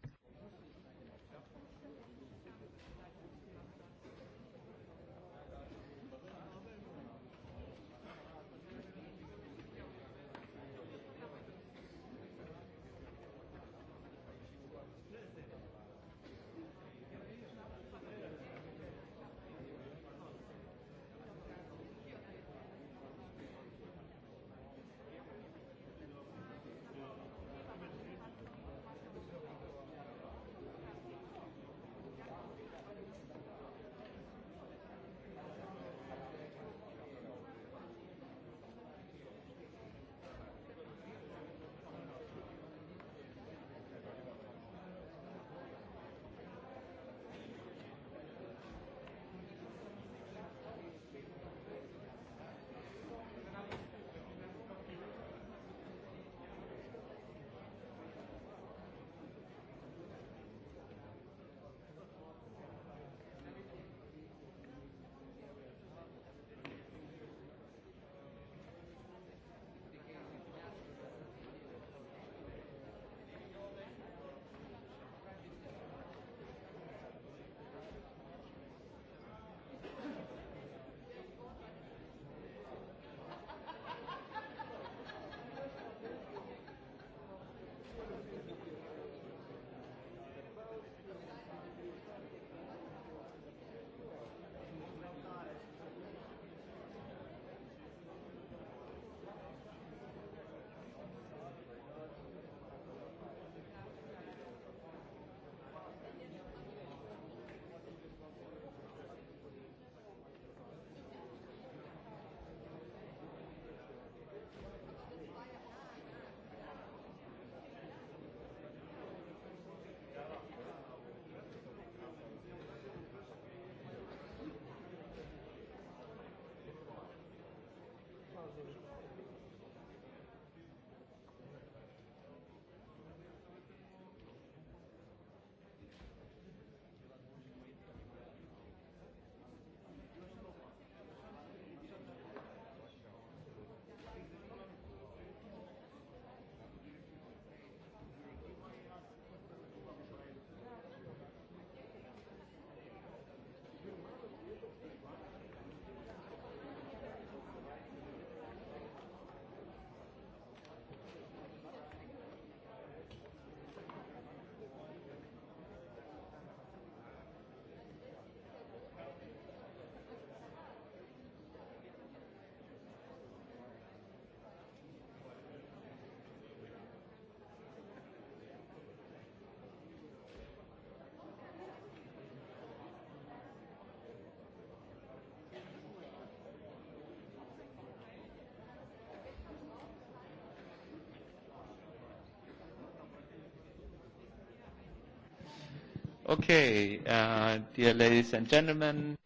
Okay, uh, dear ladies and gentlemen.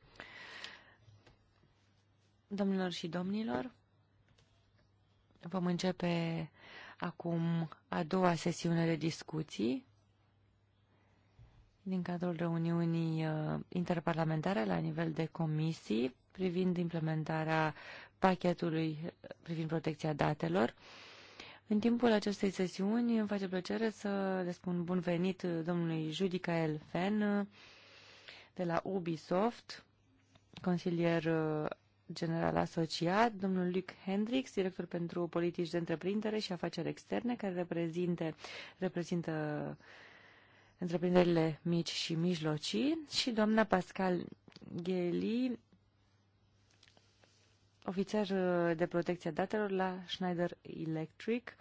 Domnilor și domnilor, vom începe acum a doua sesiune de discuții din cadrul reuniunii uh, interparlamentare la nivel de comisii privind implementarea pachetului uh, privind protecția datelor. Uh, în timpul acestei sesiuni îmi face plăcere să le spun bun venit domnului Judicael Fenn de la Ubisoft, consilier uh, general asociat, domnul Luc Hendrix, director pentru politici de întreprindere și afaceri externe, care reprezinte, reprezintă întreprinderile mici și mijlocii, și doamna Pascal Gheli, ofițer uh, de protecție a datelor la Schneider Electric.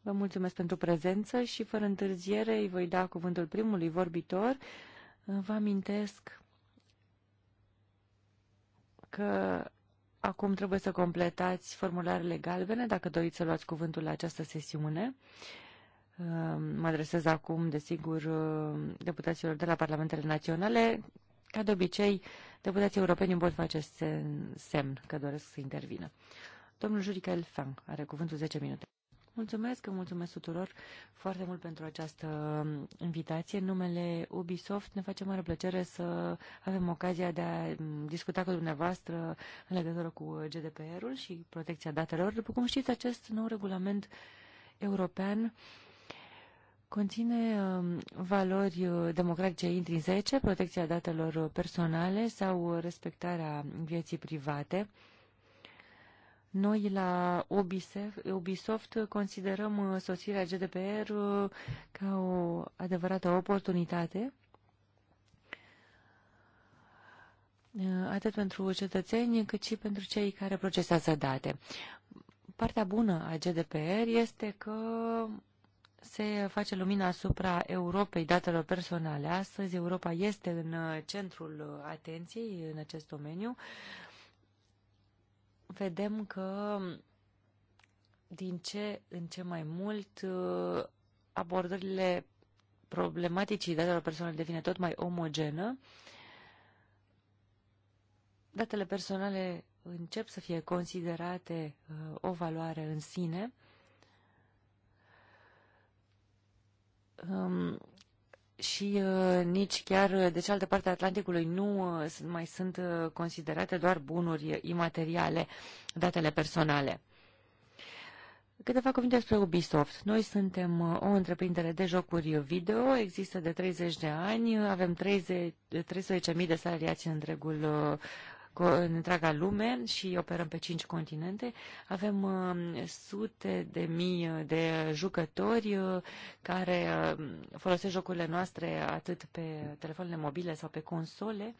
Vă mulțumesc pentru prezență și fără întârziere îi voi da cuvântul primului vorbitor. Vă amintesc că acum trebuie să completați formularele galbene dacă doriți să luați cuvântul la această sesiune. Uh, mă adresez acum, desigur, uh, deputaților de la Parlamentele Naționale ca de obicei, deputații europeni îmi pot face semn că doresc să intervină. Domnul Jurica Fang are cuvântul 10 minute. Mulțumesc, mulțumesc tuturor foarte mult pentru această um, invitație. În numele Ubisoft ne face mare plăcere să avem ocazia de a um, discuta cu dumneavoastră în legătură cu GDPR-ul și protecția datelor. După cum știți, acest nou regulament european uh, conține um, valori uh, democratice intrinsece, protecția datelor personale sau respectarea vieții private. Noi la Ubisoft considerăm uh, sosirea GDPR uh, ca o adevărată oportunitate atât pentru cetățeni, cât și pentru cei care procesează date. Partea bună a GDPR este că se face lumina asupra Europei datelor personale. Astăzi Europa este în uh, centrul uh, atenției în acest domeniu. Vedem că din ce în ce mai mult uh, abordările problematicii datelor personale devine tot mai omogenă. Datele personale încep să fie considerate o valoare în sine Um, și uh, nici chiar uh, de cealaltă parte a Atlanticului nu uh, mai sunt considerate doar bunuri imateriale, datele personale. Câteva cuvinte despre Ubisoft. Noi suntem o întreprindere de jocuri video, există de 30 de ani, avem 30, 13.000 de salariați în întregul în întreaga lume și operăm pe cinci continente. Avem uh, sute de mii uh, de jucători uh, care folosesc jocurile noastre atât pe telefoanele mobile sau pe console.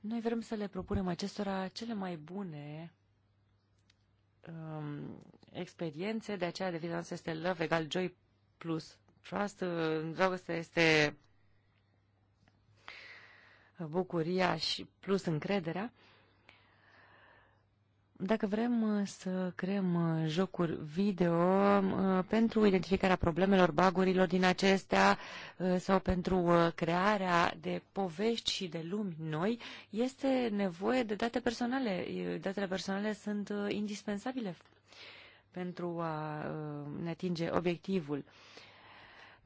Noi vrem să le propunem acestora cele mai bune um, experiențe, de aceea de noastră este Love egal Joy plus Trust. Dragostea este bucuria și plus încrederea. Dacă vrem uh, să creăm uh, jocuri video uh, pentru identificarea problemelor, bagurilor din acestea sau pentru crearea de povești și de lumi noi, este nevoie de date personale. Datele personale sunt indispensabile pentru a ne atinge obiectivul.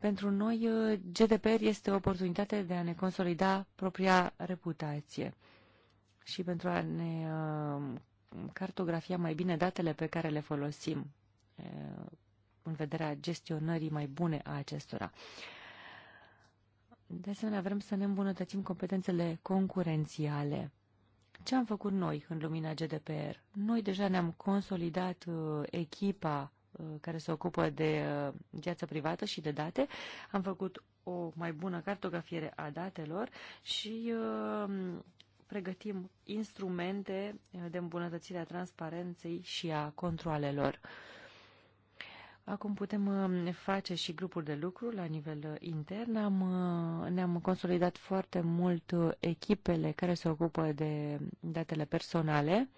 Pentru noi, uh, GDPR este o oportunitate de a ne consolida propria reputație și pentru a ne uh, cartografia mai bine datele pe care le folosim uh, în vederea gestionării mai bune a acestora. De asemenea, vrem să ne îmbunătățim competențele concurențiale. Ce am făcut noi în lumina GDPR? Noi deja ne-am consolidat echipa Uh, care se ocupă de uh, viață privată și de date. Am făcut o mai bună cartografiere a datelor și uh, pregătim instrumente de îmbunătățire a transparenței și a controalelor. Acum putem face și grupuri de lucru la nivel intern. Am, ne-am consolidat foarte mult echipele care se ocupă de datele personale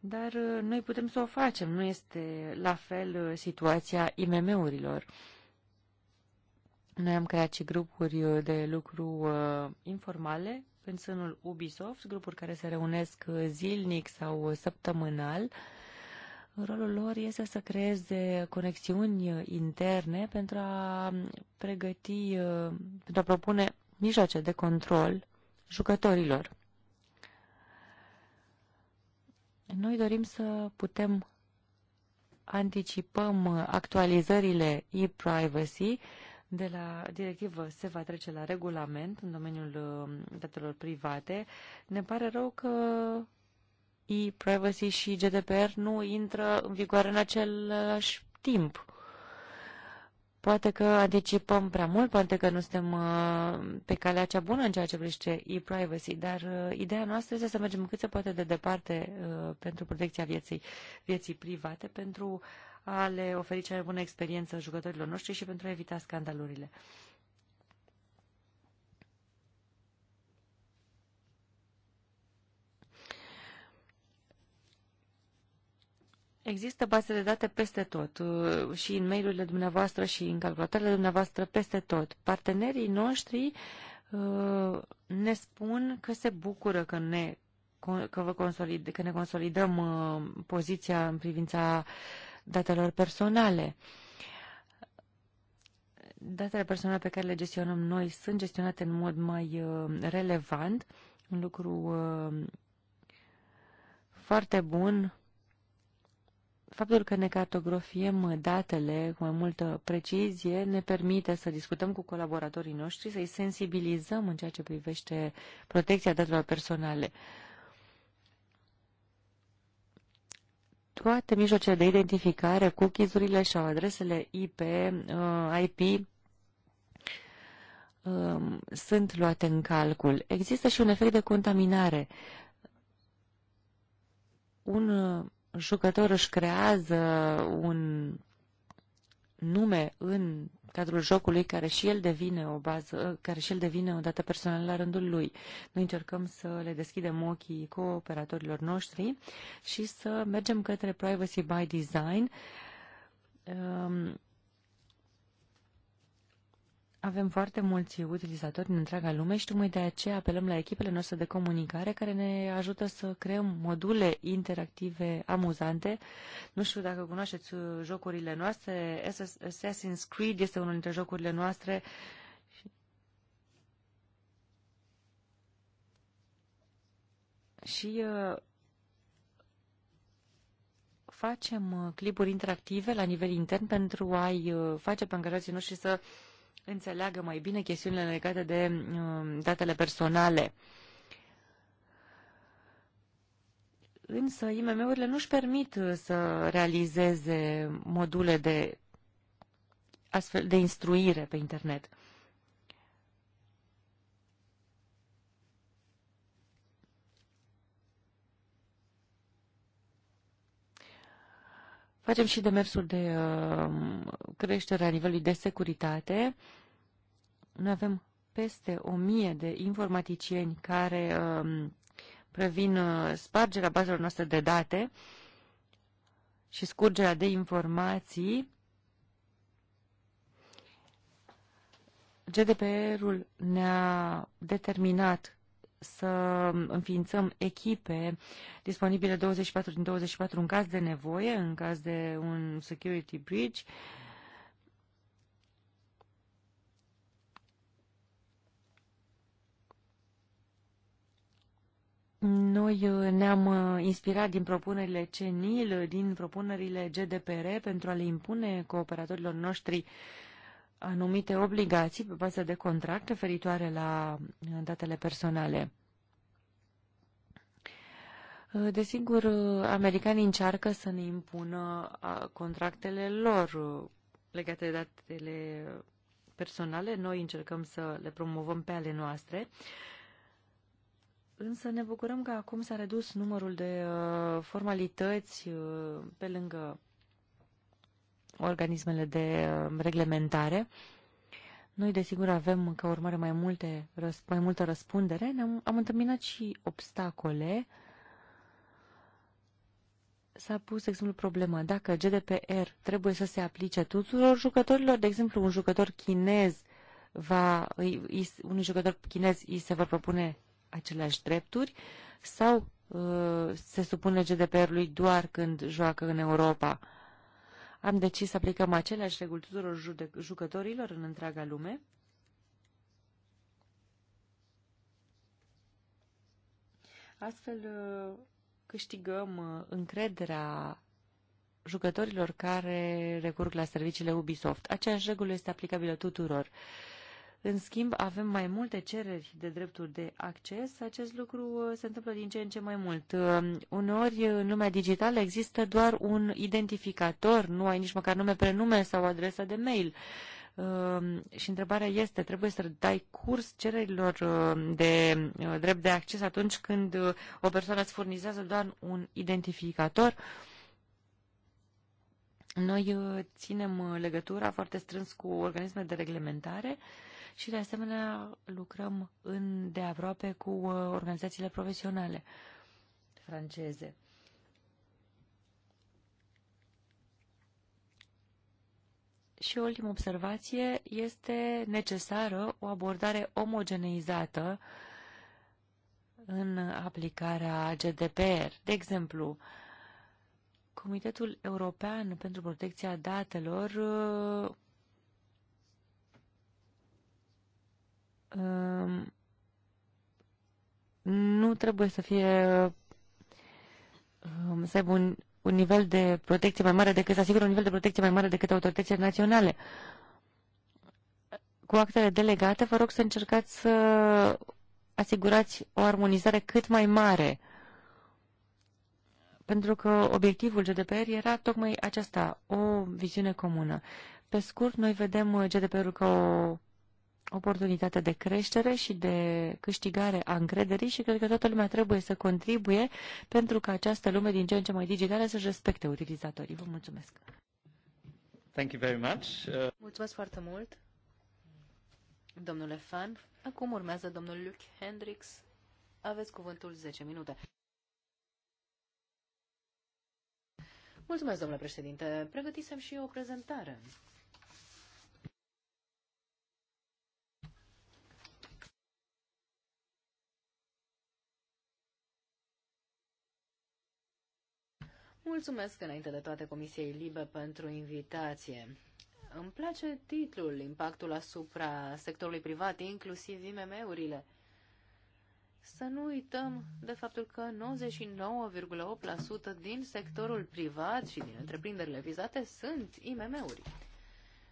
dar uh, noi putem să o facem. Nu este la fel uh, situația IMM-urilor. Noi am creat și grupuri uh, de lucru uh, informale în sânul Ubisoft, grupuri care se reunesc zilnic sau săptămânal. Rolul lor este să creeze conexiuni interne pentru a um, pregăti, pentru a propune mijloace de control jucătorilor. Noi dorim să putem anticipăm actualizările e-privacy de la directivă se va trece la regulament în domeniul um, datelor private. Ne pare rău că e-privacy și GDPR nu intră în vigoare în același timp. Poate că anticipăm prea mult, poate că nu suntem uh, pe calea cea bună în ceea ce privește e-privacy, dar uh, ideea noastră este să mergem cât se poate de departe uh, pentru protecția vieții, vieții private, pentru a le oferi cea mai bună experiență jucătorilor noștri și pentru a evita scandalurile. Există baze de date peste tot, uh, și în mail-urile dumneavoastră și în calculatoarele dumneavoastră peste tot. Partenerii noștri uh, ne spun că se bucură că ne, că vă consolid, că ne consolidăm uh, poziția în privința datelor personale. Datele personale pe care le gestionăm noi sunt gestionate în mod mai relevant, un lucru foarte bun faptul că ne cartografiem datele cu mai multă precizie ne permite să discutăm cu colaboratorii noștri, să-i sensibilizăm în ceea ce privește protecția datelor personale. Toate mijloacele de identificare, cookies-urile și adresele IP, uh, IP um, sunt luate în calcul. Există și un efect de contaminare. Un uh, jucător își creează un nume în cadrul jocului care și el devine o bază, care și el devine o dată personală la rândul lui. Noi încercăm să le deschidem ochii cooperatorilor noștri și să mergem către privacy by design, um, avem foarte mulți utilizatori din întreaga lume și tocmai de aceea apelăm la echipele noastre de comunicare care ne ajută să creăm module interactive amuzante. Nu știu dacă cunoașteți uh, jocurile noastre. Assassin's Creed este unul dintre jocurile noastre. Și uh, facem uh, clipuri interactive la nivel intern pentru a-i face pe angajații noștri să înțeleagă mai bine chestiunile legate de um, datele personale. Însă IMM-urile nu își permit uh, să realizeze module de astfel de instruire pe internet. Facem și demersul de uh, creștere a nivelului de securitate. Noi avem peste o mie de informaticieni care uh, previn uh, spargerea bazelor noastre de date și scurgerea de informații. GDPR-ul ne-a determinat să înființăm echipe disponibile 24 din 24 în caz de nevoie, în caz de un security breach. Noi ne-am uh, inspirat din propunerile CENIL, din propunerile GDPR pentru a le impune cooperatorilor noștri uh, anumite obligații pe bază de contract referitoare la uh, datele personale. Uh, desigur, uh, americanii încearcă să ne impună contractele lor legate de datele personale. Noi încercăm să le promovăm pe ale noastre. Însă ne bucurăm că acum s-a redus numărul de formalități pe lângă organismele de uh, reglementare. Noi, desigur, avem ca urmare mai, multe, mai multă răspundere. Ne-am, am întâmpinat și obstacole. S-a pus, de exemplu, problema dacă GDPR trebuie să se aplice tuturor jucătorilor, de exemplu, un jucător chinez va, unui jucător chinez îi se vor propune aceleași drepturi sau uh, se supune GDPR-ului doar când joacă în Europa. Am decis să aplicăm aceleași reguli tuturor jucătorilor în întreaga lume. Astfel uh, câștigăm uh, încrederea jucătorilor care recurg la serviciile Ubisoft. Aceeași regulă este aplicabilă tuturor. Uh, în schimb, avem mai multe cereri de drepturi de acces. Acest lucru uh, se întâmplă din ce în ce mai mult. Uh, uneori, uh, în lumea digitală există doar un identificator, nu ai nici măcar nume, prenume sau adresa de mail. Și întrebarea este, trebuie să dai curs cererilor de drept de acces atunci când o persoană îți furnizează doar un identificator? Noi ținem legătura foarte strâns cu organisme de reglementare uh, și de asemenea lucrăm în, de aproape cu uh, organizațiile profesionale franceze. Și o ultimă observație este necesară o abordare omogeneizată în aplicarea GDPR. De exemplu, Comitetul European pentru Protecția Datelor uh, Ehm, nu trebuie să fie ehm, să aibă un, un nivel de protecție mai mare decât, să asigură un nivel de protecție mai mare decât autoritățile naționale. Cu actele delegate, vă rog să încercați să asigurați o armonizare cât mai mare. Pentru că obiectivul GDPR era tocmai aceasta, o viziune comună. Pe scurt, noi vedem GDPR-ul ca o oportunitate de creștere și de câștigare a încrederii și cred că toată lumea trebuie să contribuie pentru ca această lume din ce în ce mai digitală să-și respecte utilizatorii. Vă mulțumesc! Thank you very much. Uh... Mulțumesc foarte mult, domnule Fan. Acum urmează domnul Luke Hendricks. Aveți cuvântul 10 minute. Mulțumesc, domnule președinte. Pregătisem și eu o prezentare Mulțumesc înainte de toate Comisiei Libe pentru invitație. Îmi place titlul, impactul asupra sectorului privat, inclusiv IMM-urile. Să nu uităm de faptul că 99,8% din sectorul privat și din întreprinderile vizate sunt IMM-uri.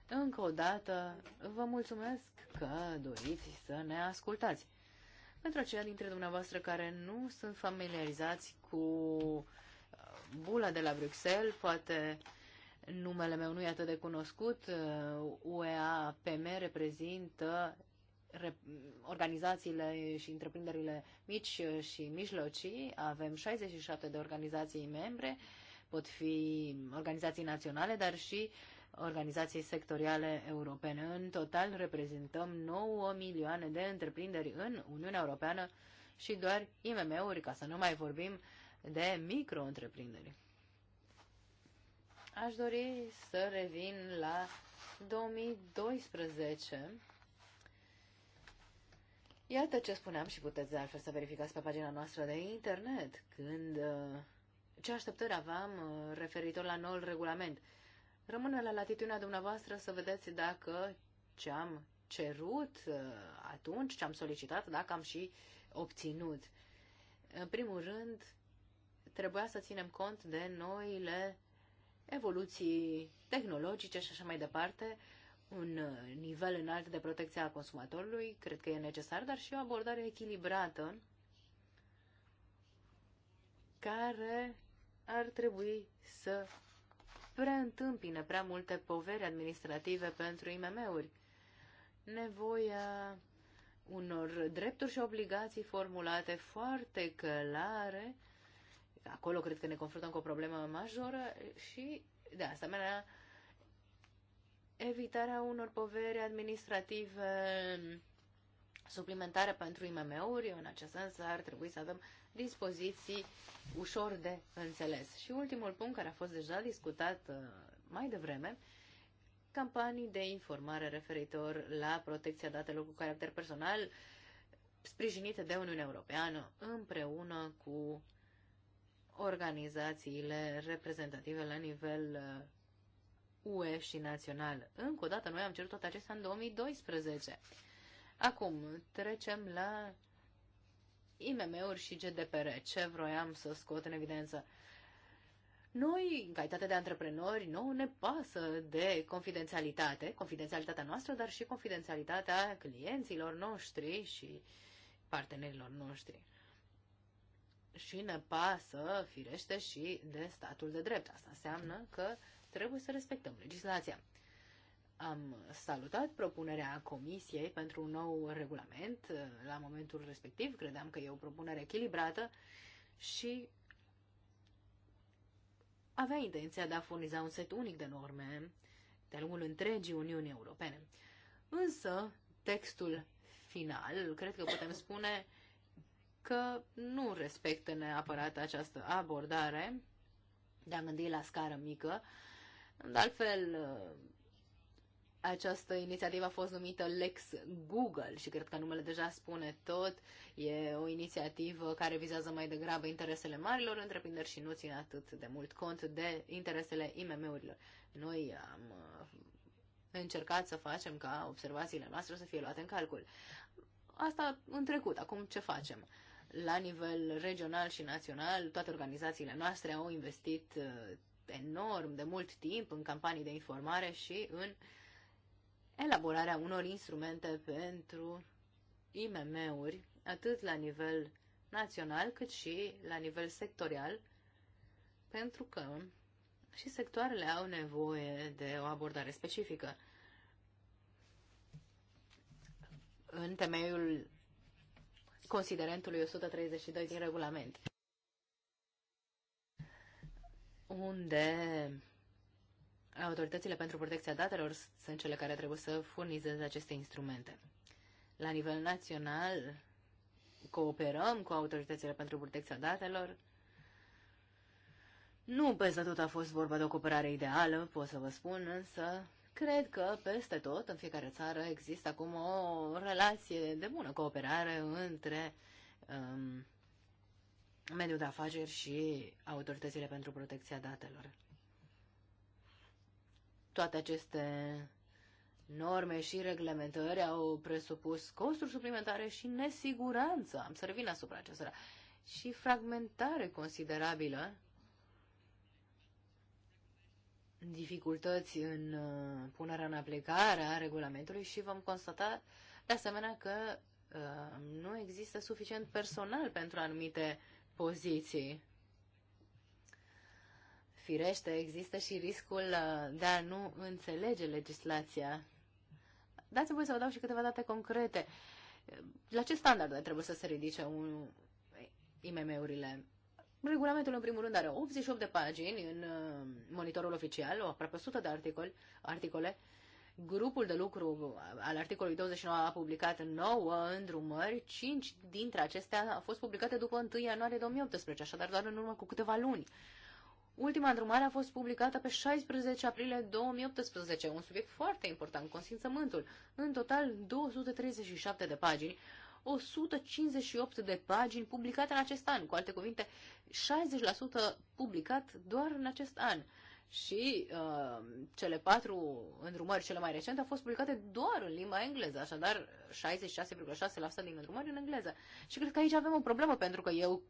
Încă o dată, vă mulțumesc că doriți să ne ascultați. Pentru aceia dintre dumneavoastră care nu sunt familiarizați cu bula de la Bruxelles, poate numele meu nu e atât de cunoscut, UEAPM reprezintă organizațiile și întreprinderile mici și mijlocii. Avem 67 de organizații membre, pot fi organizații naționale, dar și organizații sectoriale europene. În total reprezentăm 9 milioane de întreprinderi în Uniunea Europeană și doar IMM-uri, ca să nu mai vorbim de micro-întreprinderi. Aș dori să revin la 2012. Iată ce spuneam și puteți de altfel să verificați pe pagina noastră de internet când uh, ce așteptări aveam uh, referitor la noul regulament. Rămâne la latitudinea dumneavoastră să vedeți dacă ce am cerut uh, atunci, ce am solicitat, dacă am și obținut. În primul rând, trebuia să ținem cont de noile evoluții tehnologice și așa mai departe, un nivel înalt de protecție a consumatorului, cred că e necesar, dar și o abordare echilibrată care ar trebui să preîntâmpine prea multe poveri administrative pentru IMM-uri. Nevoia unor drepturi și obligații formulate foarte clare acolo cred că ne confruntăm cu o problemă majoră și, de asemenea, evitarea unor poveri administrative suplimentare pentru IMM-uri. În acest sens ar trebui să avem dispoziții ușor de înțeles. Și ultimul punct care a fost deja discutat uh, mai devreme, campanii de informare referitor la protecția datelor cu caracter personal sprijinite de Uniunea Europeană împreună cu organizațiile reprezentative la nivel UE uh, și național. Încă o dată, noi am cerut toate acestea în 2012. Acum, trecem la IMM-uri și GDPR. Ce vroiam să scot în evidență? Noi, în calitate de antreprenori, nu ne pasă de confidențialitate, confidențialitatea noastră, dar și confidențialitatea clienților noștri și partenerilor noștri și ne pasă, firește, și de statul de drept. Asta înseamnă că trebuie să respectăm legislația. Am salutat propunerea Comisiei pentru un nou regulament. Uh, la momentul respectiv credeam că e o propunere echilibrată și avea intenția de a furniza un set unic de norme de-a lungul întregii Uniuni Europene. Însă, textul final, cred că putem spune, că nu respectă neapărat această abordare de a gândi la scară mică. De altfel, uh, această inițiativă a fost numită Lex Google și cred că numele deja spune tot. E o inițiativă care vizează mai degrabă interesele marilor întreprinderi și nu ține atât de mult cont de interesele IMM-urilor. Noi am uh, încercat să facem ca observațiile noastre să fie luate în calcul. Asta în trecut, acum ce facem? la nivel regional și național, toate organizațiile noastre au investit uh, enorm de mult timp în campanii de informare și în elaborarea unor instrumente pentru IMM-uri, atât la nivel național cât și la nivel sectorial, pentru că și sectoarele au nevoie de o abordare specifică. În temeiul considerentului 132 din regulament, unde autoritățile pentru protecția datelor sunt cele care trebuie să furnizeze aceste instrumente. La nivel național, cooperăm cu autoritățile pentru protecția datelor. Nu pe tot a fost vorba de o cooperare ideală, pot să vă spun, însă Cred că peste tot, în fiecare țară, există acum o relație de bună cooperare între um, mediul de afaceri și autoritățile pentru protecția datelor. Toate aceste norme și reglementări au presupus costuri suplimentare și nesiguranță, am să revin asupra acestora, și fragmentare considerabilă dificultăți în uh, punerea în aplicare a regulamentului și vom constata de asemenea că uh, nu există suficient personal pentru anumite poziții. Firește, există și riscul uh, de a nu înțelege legislația. Dați-mi voi să vă dau și câteva date concrete. La ce standarde trebuie să se ridice un... IMM-urile? Regulamentul, în primul rând, are 88 de pagini în uh, monitorul oficial, aproape 100 de articol, articole. Grupul de lucru uh, al articolului 29 a publicat 9 îndrumări, 5 dintre acestea au fost publicate după 1 ianuarie 2018, așadar doar în urmă cu câteva luni. Ultima îndrumare a fost publicată pe 16 aprilie 2018, un subiect foarte important, consimțământul. În total, 237 de pagini 158 de pagini publicate în acest an. Cu alte cuvinte, 60% publicat doar în acest an. Și uh, cele patru îndrumări cele mai recente au fost publicate doar în limba engleză, așadar 66,6% din îndrumări în engleză. Și cred că aici avem o problemă, pentru că eu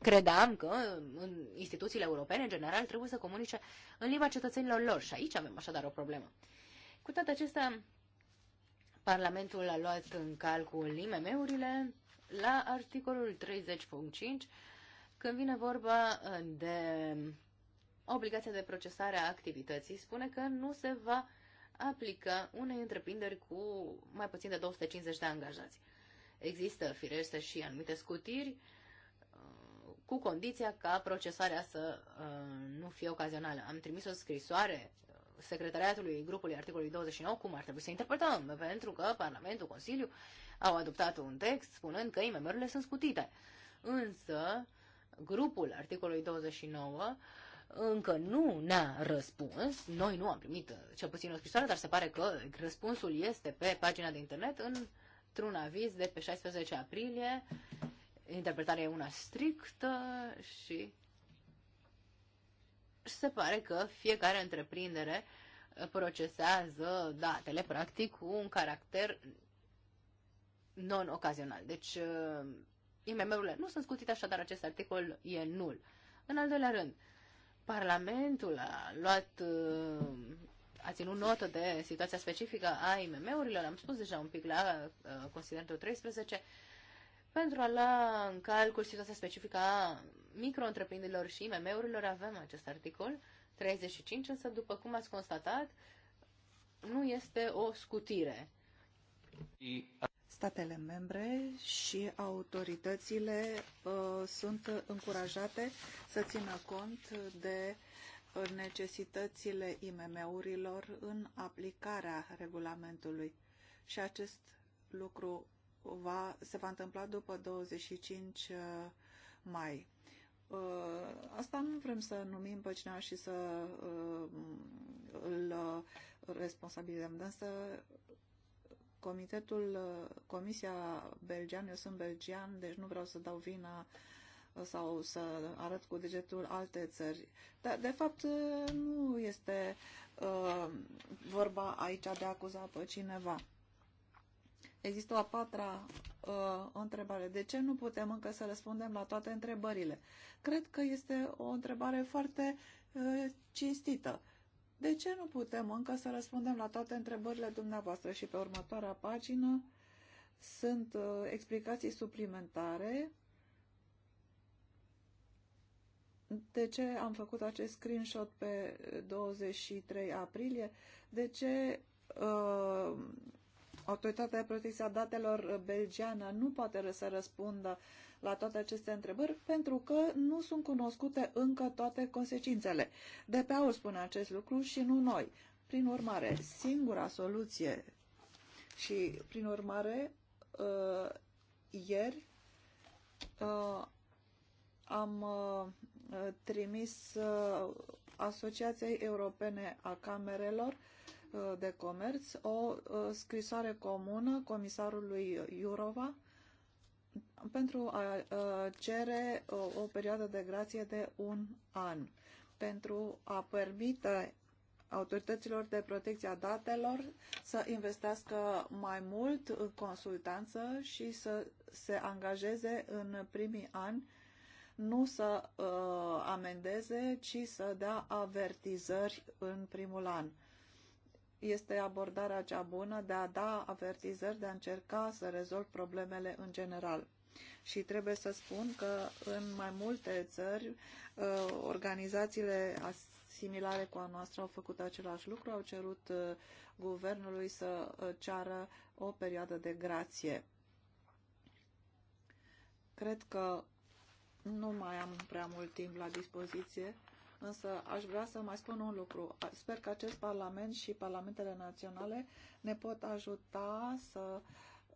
credeam că în instituțiile europene, în general, trebuie să comunice în limba cetățenilor lor. Și aici avem așadar o problemă. Cu toate acestea, Parlamentul a luat în calcul IMM-urile la articolul 30.5 când vine vorba uh, de obligația de procesare a activității, spune că nu se va aplică unei întreprinderi cu mai puțin de 250 de angajați. Există, firește, și anumite scutiri uh, cu condiția ca procesarea să uh, nu fie ocazională. Am trimis o scrisoare secretariatului grupului articolului 29 cum ar trebui să interpretăm, pentru că Parlamentul, Consiliu au adoptat un text spunând că IMM-urile sunt scutite. Însă, grupul articolului 29 încă nu ne-a răspuns, noi nu am primit uh, cel puțin o scrisoare, dar se pare că răspunsul este pe pagina de internet într-un aviz de pe 16 aprilie. Interpretarea e una strictă și se pare că fiecare întreprindere procesează datele, practic, cu un caracter non-ocazional. Deci, uh, IMM-urile nu sunt scutite, așadar acest articol e nul. În al doilea rând, Parlamentul a luat, uh, a ținut notă de situația specifică a IMM-urilor, am spus deja un pic la uh, considerentul 13, pentru a lua în calcul situația specifică a micro-întreprinderilor și IMM-urilor, avem acest articol 35, însă, după cum ați constatat, nu este o scutire. Statele membre și autoritățile uh, sunt încurajate să țină cont de uh, necesitățile IMM-urilor în aplicarea regulamentului și acest lucru va, se va întâmpla după 25 uh, mai. Uh, asta nu vrem să numim pe cineva și să uh, îl responsabilizăm, însă comitetul, comisia belgeană, eu sunt belgian, deci nu vreau să dau vina sau să arăt cu degetul alte țări. Dar, de fapt, nu este uh, vorba aici de a acuza pe cineva. Există o a patra uh, întrebare. De ce nu putem încă să răspundem la toate întrebările? Cred că este o întrebare foarte uh, cinstită. De ce nu putem încă să răspundem la toate întrebările dumneavoastră? Și pe următoarea pagină sunt uh, explicații suplimentare de ce am făcut acest screenshot pe 23 uh, aprilie, de ce uh, Autoritatea de protecție a datelor uh, belgiană nu poate să răspundă la toate aceste întrebări pentru că nu sunt cunoscute încă toate consecințele. DPA-ul spune acest lucru și nu noi. Prin urmare, singura soluție și, prin urmare, uh, ieri uh, am uh, trimis uh, Asociației Europene a Camerelor Uh, de Comerț o uh, scrisoare comună comisarului Iurova pentru a uh, cere o, perioadă de grație de un an, pentru a permite autorităților de protecție a datelor să investească mai mult în consultanță și să se angajeze în primii ani nu să uh, amendeze, ci să dea avertizări în primul an este abordarea cea bună de a da avertizări, de a încerca să rezolv problemele în general. Și trebuie să spun că în mai multe țări uh, organizațiile similare cu a noastră au făcut același lucru, au cerut uh, guvernului să uh, ceară o perioadă de grație. Cred că nu mai am prea mult timp la dispoziție. Însă aș vrea să mai spun un lucru. Sper că acest Parlament și Parlamentele Naționale ne pot ajuta să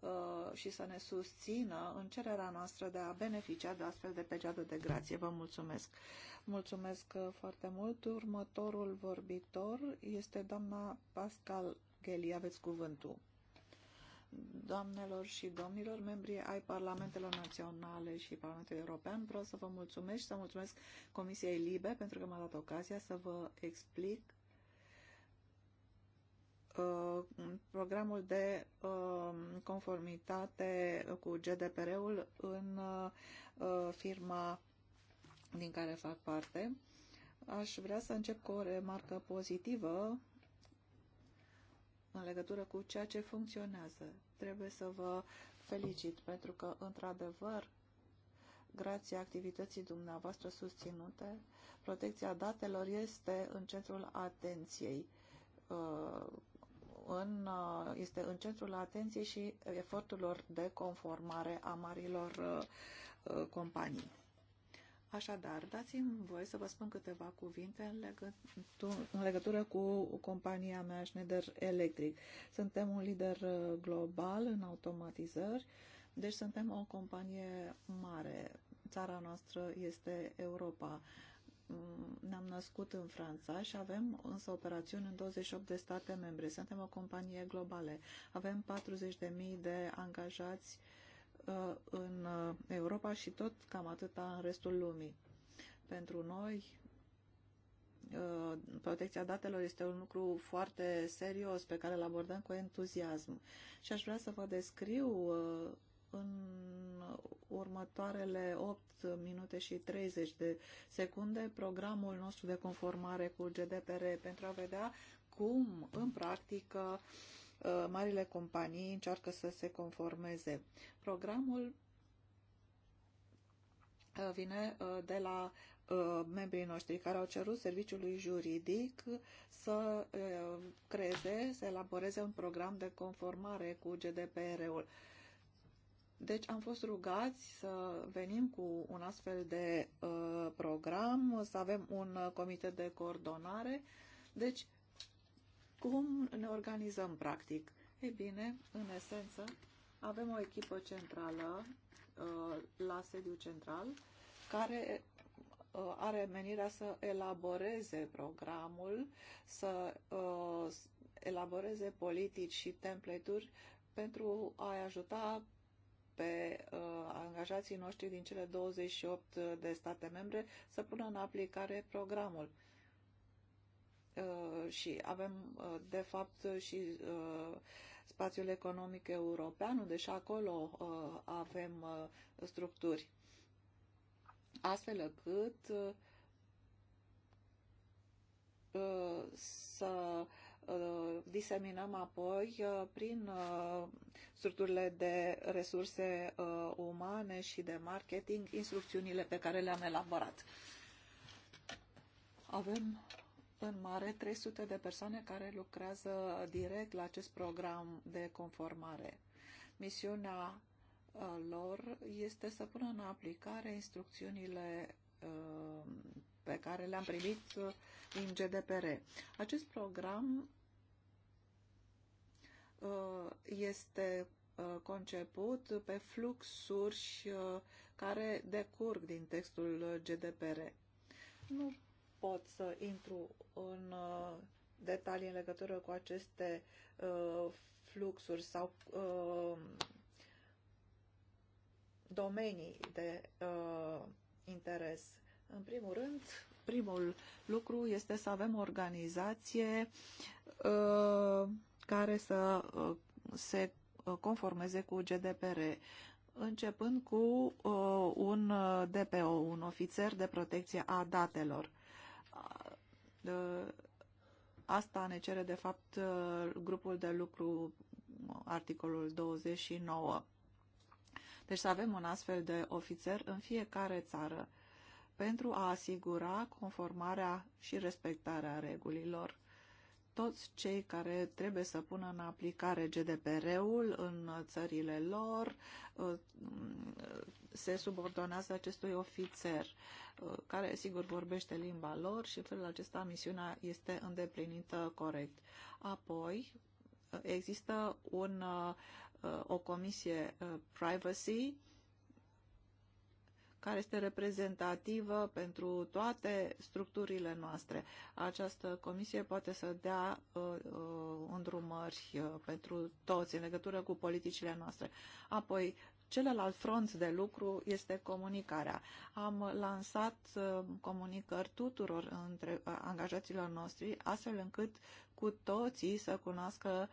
uh, și să ne susțină în cererea noastră de a beneficia de astfel de perioadă de grație. Vă mulțumesc! Mulțumesc uh, foarte mult! Următorul vorbitor este doamna Pascal Gheli. Aveți cuvântul doamnelor și domnilor, membrii ai Parlamentelor Naționale și Parlamentului European. Vreau să vă mulțumesc și să mulțumesc Comisiei Libe pentru că m-a dat ocazia să vă explic uh, programul de uh, conformitate cu GDPR-ul în uh, firma din care fac parte. Aș vrea să încep cu o remarcă pozitivă în legătură cu ceea ce funcționează. Trebuie să vă felicit pentru că, într-adevăr, grație activității dumneavoastră susținute, protecția datelor este în centrul atenției. Uh, în, uh, este în centrul atenției și eforturilor de conformare a marilor uh, companii. Așadar, dați-mi voie să vă spun câteva cuvinte în, legăt- în legătură cu compania mea Schneider Electric. Suntem un lider uh, global în automatizări, deci suntem o companie mare. Țara noastră este Europa. Mm, ne-am născut în Franța și avem însă operațiuni în 28 de state membre. Suntem o companie globală. Avem 40.000 de angajați uh, Uh, în uh, Europa și tot cam atâta în restul lumii. Pentru noi, uh, protecția datelor este un lucru foarte serios pe care îl abordăm cu entuziasm. Și aș vrea să vă descriu în următoarele 8 minute și 30 de secunde programul nostru de conformare cu GDPR pentru a vedea cum, în practică, uh, Uh, marile companii încearcă să se conformeze. Programul uh, vine uh, de la membrii noștri care au cerut serviciului juridic să creeze, să elaboreze un program de conformare cu GDPR-ul. Deci am fost rugați să venim cu un astfel de program, să avem un comitet de coordonare. Deci cum ne organizăm practic? Ei bine, în esență, avem o echipă centrală uh, la sediu central care uh, are menirea să elaboreze programul, să uh, elaboreze politici și template-uri pentru a ajuta pe uh, angajații noștri din cele 28 de state membre să pună în aplicare programul. Uh, și avem, uh, de fapt, și uh, spațiul economic european, unde și acolo avem structuri. Astfel încât să diseminăm apoi prin structurile de resurse umane și de marketing instrucțiunile pe care le-am elaborat. Avem în mare 300 de persoane care lucrează direct la acest program de conformare. Misiunea uh, lor este să pună în aplicare instrucțiunile uh, pe care le-am primit uh, din GDPR. Acest program este conceput pe fluxuri care decurg din textul GDPR. Nu pot să intru în uh, detalii în legătură cu aceste uh, fluxuri sau uh, domenii de interes. În primul rând, primul lucru este să avem o organizație care să se conformeze cu GDPR începând cu uh, un DPO, un ofițer de protecție a datelor. Asta ne cere, de fapt, grupul de lucru, articolul 29. Deci să avem un astfel de ofițer în fiecare țară pentru a asigura conformarea și respectarea regulilor toți cei care trebuie să pună în aplicare GDPR-ul în țările lor se subordonează acestui ofițer care, sigur, vorbește limba lor și în felul acesta misiunea este îndeplinită corect. Apoi, există un, o comisie uh, privacy care este reprezentativă pentru toate structurile noastre. Această comisie poate să dea uh, uh îndrumări uh, pentru toți în legătură cu politicile noastre. Apoi, Celălalt front de lucru este comunicarea. Am lansat uh, comunicări tuturor între uh, angajaților noștri, astfel încât cu toții să cunoască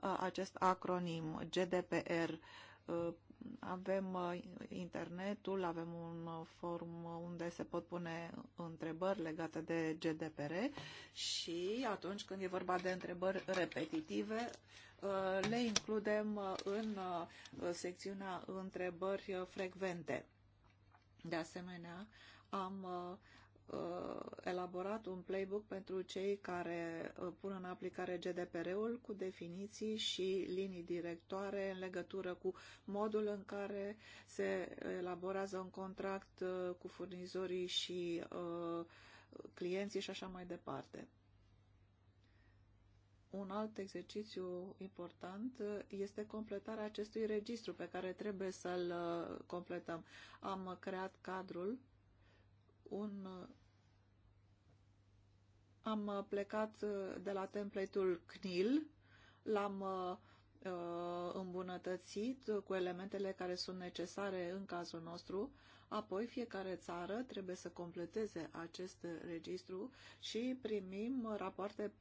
uh, acest acronim GDPR Uh, avem uh, internetul, avem un uh, forum unde se pot pune întrebări legate de GDPR și atunci când e vorba de întrebări repetitive, le includem în secțiunea întrebări frecvente. De asemenea, am uh, elaborat un playbook pentru cei care uh, pun în aplicare GDPR-ul cu definiții și linii directoare în legătură cu modul în care se elaborează un contract uh, cu furnizorii și uh, clienții și așa mai departe. Un alt exercițiu important uh, este completarea acestui registru pe care trebuie să-l uh, completăm. Am creat cadrul un am plecat de la template-ul CNIL, l-am uh, îmbunătățit cu elementele care sunt necesare în cazul nostru, apoi fiecare țară trebuie să completeze acest registru și primim rapoarte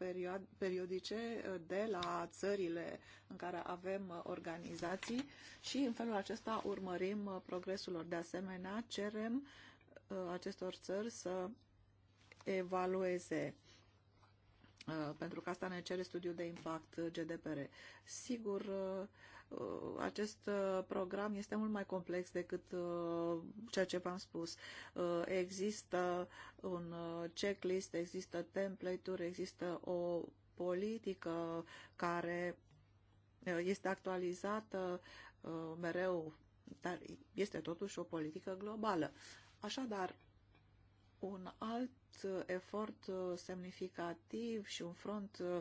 periodice uh, de la țările în care avem uh, organizații și în felul acesta urmărim progresul lor. De asemenea, cerem Uh, acestor țări să evalueze uh, pentru că asta ne cere studiul de impact GDPR. Sigur, uh, acest program este mult mai complex decât ceea ce v-am spus. Există un checklist, există template-uri, există o politică care este actualizată mereu, dar este totuși o politică globală. Așadar, un alt uh, efort uh, semnificativ și un front uh,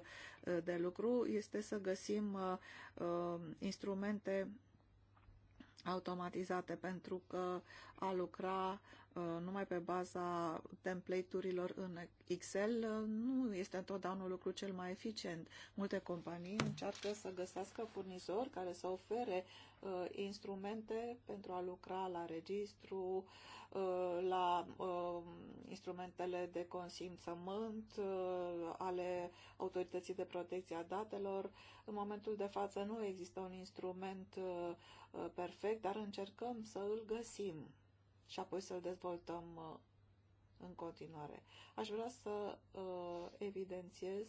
de lucru este să găsim instrumente automatizate pentru că a lucra Uh, numai pe baza template-urilor în Excel uh, nu este întotdeauna un lucru cel mai eficient. Multe companii încearcă să găsească furnizori care să ofere uh, instrumente pentru a lucra la registru, uh, la uh, instrumentele de consimțământ, uh, ale autorității de protecție a datelor. În momentul de față nu există un instrument uh, perfect, dar încercăm să îl găsim și apoi să-l dezvoltăm uh, în continuare. Aș vrea să uh, evidențiez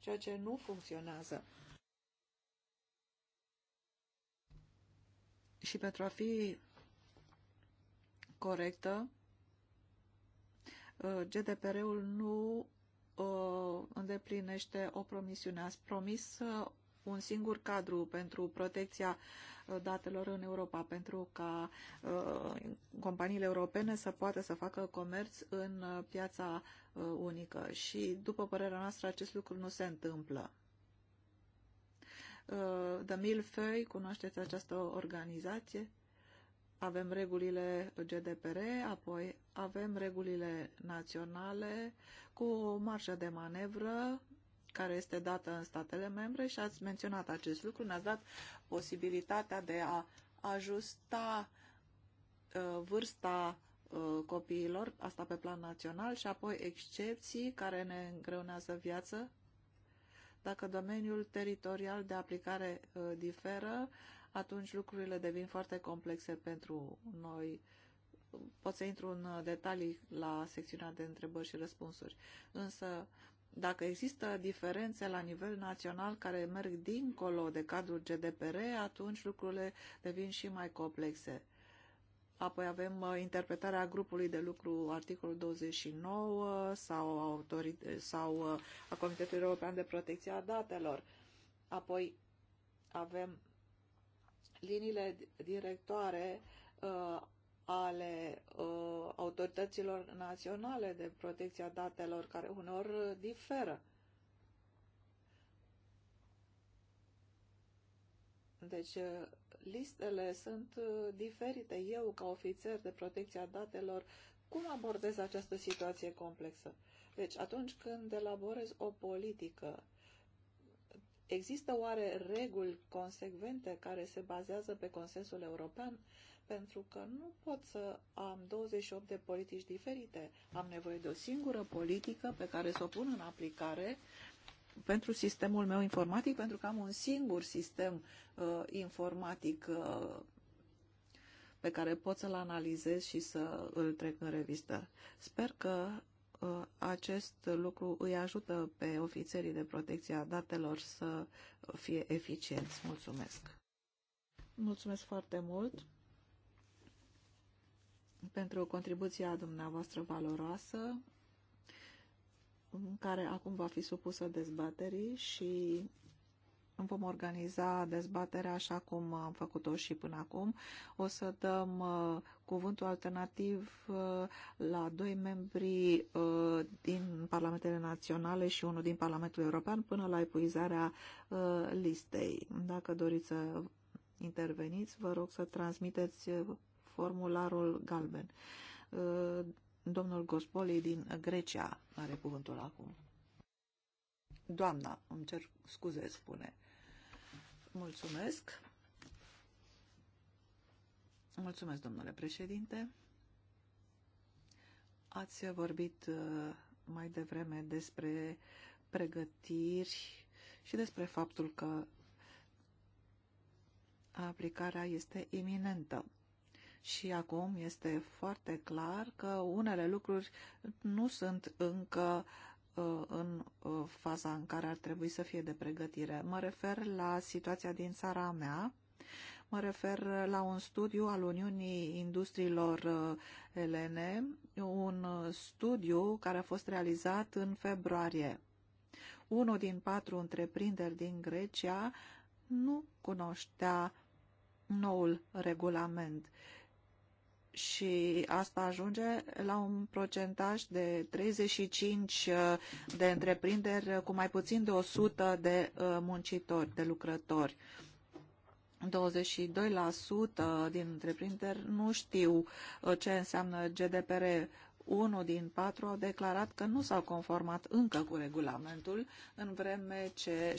ceea ce nu funcționează. Și pentru a fi corectă, uh, GDPR-ul nu îndeplinește o promisiune. Ați promis un singur cadru pentru protecția datelor în Europa pentru ca uh, companiile europene să poată să facă comerț în uh, piața uh, unică și, după părerea noastră, acest lucru nu se întâmplă. The Milfei, cunoașteți această organizație? Avem regulile GDPR, apoi avem regulile naționale cu o marjă de manevră care este dată în statele membre și ați menționat acest lucru, ne-ați dat posibilitatea de a ajusta uh, vârsta uh, copiilor, asta pe plan național, și apoi excepții care ne îngreunează viață. Dacă domeniul teritorial de aplicare uh, diferă, atunci lucrurile devin foarte complexe pentru noi. Pot să intru în detalii la secțiunea de întrebări și răspunsuri. Însă, dacă există diferențe la nivel național care merg dincolo de cadrul GDPR, atunci lucrurile devin și mai complexe. Apoi avem uh, interpretarea grupului de lucru articolul 29 sau, autorit- sau uh, a Comitetului European de Protecție a Datelor. Apoi avem liniile directoare uh, ale uh, autorităților naționale de protecția datelor, care unor ă, diferă. Deci, ă, listele sunt diferite. Eu, ca ofițer de protecția datelor, cum abordez această situație complexă? Deci, atunci când elaborez o politică, există oare reguli consecvente care se bazează pe consensul european? pentru că nu pot să am 28 de politici diferite. Am nevoie de o singură politică pe care să o pun în aplicare pentru sistemul meu informatic, pentru că am un singur sistem uh, informatic uh, pe care pot să-l analizez și să îl trec în revistă. Sper că uh, acest lucru îi ajută pe ofițerii de protecție a datelor să fie eficienți. Mulțumesc! Mulțumesc foarte mult! pentru contribuția dumneavoastră valoroasă, care acum va fi supusă dezbaterii și vom organiza dezbaterea așa cum am făcut-o și până acum. O să dăm uh, cuvântul alternativ uh, la doi membri uh, din Parlamentele Naționale și unul din Parlamentul European până la epuizarea uh, listei. Dacă doriți să interveniți, vă rog să transmiteți uh, formularul galben. Uh, domnul Gospoli din Grecia are cuvântul acum. Doamna, îmi cer scuze, spune. Mulțumesc. Mulțumesc, domnule președinte. Ați vorbit uh, mai devreme despre pregătiri și despre faptul că aplicarea este iminentă și acum este foarte clar că unele lucruri nu sunt încă uh, în uh, faza în care ar trebui să fie de pregătire. Mă refer la situația din țara mea, mă refer la un studiu al Uniunii Industriilor uh, Elene, un studiu care a fost realizat în februarie. Unul din patru întreprinderi din Grecia nu cunoștea noul regulament și asta ajunge la un procentaj de 35 uh, de întreprinderi uh, cu mai puțin de 100 de uh, muncitori, de lucrători. 22% din întreprinderi nu știu ce înseamnă GDPR. Unul din patru au declarat că nu s-au conformat încă cu regulamentul, în vreme ce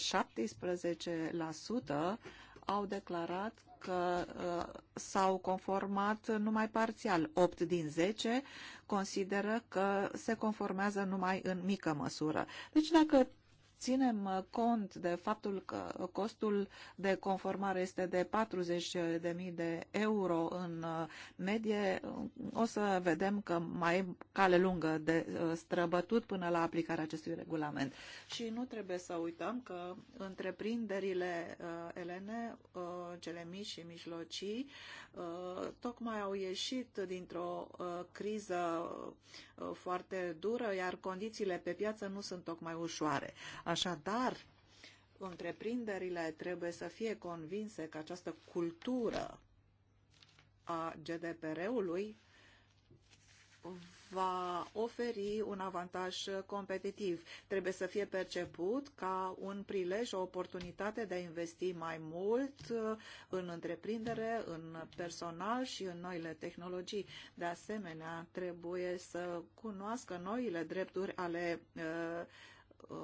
17% au declarat că uh, s-au conformat numai parțial. 8 din 10 consideră că se conformează numai în mică măsură. Deci dacă ținem uh, cont de faptul că costul de conformare este de 40.000 de euro în uh, medie, o să vedem că mai e cale lungă de uh, străbătut până la aplicarea acestui regulament. Și nu trebuie să uităm că întreprinderile elene, cele mici și mijlocii, tocmai au ieșit dintr-o criză foarte dură, iar condițiile pe piață nu sunt tocmai ușoare. Așadar, întreprinderile trebuie să fie convinse că această cultură a GDPR-ului va oferi un avantaj competitiv. Trebuie să fie perceput ca un prilej, o oportunitate de a investi mai mult uh, în întreprindere, în personal și în noile tehnologii. De asemenea, trebuie să cunoască noile drepturi ale uh, Uh,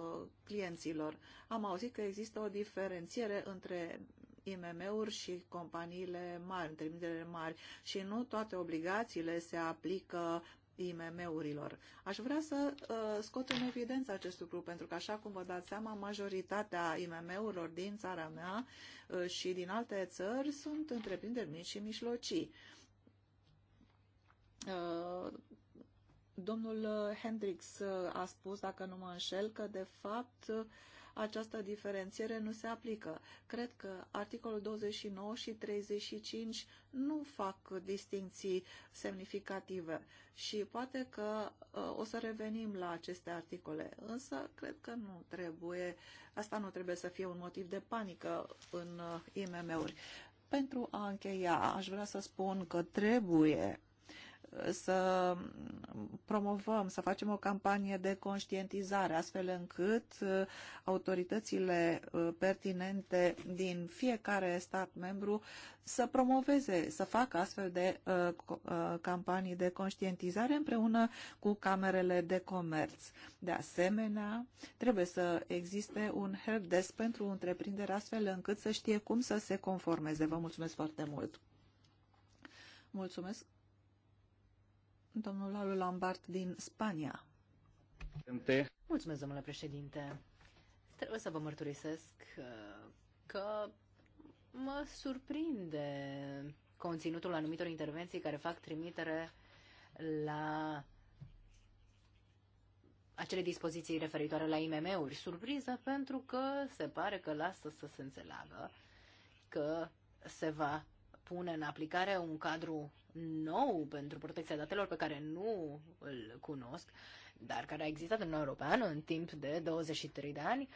clienților. Am auzit că există o diferențiere între IMM-uri și companiile mari, întreprinderile mari și nu toate obligațiile se aplică IMM-urilor. Aș vrea să uh, scot în evidență acest lucru, pentru că, așa cum vă dați seama, majoritatea IMM-urilor din țara mea uh, și din alte țări sunt întreprinderi mici și mișlocii. Uh, Domnul uh, Hendrix uh, a spus, dacă nu mă înșel, că de fapt uh, această diferențiere nu se aplică. Cred că articolul 29 și 35 nu fac distinții semnificative și poate că o să revenim la aceste articole, însă cred că nu trebuie, asta nu trebuie să fie un motiv de panică în IMM-uri. Pentru a încheia, aș vrea să spun că trebuie să promovăm, să facem o campanie de conștientizare, astfel încât uh, autoritățile uh, pertinente din fiecare stat membru să promoveze, să facă astfel de uh, campanii de conștientizare împreună cu camerele de comerț. De asemenea, trebuie să existe un helpdesk pentru întreprindere, astfel încât să știe cum să se conformeze. Vă mulțumesc foarte mult! Mulțumesc! domnul Lalu Lambert din Spania. Mulțumesc, domnule președinte. Trebuie să vă mărturisesc uh, că mă surprinde conținutul anumitor intervenții care fac trimitere la acele dispoziții referitoare la IMM-uri. Surpriză pentru că se pare că lasă să se înțeleagă că se va pune în aplicare un cadru nou pentru protecția datelor pe care nu îl cunosc, dar care a existat în Uniunea Europeană în timp de 23 de ani,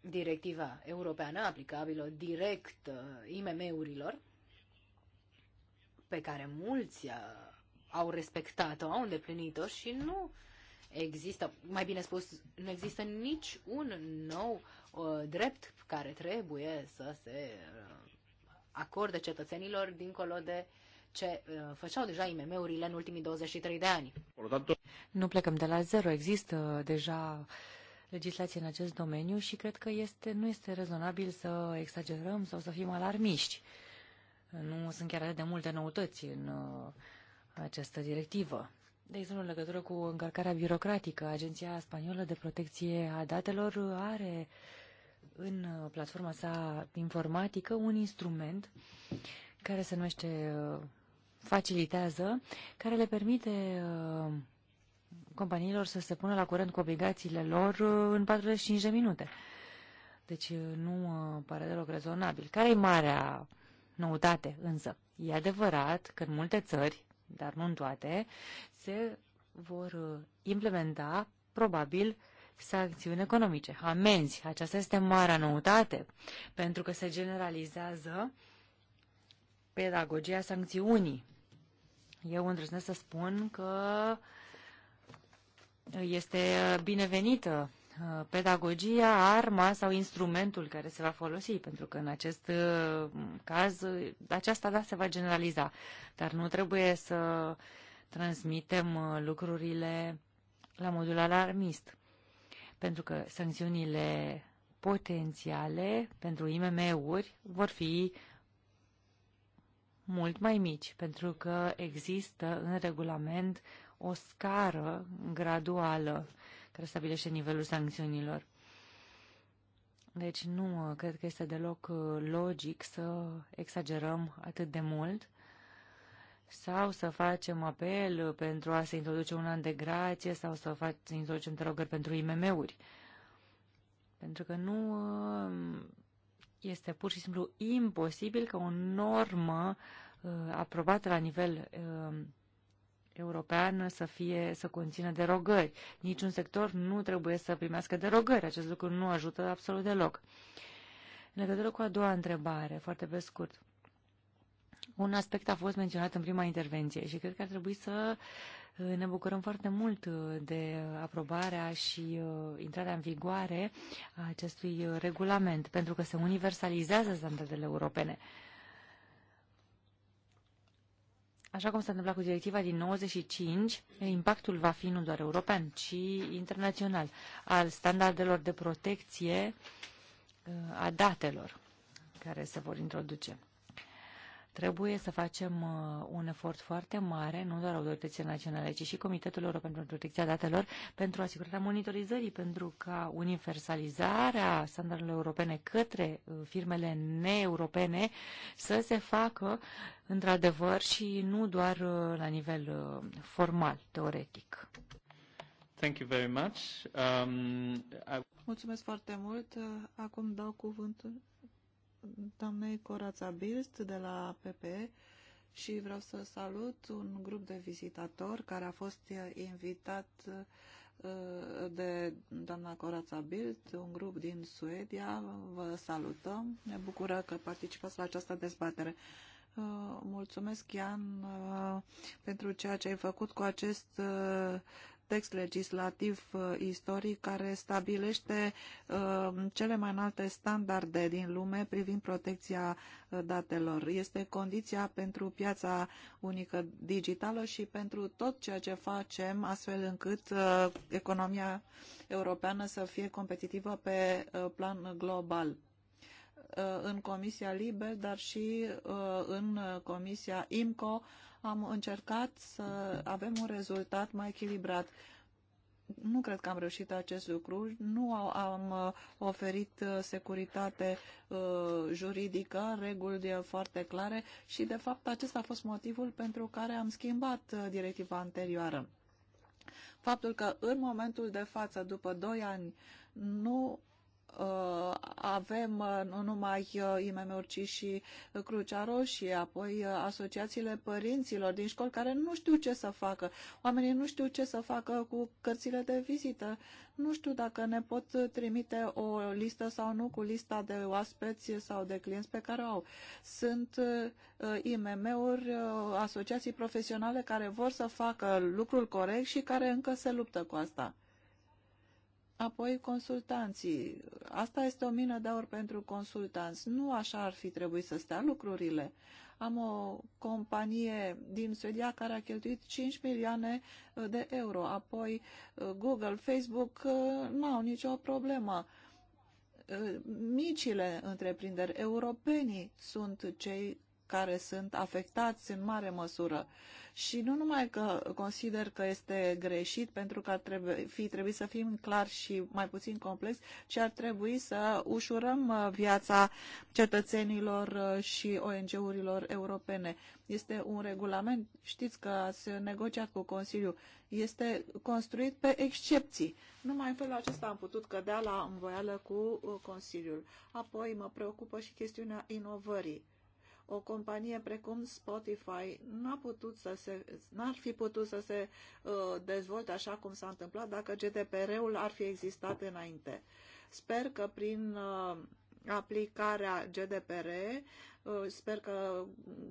directiva europeană aplicabilă direct uh, IMM-urilor, pe care mulți uh, au respectat-o, au îndeplinit-o și nu există, mai bine spus, nu există nici un nou uh, drept care trebuie să se uh, acorde cetățenilor dincolo de ce uh, făceau deja IMM-urile în ultimii 23 de ani. Nu plecăm de la zero. Există deja legislație în acest domeniu și cred că este, nu este rezonabil să exagerăm sau să fim alarmiști. Nu sunt chiar atât de multe noutăți în uh, această directivă. De exemplu, în legătură cu încărcarea birocratică, Agenția Spaniolă de Protecție a Datelor are în platforma sa informatică un instrument care se numește uh, facilitează, care le permite uh, companiilor să se pună la curent cu obligațiile lor uh, în 45 de minute. Deci uh, nu pare deloc rezonabil. Care e marea noutate însă? E adevărat că în multe țări, dar nu în toate, se vor implementa probabil sancțiuni economice, amenzi. Aceasta este marea noutate, pentru că se generalizează pedagogia sancțiunii. Eu îndrăznesc să spun că este binevenită uh, pedagogia, arma sau instrumentul care se va folosi, pentru că în acest uh, caz uh, aceasta da se va generaliza, dar nu trebuie să transmitem lucrurile la modul alarmist, pentru că sancțiunile potențiale pentru IMM-uri vor fi mult mai mici, pentru că există în regulament o scară graduală care stabilește nivelul sancțiunilor. Deci nu uh, cred că este deloc uh, logic să exagerăm atât de mult sau să facem apel uh, pentru a se introduce un an de grație sau să, facem să introducem derogări pentru IMM-uri. Pentru că nu este pur și simplu imposibil că o normă uh, aprobată la nivel uh, european să fie să conțină derogări. Niciun sector nu trebuie să primească derogări. Acest lucru nu ajută absolut deloc. În legătură cu a doua întrebare, foarte pe scurt. Un aspect a fost menționat în prima intervenție și cred că ar trebui să ne bucurăm foarte mult uh, de aprobarea și uh, intrarea în vigoare a acestui uh, regulament, pentru că se universalizează standardele europene. Așa cum s-a întâmplat cu directiva din 95, impactul va fi nu doar european, ci internațional, al standardelor de protecție a datelor care se vor introduce. Trebuie să facem uh, un efort foarte mare, nu doar autoritățile naționale, ci și Comitetul European pentru Protecția Datelor, pentru asigurarea monitorizării, pentru ca universalizarea standardelor europene către uh, firmele neeuropene să se facă într-adevăr și nu doar uh, la nivel formal, teoretic. Thank you very much. Um, I... Mulțumesc foarte mult. Acum dau cuvântul doamnei Corața Bilst de la PPE și vreau să salut un grup de vizitatori care a fost uh, invitat uh, de doamna Corața Bilt, un grup din Suedia. Vă salutăm. Ne bucură că participați la această dezbatere. Uh, mulțumesc, Ian, pentru ceea ce ai făcut cu acest text legislativ uh, istoric care stabilește uh, cele mai înalte standarde din lume privind protecția uh, datelor. Este condiția pentru piața unică digitală și pentru tot ceea ce facem astfel încât economia europeană să fie competitivă pe plan global Uh, în Comisia Liber, dar și uh, în uh, Comisia IMCO am încercat să avem un rezultat mai echilibrat. Nu cred că am reușit acest lucru, nu am oferit securitate juridică, reguli foarte clare și, de fapt, acesta a fost motivul pentru care am schimbat directiva anterioară faptul că în momentul de față, după 2 ani, nu Uh, avem uh, nu numai uh, IMM-uri, ci și Crucea Roșie, apoi asociațiile părinților din școli care nu știu ce să facă. Oamenii nu știu ce să facă cu cărțile de vizită. Nu știu dacă ne pot trimite o listă sau nu cu lista de oaspeți sau de clienți pe care o au. Sunt IMM-uri, asociații profesionale care vor să facă lucrul corect și care încă se luptă cu asta. Apoi consultanții. Asta este o mină de aur pentru consultanți. Nu așa ar fi trebuit să stea lucrurile. Am o companie din Suedia care a cheltuit 5 milioane uh, de euro. Apoi uh, Google, Facebook uh, nu au nicio problemă. Micile întreprinderi, europenii sunt cei care sunt afectați în mare măsură. Și nu numai că consider că este greșit, pentru că ar trebui, fi, trebui să fim clar și mai puțin complex, ci ar trebui să ușurăm uh, viața cetățenilor uh, și ONG-urilor europene. Este un regulament, știți că ați negociat cu Consiliul, este construit pe excepții. Numai în felul acesta am putut cădea la învoială cu uh, Consiliul. Apoi mă preocupă și chestiunea inovării o companie precum Spotify n-a putut să se, n-ar fi putut să se uh, dezvolte așa cum s-a întâmplat dacă GDPR-ul ar fi existat înainte. Sper că prin uh, aplicarea GDPR Uh, sper că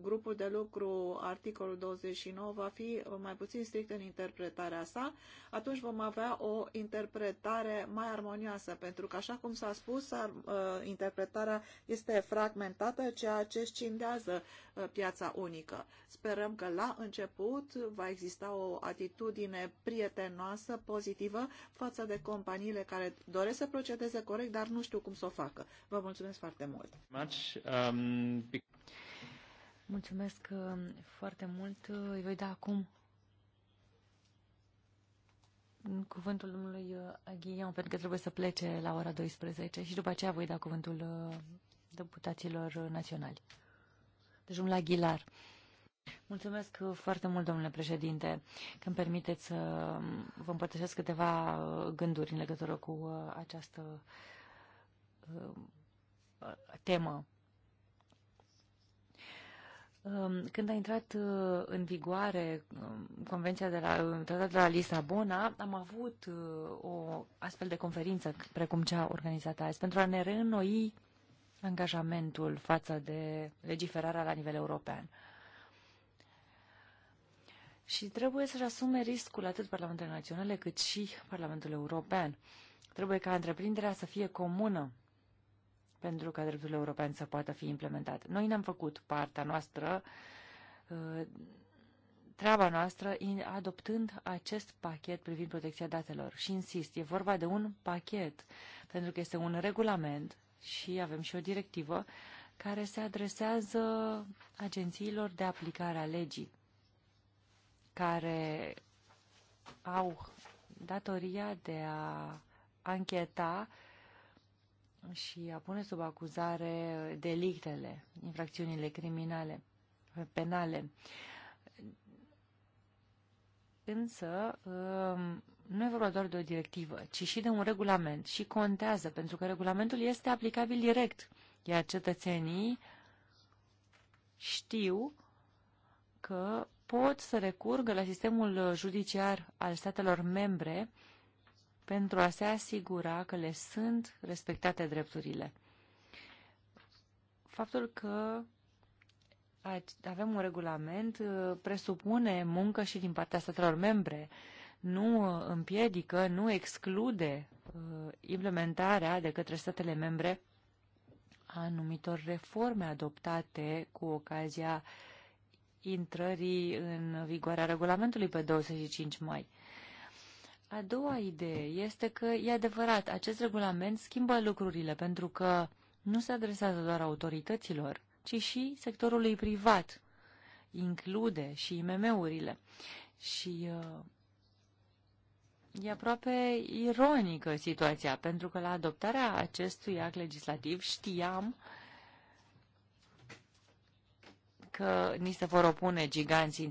grupul de lucru, articolul 29, va fi uh, mai puțin strict în interpretarea sa. Atunci vom avea o interpretare mai armonioasă, pentru că, așa cum s-a spus, uh, interpretarea este fragmentată, ceea ce scindează piața unică. Sperăm că la început va exista o atitudine prietenoasă, pozitivă, față de companiile care doresc să procedeze corect, dar nu știu cum să o facă. Vă mulțumesc foarte mult! Much, um... Mulțumesc uh, foarte mult. Uh, îi voi da acum cuvântul domnului uh, Aghion, pentru că trebuie să plece la ora 12 și după aceea voi da cuvântul deputaților naționali. Deci, la Aguilar. Mulțumesc foarte mult, domnule președinte, că îmi permiteți să um, vă împărtășesc câteva gânduri în legătură cu această temă. Um, când a intrat uh, în vigoare um, Convenția de la, uh, Tratatul de la Lisabona, am avut uh, o astfel de conferință precum cea organizată azi pentru a ne reînnoi angajamentul față de legiferarea la nivel european. Și trebuie să-și asume riscul atât Parlamentele Naționale cât și Parlamentul European. Trebuie ca întreprinderea să fie comună pentru ca dreptul european să poată fi implementat. Noi ne-am făcut partea noastră, uh, treaba noastră, adoptând acest pachet privind protecția datelor. Și insist, e vorba de un pachet, pentru că este un regulament și avem și o directivă care se adresează agențiilor de aplicare a legii, care au datoria de a ancheta uh, și a pune sub acuzare delictele, infracțiunile criminale, penale. Însă, um, nu e vorba doar de o directivă, ci și de un regulament și contează, pentru că regulamentul este aplicabil direct, iar cetățenii știu că pot să recurgă la sistemul judiciar al statelor membre pentru a se asigura că le sunt respectate drepturile. Faptul că avem un regulament uh, presupune muncă și din partea statelor membre, nu uh, împiedică, nu exclude uh, implementarea de către statele membre a anumitor reforme adoptate cu ocazia intrării în vigoare a regulamentului pe 25 mai. A doua idee este că e adevărat, acest regulament schimbă lucrurile pentru că nu se adresează doar autorităților, ci și sectorului privat. Include și IMM-urile. Și uh, E aproape ironică situația, pentru că la adoptarea acestui act legislativ știam că ni se vor opune giganții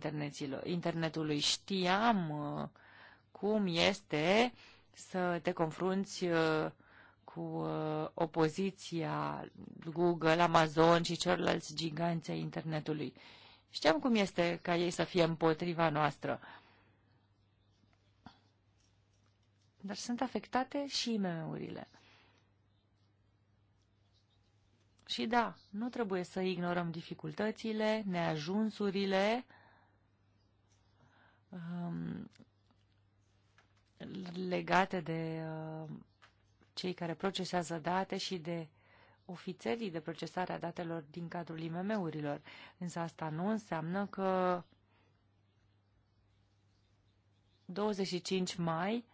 internetului, știam uh, cum este să te confrunți uh, cu uh, opoziția Google, Amazon și celorlalți giganți ai internetului. Știam cum este ca ei să fie împotriva noastră. Dar sunt afectate și IMM-urile. Și da, nu trebuie să ignorăm dificultățile, neajunsurile, um, legate de uh, cei care procesează date și de ofițerii de procesare a datelor din cadrul IMM-urilor. Însă asta nu înseamnă că 25 mai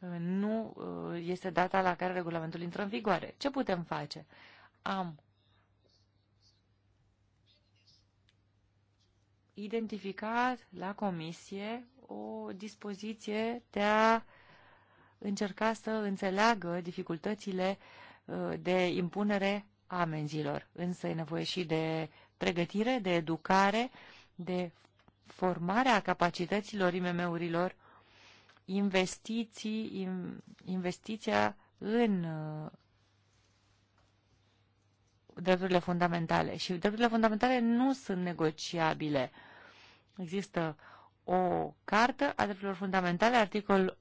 uh, nu uh, este data la care regulamentul intră în vigoare. Ce putem face? Am identificat la comisie o dispoziție de a încerca să înțeleagă dificultățile uh, de impunere a amenzilor. Însă e nevoie și de pregătire, de educare, de formarea capacităților IMM-urilor, investiții, investiția în uh, drepturile fundamentale. Și drepturile fundamentale nu sunt negociabile. Există o cartă a drepturilor fundamentale, articolul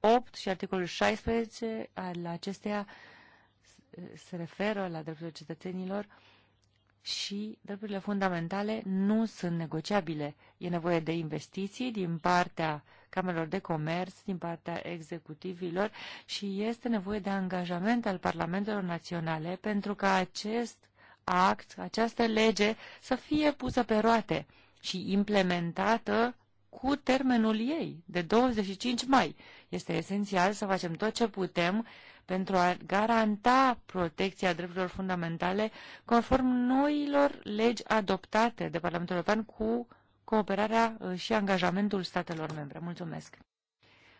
8 și articolul 16 al acesteia se referă la drepturile cetățenilor și drepturile fundamentale nu sunt negociabile. E nevoie de investiții din partea Camerelor de Comerț, din partea executivilor și este nevoie de angajament al Parlamentelor Naționale pentru ca acest act, această lege să fie pusă pe roate și implementată cu termenul ei, de 25 mai. Este esențial să facem tot ce putem pentru a garanta protecția drepturilor fundamentale conform noilor legi adoptate de Parlamentul European cu cooperarea uh, și angajamentul statelor membre. Mulțumesc!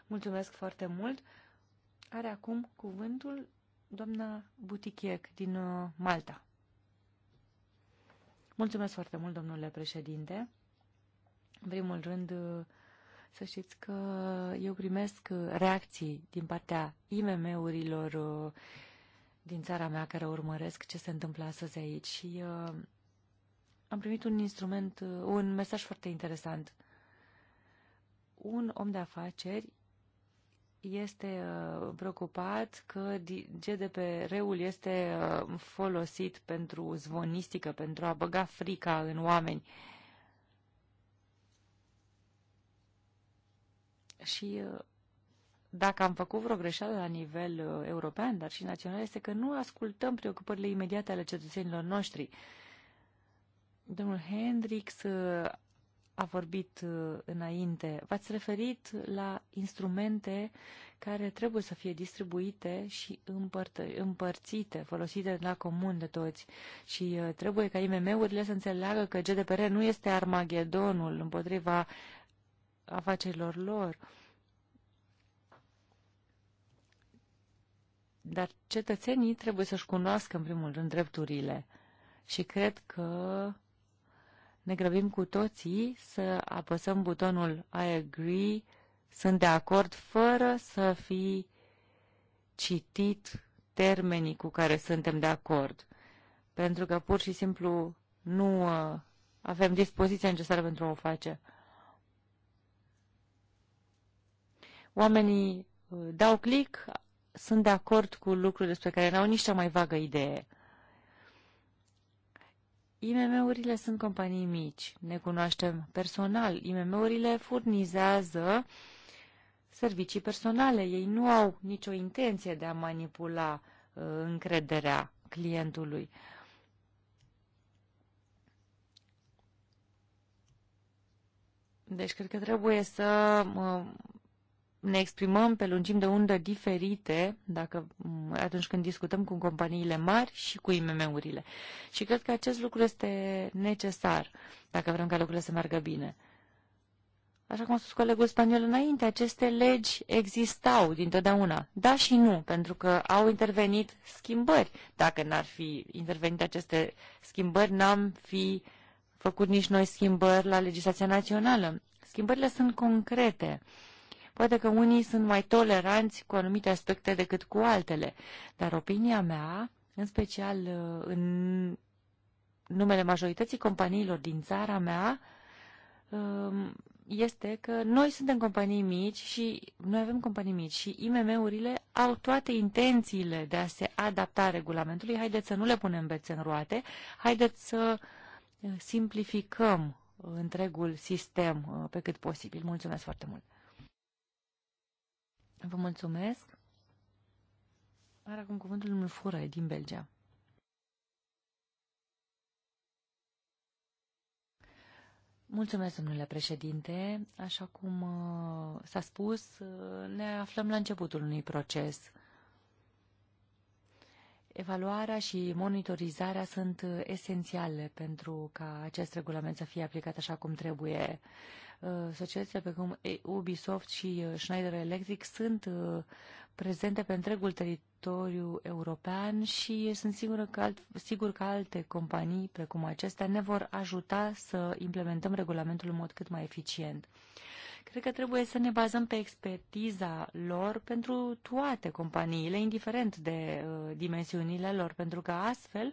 Mulțumesc foarte mult! Are acum cuvântul doamna Butichiec din uh, Malta. Mulțumesc foarte mult, domnule președinte. În primul rând, să știți că eu primesc reacții din partea IMM-urilor uh, din țara mea care urmăresc ce se întâmplă astăzi aici și uh, am primit un instrument, uh, un mesaj foarte interesant. Un om de afaceri este uh, preocupat că GDPR-ul este uh, folosit pentru zvonistică, pentru a băga frica în oameni. Și uh, dacă am făcut vreo greșeală la nivel european, dar și național, este că nu ascultăm preocupările imediate ale cetățenilor noștri. Domnul Hendrix a vorbit uh, înainte, v-ați referit la instrumente care trebuie să fie distribuite și împărțite, folosite la comun de toți. Și uh, trebuie ca IMM-urile să înțeleagă că GDPR nu este armagedonul împotriva afacerilor lor. Dar cetățenii trebuie să-și cunoască, în primul rând, drepturile. Și cred că ne grăbim cu toții să apăsăm butonul I agree, sunt de acord, fără să fi citit termenii cu care suntem de acord. Pentru că pur și simplu nu uh, avem dispoziția necesară pentru a o face. Oamenii uh, dau click, sunt de acord cu lucruri despre care n-au nici cea mai vagă idee. IMM-urile sunt companii mici, ne cunoaștem personal. IMM-urile furnizează servicii personale. Ei nu au nicio intenție de a manipula uh, încrederea clientului. Deci cred că trebuie să uh, ne exprimăm pe lungim de undă diferite dacă, mm, atunci când discutăm cu companiile mari și cu IMM-urile. Și cred că acest lucru este necesar dacă vrem ca lucrurile să meargă bine. Așa cum a spus colegul spaniol înainte, aceste legi existau dintotdeauna. Da și nu, pentru că au intervenit schimbări. Dacă n-ar fi intervenit aceste schimbări, n-am fi făcut nici noi schimbări la legislația națională. Schimbările sunt concrete. Uh, Poate că unii sunt mai toleranți cu anumite aspecte decât cu altele, dar opinia mea, în special uh, în numele majorității companiilor din țara mea, um, este că noi suntem companii mici și noi avem companii mici și IMM-urile au toate intențiile de a se adapta regulamentului. Haideți să nu le punem bețe în roate, haideți să uh, simplificăm întregul sistem uh, pe cât posibil. Mulțumesc foarte mult! Vă mulțumesc. Are acum cuvântul domnul Fură din Belgia. Mulțumesc, domnule președinte. Așa cum uh, s-a spus, uh, ne aflăm la începutul unui proces. Evaluarea și monitorizarea sunt uh, esențiale pentru ca acest regulament să fie aplicat așa cum trebuie. Uh, Uh, societățile precum Ubisoft și uh, Schneider Electric sunt uh, prezente pe întregul teritoriu european și sunt sigură că alt, sigur că alte companii precum acestea ne vor ajuta să implementăm regulamentul în mod cât mai eficient. Cred că trebuie să ne bazăm pe expertiza lor pentru toate companiile, indiferent de uh, dimensiunile lor, pentru că astfel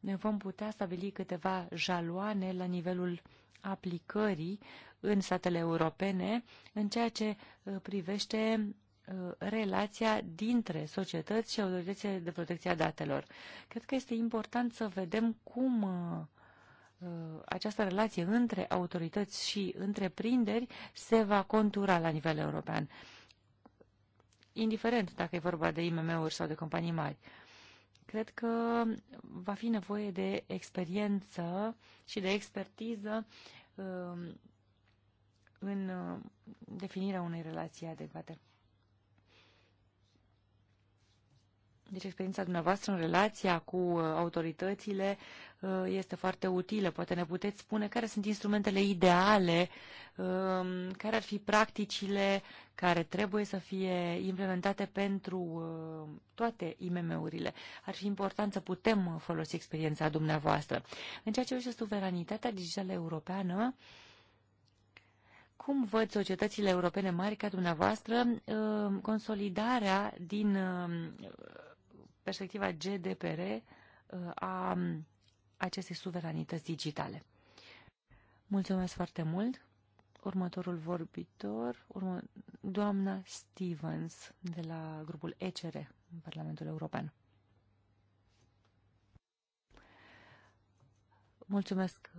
ne vom putea stabili câteva jaloane la nivelul aplicării în statele europene în ceea ce uh, privește uh, relația dintre societăți și autoritățile de protecție a datelor. Cred că este important să vedem cum uh, această relație între autorități și întreprinderi se va contura la nivel european, indiferent dacă e vorba de IMM-uri sau de companii mari. Cred că va fi nevoie de experiență și de expertiză um, în uh, definirea unei relații adecvate. Deci experiența dumneavoastră în relația cu uh, autoritățile uh, este foarte utilă. Poate ne puteți spune care sunt instrumentele ideale, um, care ar fi practicile care trebuie să fie implementate pentru toate IMM-urile. Ar fi important să putem folosi experiența dumneavoastră. În ceea ce privește suveranitatea digitală europeană, cum văd societățile europene mari ca dumneavoastră uh, consolidarea din uh, perspectiva GDPR uh, a acestei suveranități digitale? Mulțumesc foarte mult! Următorul vorbitor, urmă, doamna Stevens, de la grupul ECR în Parlamentul European. Mulțumesc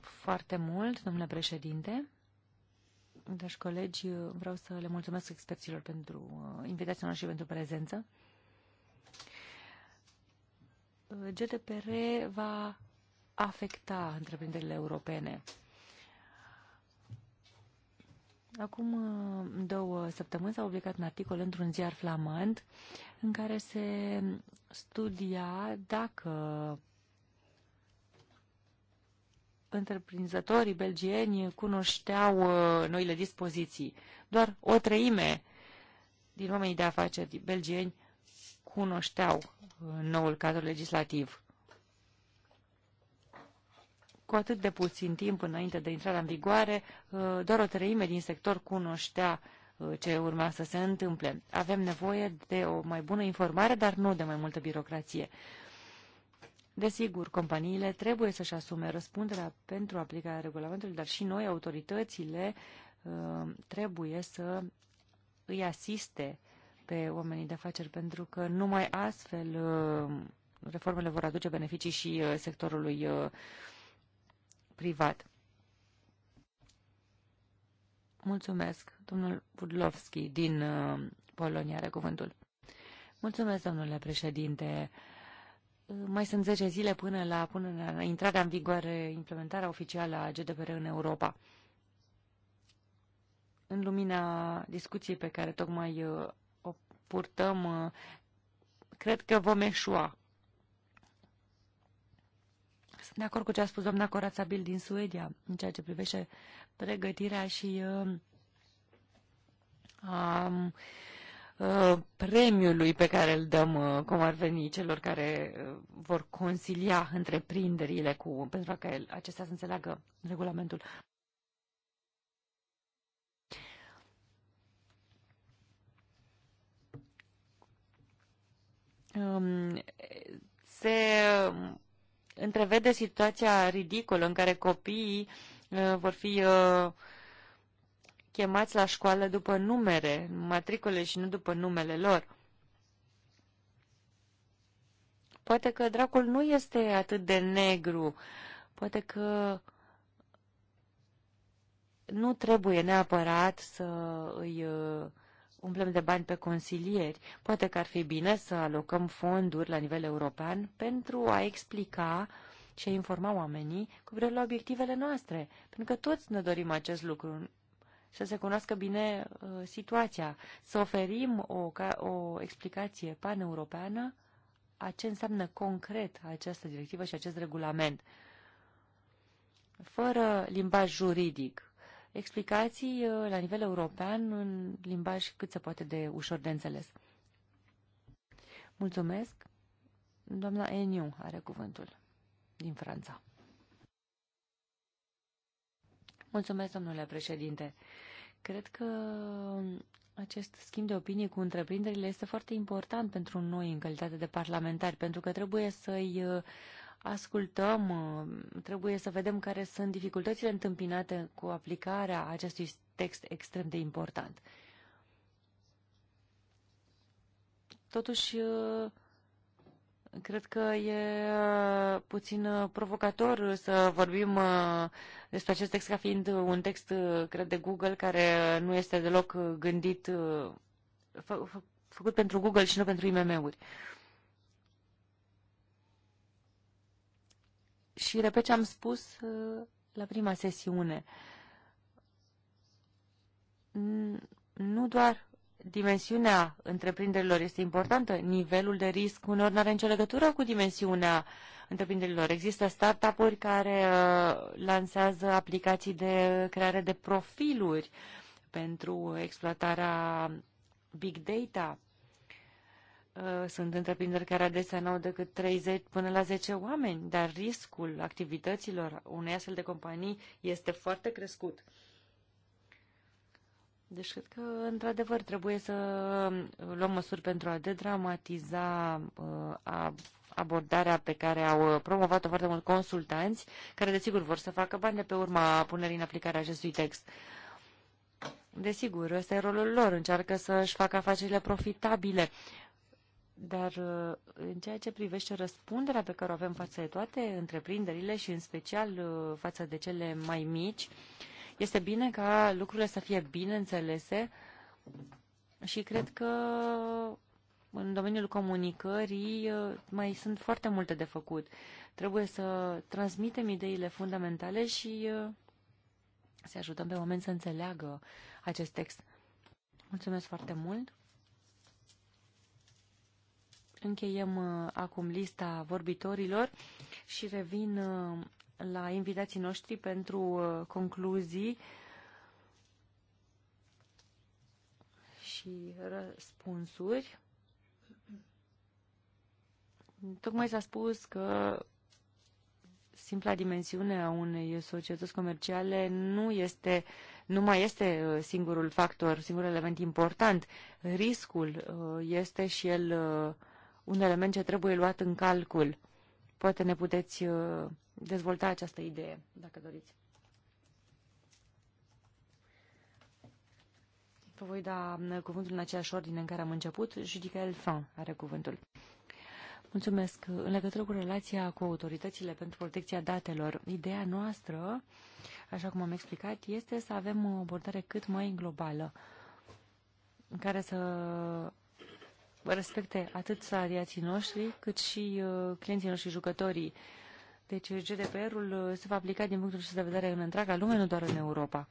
foarte mult, domnule președinte. Dragi colegi, vreau să le mulțumesc experților pentru uh, invitația noastră și pentru prezență. Uh, GDPR va afecta întreprinderile europene. Acum uh, două săptămâni s-a publicat un articol într-un ziar flamand în care se studia dacă întreprinzătorii belgieni cunoșteau uh, noile dispoziții. Doar o treime din oamenii de afaceri belgieni cunoșteau uh, noul cadru legislativ. Cu atât de puțin timp înainte de intrarea în vigoare, uh, doar o treime din sector cunoștea ce urma să se întâmple. Avem nevoie de o mai bună informare, dar nu de mai multă birocrație. Desigur, companiile trebuie să-și asume răspunderea pentru aplicarea regulamentului, dar și noi, autoritățile, uh, trebuie să îi asiste pe oamenii de afaceri, pentru că numai astfel uh, reformele vor aduce beneficii și uh, sectorului privat. Mulțumesc. Domnul Budlovski din Polonia are cuvântul. Mulțumesc, domnule președinte mai sunt 10 zile până la, până la intrarea în vigoare, implementarea oficială a GDPR în Europa. În lumina discuției pe care tocmai uh, o purtăm, uh, cred că vom eșua. Sunt de acord cu ce a spus doamna Corața Bil din Suedia, în ceea ce privește pregătirea și um, Uh, premiului pe care îl dăm, uh, cum ar veni, celor care uh, vor consilia întreprinderile cu, pentru că acestea să înțeleagă regulamentul. Um, se um, întrevede situația ridicolă în care copiii vor fi uh, chemați la școală după numere, matricole și nu după numele lor. Poate că dracul nu este atât de negru, poate că nu trebuie neapărat să îi uh, umplem de bani pe consilieri. Poate că ar fi bine să alocăm fonduri la nivel european pentru a explica și a informa oamenii cu privire la obiectivele noastre, pentru că toți ne dorim acest lucru să se cunoască bine uh, situația, să oferim o, ca, o explicație paneuropeană a ce înseamnă concret această directivă și acest regulament, fără limbaj juridic. Explicații uh, la nivel european în limbaj cât se poate de ușor de înțeles. Mulțumesc. Doamna Eniu are cuvântul din Franța. Mulțumesc, domnule președinte. Cred că acest schimb de opinii cu întreprinderile este foarte important pentru noi în calitate de parlamentari, pentru că trebuie să-i uh, ascultăm, uh, trebuie să vedem care sunt dificultățile întâmpinate cu aplicarea acestui text extrem de important. Totuși, uh, Cred că e uh, puțin uh, provocator să vorbim uh, despre acest text ca fiind un text, cred, de Google, care nu este deloc gândit, fă, fă, făcut pentru Google și nu pentru IMM-uri. Și repet ce am spus la prima sesiune. Nu doar dimensiunea întreprinderilor este importantă, nivelul de risc uneori nu are nicio legătură cu dimensiunea întreprinderilor. Există startup-uri care uh, lansează aplicații de creare de profiluri pentru exploatarea big data. Uh, sunt întreprinderi care adesea n-au decât 30 până la 10 oameni, dar riscul activităților unei astfel de companii este foarte crescut. Deci cred că, într-adevăr, trebuie să uh, luăm măsuri pentru a dedramatiza uh, a abordarea pe care au uh, promovat-o foarte mult consultanți, care desigur vor să facă bani de pe urma punerii în aplicare a acestui text. Desigur, ăsta e rolul lor, încearcă să-și facă afacerile profitabile. Dar în ceea ce privește răspunderea pe care o avem față de toate întreprinderile și în special față de cele mai mici, uh, este bine ca lucrurile să fie bine înțelese și cred că în domeniul comunicării uh, mai sunt foarte multe de făcut. Trebuie să transmitem ideile fundamentale și uh, să ajutăm pe oameni să înțeleagă acest text. Mulțumesc foarte mult! Încheiem uh, acum lista vorbitorilor și revin la invitații noștri pentru uh, concluzii și răspunsuri. Tocmai s-a spus că simpla dimensiune a unei societăți comerciale nu este nu mai este uh, singurul factor, singurul element important. Riscul uh, este și el un element ce trebuie luat în calcul. Poate ne puteți dezvolta această idee, dacă doriți. Vă voi da cuvântul în aceeași ordine în care am început. Judica Elfan are cuvântul. Mulțumesc. În legătură cu relația cu autoritățile pentru protecția datelor, ideea noastră, așa cum am explicat, este să avem o abordare cât mai globală, în care să respecte atât salariații noștri, cât și uh, clienții noștri jucătorii deci GDPR-ul uh, se va aplica din punctul de vedere în întreaga lume, nu doar în Europa.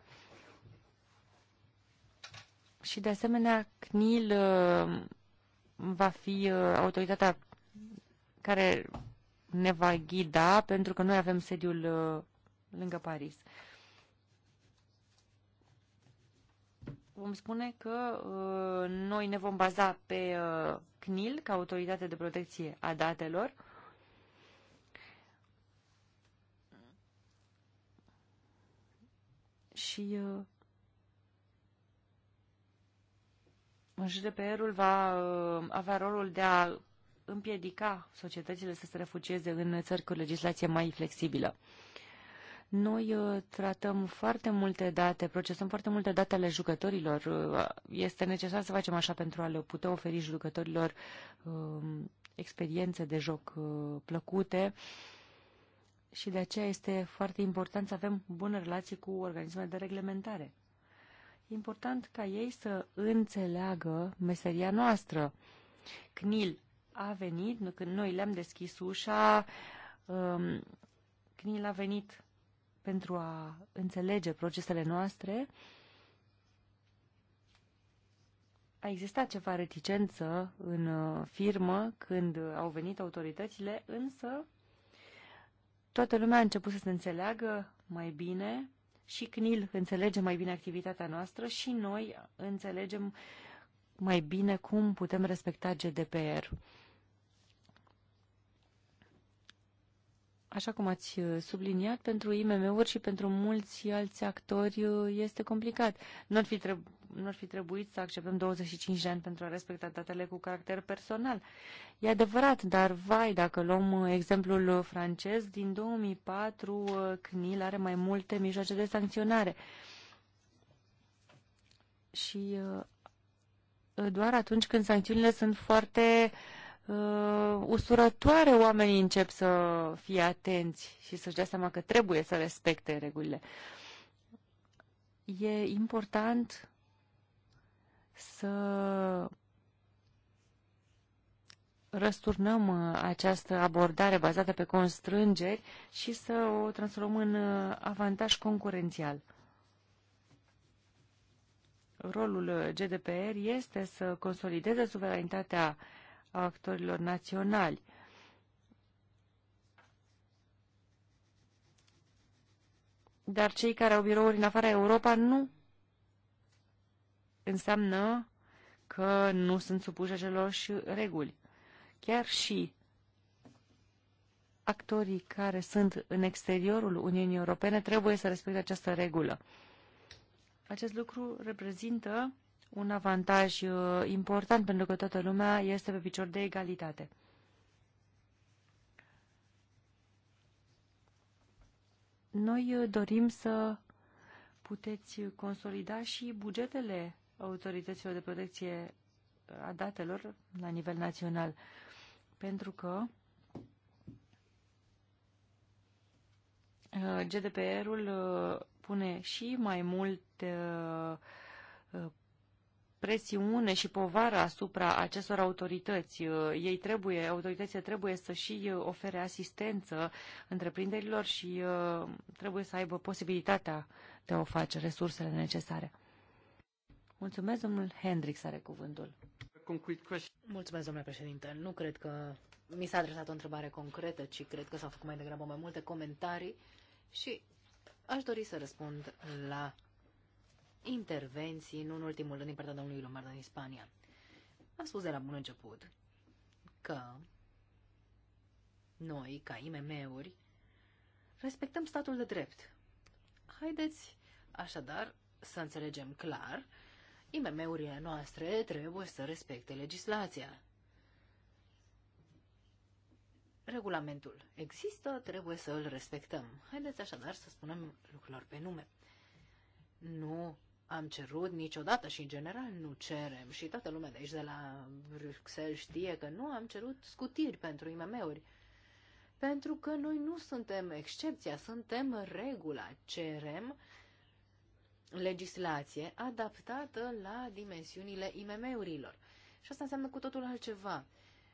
Și de asemenea, CNIL uh, va fi uh, autoritatea care ne va ghida, pentru că noi avem sediul lângă Paris. Vom spune că noi ne vom baza pe CNIL ca autoritate de protecție a datelor și uh, gdpr ul va uh, avea rolul de a împiedica societățile să se refugieze în țări cu legislație mai flexibilă. Noi uh, tratăm foarte multe date, procesăm foarte multe date ale jucătorilor. Este necesar să facem așa pentru a le putea oferi jucătorilor um, experiențe de joc plăcute și de aceea este foarte important să avem bună relație cu organismele de reglementare. E important ca ei să înțeleagă meseria noastră. CNIL a venit, când noi le-am deschis ușa, um, CNIL a venit pentru a înțelege procesele noastre. A existat ceva reticență în uh, firmă când au venit autoritățile, însă Toată lumea a început să se înțeleagă mai bine și CNIL înțelege mai bine activitatea noastră și noi înțelegem mai bine cum putem respecta GDPR. așa cum ați uh, subliniat, pentru IMM-uri și pentru mulți alți actori uh, este complicat. Nu ar fi, treb- nu ar fi trebuit să acceptăm 25 de ani pentru a respecta datele cu caracter personal. E adevărat, dar vai, dacă luăm uh, exemplul francez, din 2004 CNIL are mai multe mijloace de sancționare. Și doar atunci când sancțiunile sunt foarte uh, uh, usurătoare oamenii încep să fie atenți și să-și dea seama că trebuie să respecte regulile. E important să răsturnăm uh, această abordare bazată pe constrângeri și să o transformăm în uh, avantaj concurențial. Rolul uh, GDPR este să consolideze suveranitatea a actorilor naționali. Dar cei care au birouri în afara Europa nu înseamnă că nu sunt supuși și reguli. Chiar și actorii care sunt în exteriorul Uniunii Europene trebuie să respecte această regulă. Acest lucru reprezintă un avantaj uh, important pentru că toată lumea este pe picior de egalitate. Noi uh, dorim să puteți consolida și bugetele autorităților de protecție uh, a datelor la nivel național, pentru că GDPR-ul pune și mai multe presiune și povară asupra acestor autorități. Uh, ei trebuie, autoritățile trebuie să și uh, ofere asistență întreprinderilor și uh, trebuie să aibă posibilitatea de a o face, resursele necesare. Mulțumesc, domnul Hendrix are cuvântul. Mulțumesc, domnule președinte. Nu cred că mi s-a adresat o întrebare concretă, ci cred că s-au făcut mai degrabă mai multe comentarii și aș dori să răspund la intervenții, nu în ultimul rând din partea domnului Lombardo din Spania. Am spus de la bun început că noi, ca IMM-uri, respectăm statul de drept. Haideți, așadar, să înțelegem clar, IMM-urile noastre trebuie să respecte legislația. Regulamentul există, trebuie să îl respectăm. Haideți așadar să spunem lucrurilor pe nume. Nu am cerut niciodată și în general nu cerem și toată lumea de aici de la Bruxelles știe că nu am cerut scutiri pentru IMM-uri. Pentru că noi nu suntem excepția, suntem regula. Cerem legislație adaptată la dimensiunile IMM-urilor. Și asta înseamnă cu totul altceva.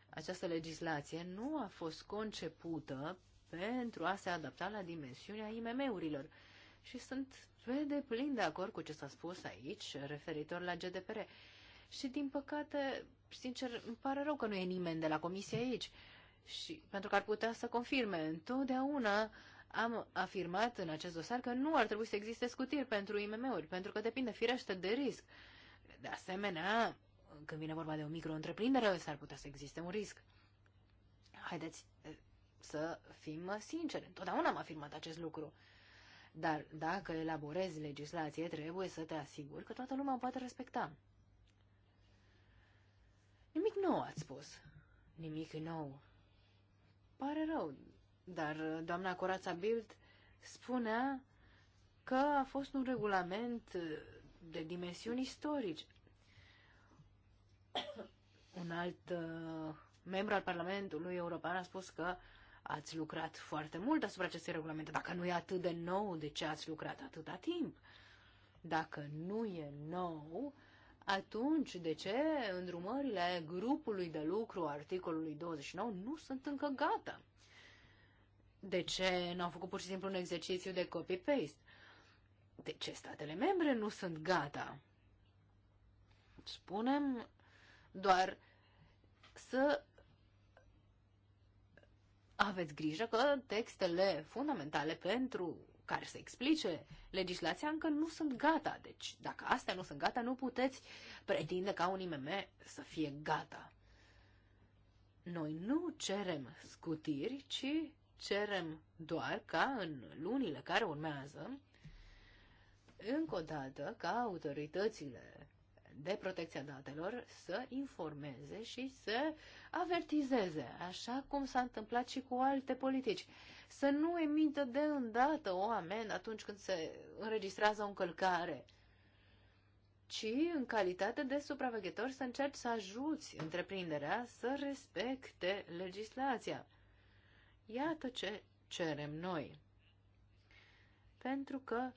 Această legislație nu a fost concepută pentru a se adapta la dimensiunea IMM-urilor. Și sunt pe deplin de acord cu ce s-a spus aici referitor la GDPR. Și, din păcate, sincer, îmi pare rău că nu e nimeni de la comisie aici. Și pentru că ar putea să confirme, întotdeauna am afirmat în acest dosar că nu ar trebui să existe scutiri pentru IMM-uri, pentru că depinde firește de risc. De asemenea, când vine vorba de o micro-întreprindere, s-ar putea să existe un risc. Haideți eh, să fim sinceri. Întotdeauna am afirmat acest lucru. Dar dacă elaborezi legislație, trebuie să te asiguri că toată lumea o poate respecta. Nimic nou ați spus. Nimic nou. Pare rău, dar doamna Corața Bild spunea că a fost un regulament de dimensiuni istorice. Un alt uh, membru al Parlamentului European a spus că Ați lucrat foarte mult asupra acestui regulament. Dacă nu e atât de nou, de ce ați lucrat atâta timp? Dacă nu e nou, atunci de ce îndrumările grupului de lucru articolului 29 nu sunt încă gata? De ce n-au făcut pur și simplu un exercițiu de copy-paste? De ce statele membre nu sunt gata? Spunem doar să aveți grijă că textele fundamentale pentru care se explice legislația încă nu sunt gata. Deci, dacă astea nu sunt gata, nu puteți pretinde ca un IMM să fie gata. Noi nu cerem scutiri, ci cerem doar ca în lunile care urmează, încă o dată, ca autoritățile de protecția datelor să informeze și să avertizeze, așa cum s-a întâmplat și cu alte politici. Să nu emită de îndată o amen, atunci când se înregistrează o încălcare, ci în calitate de supraveghetor să încerci să ajuți întreprinderea să respecte legislația. Iată ce cerem noi. Pentru că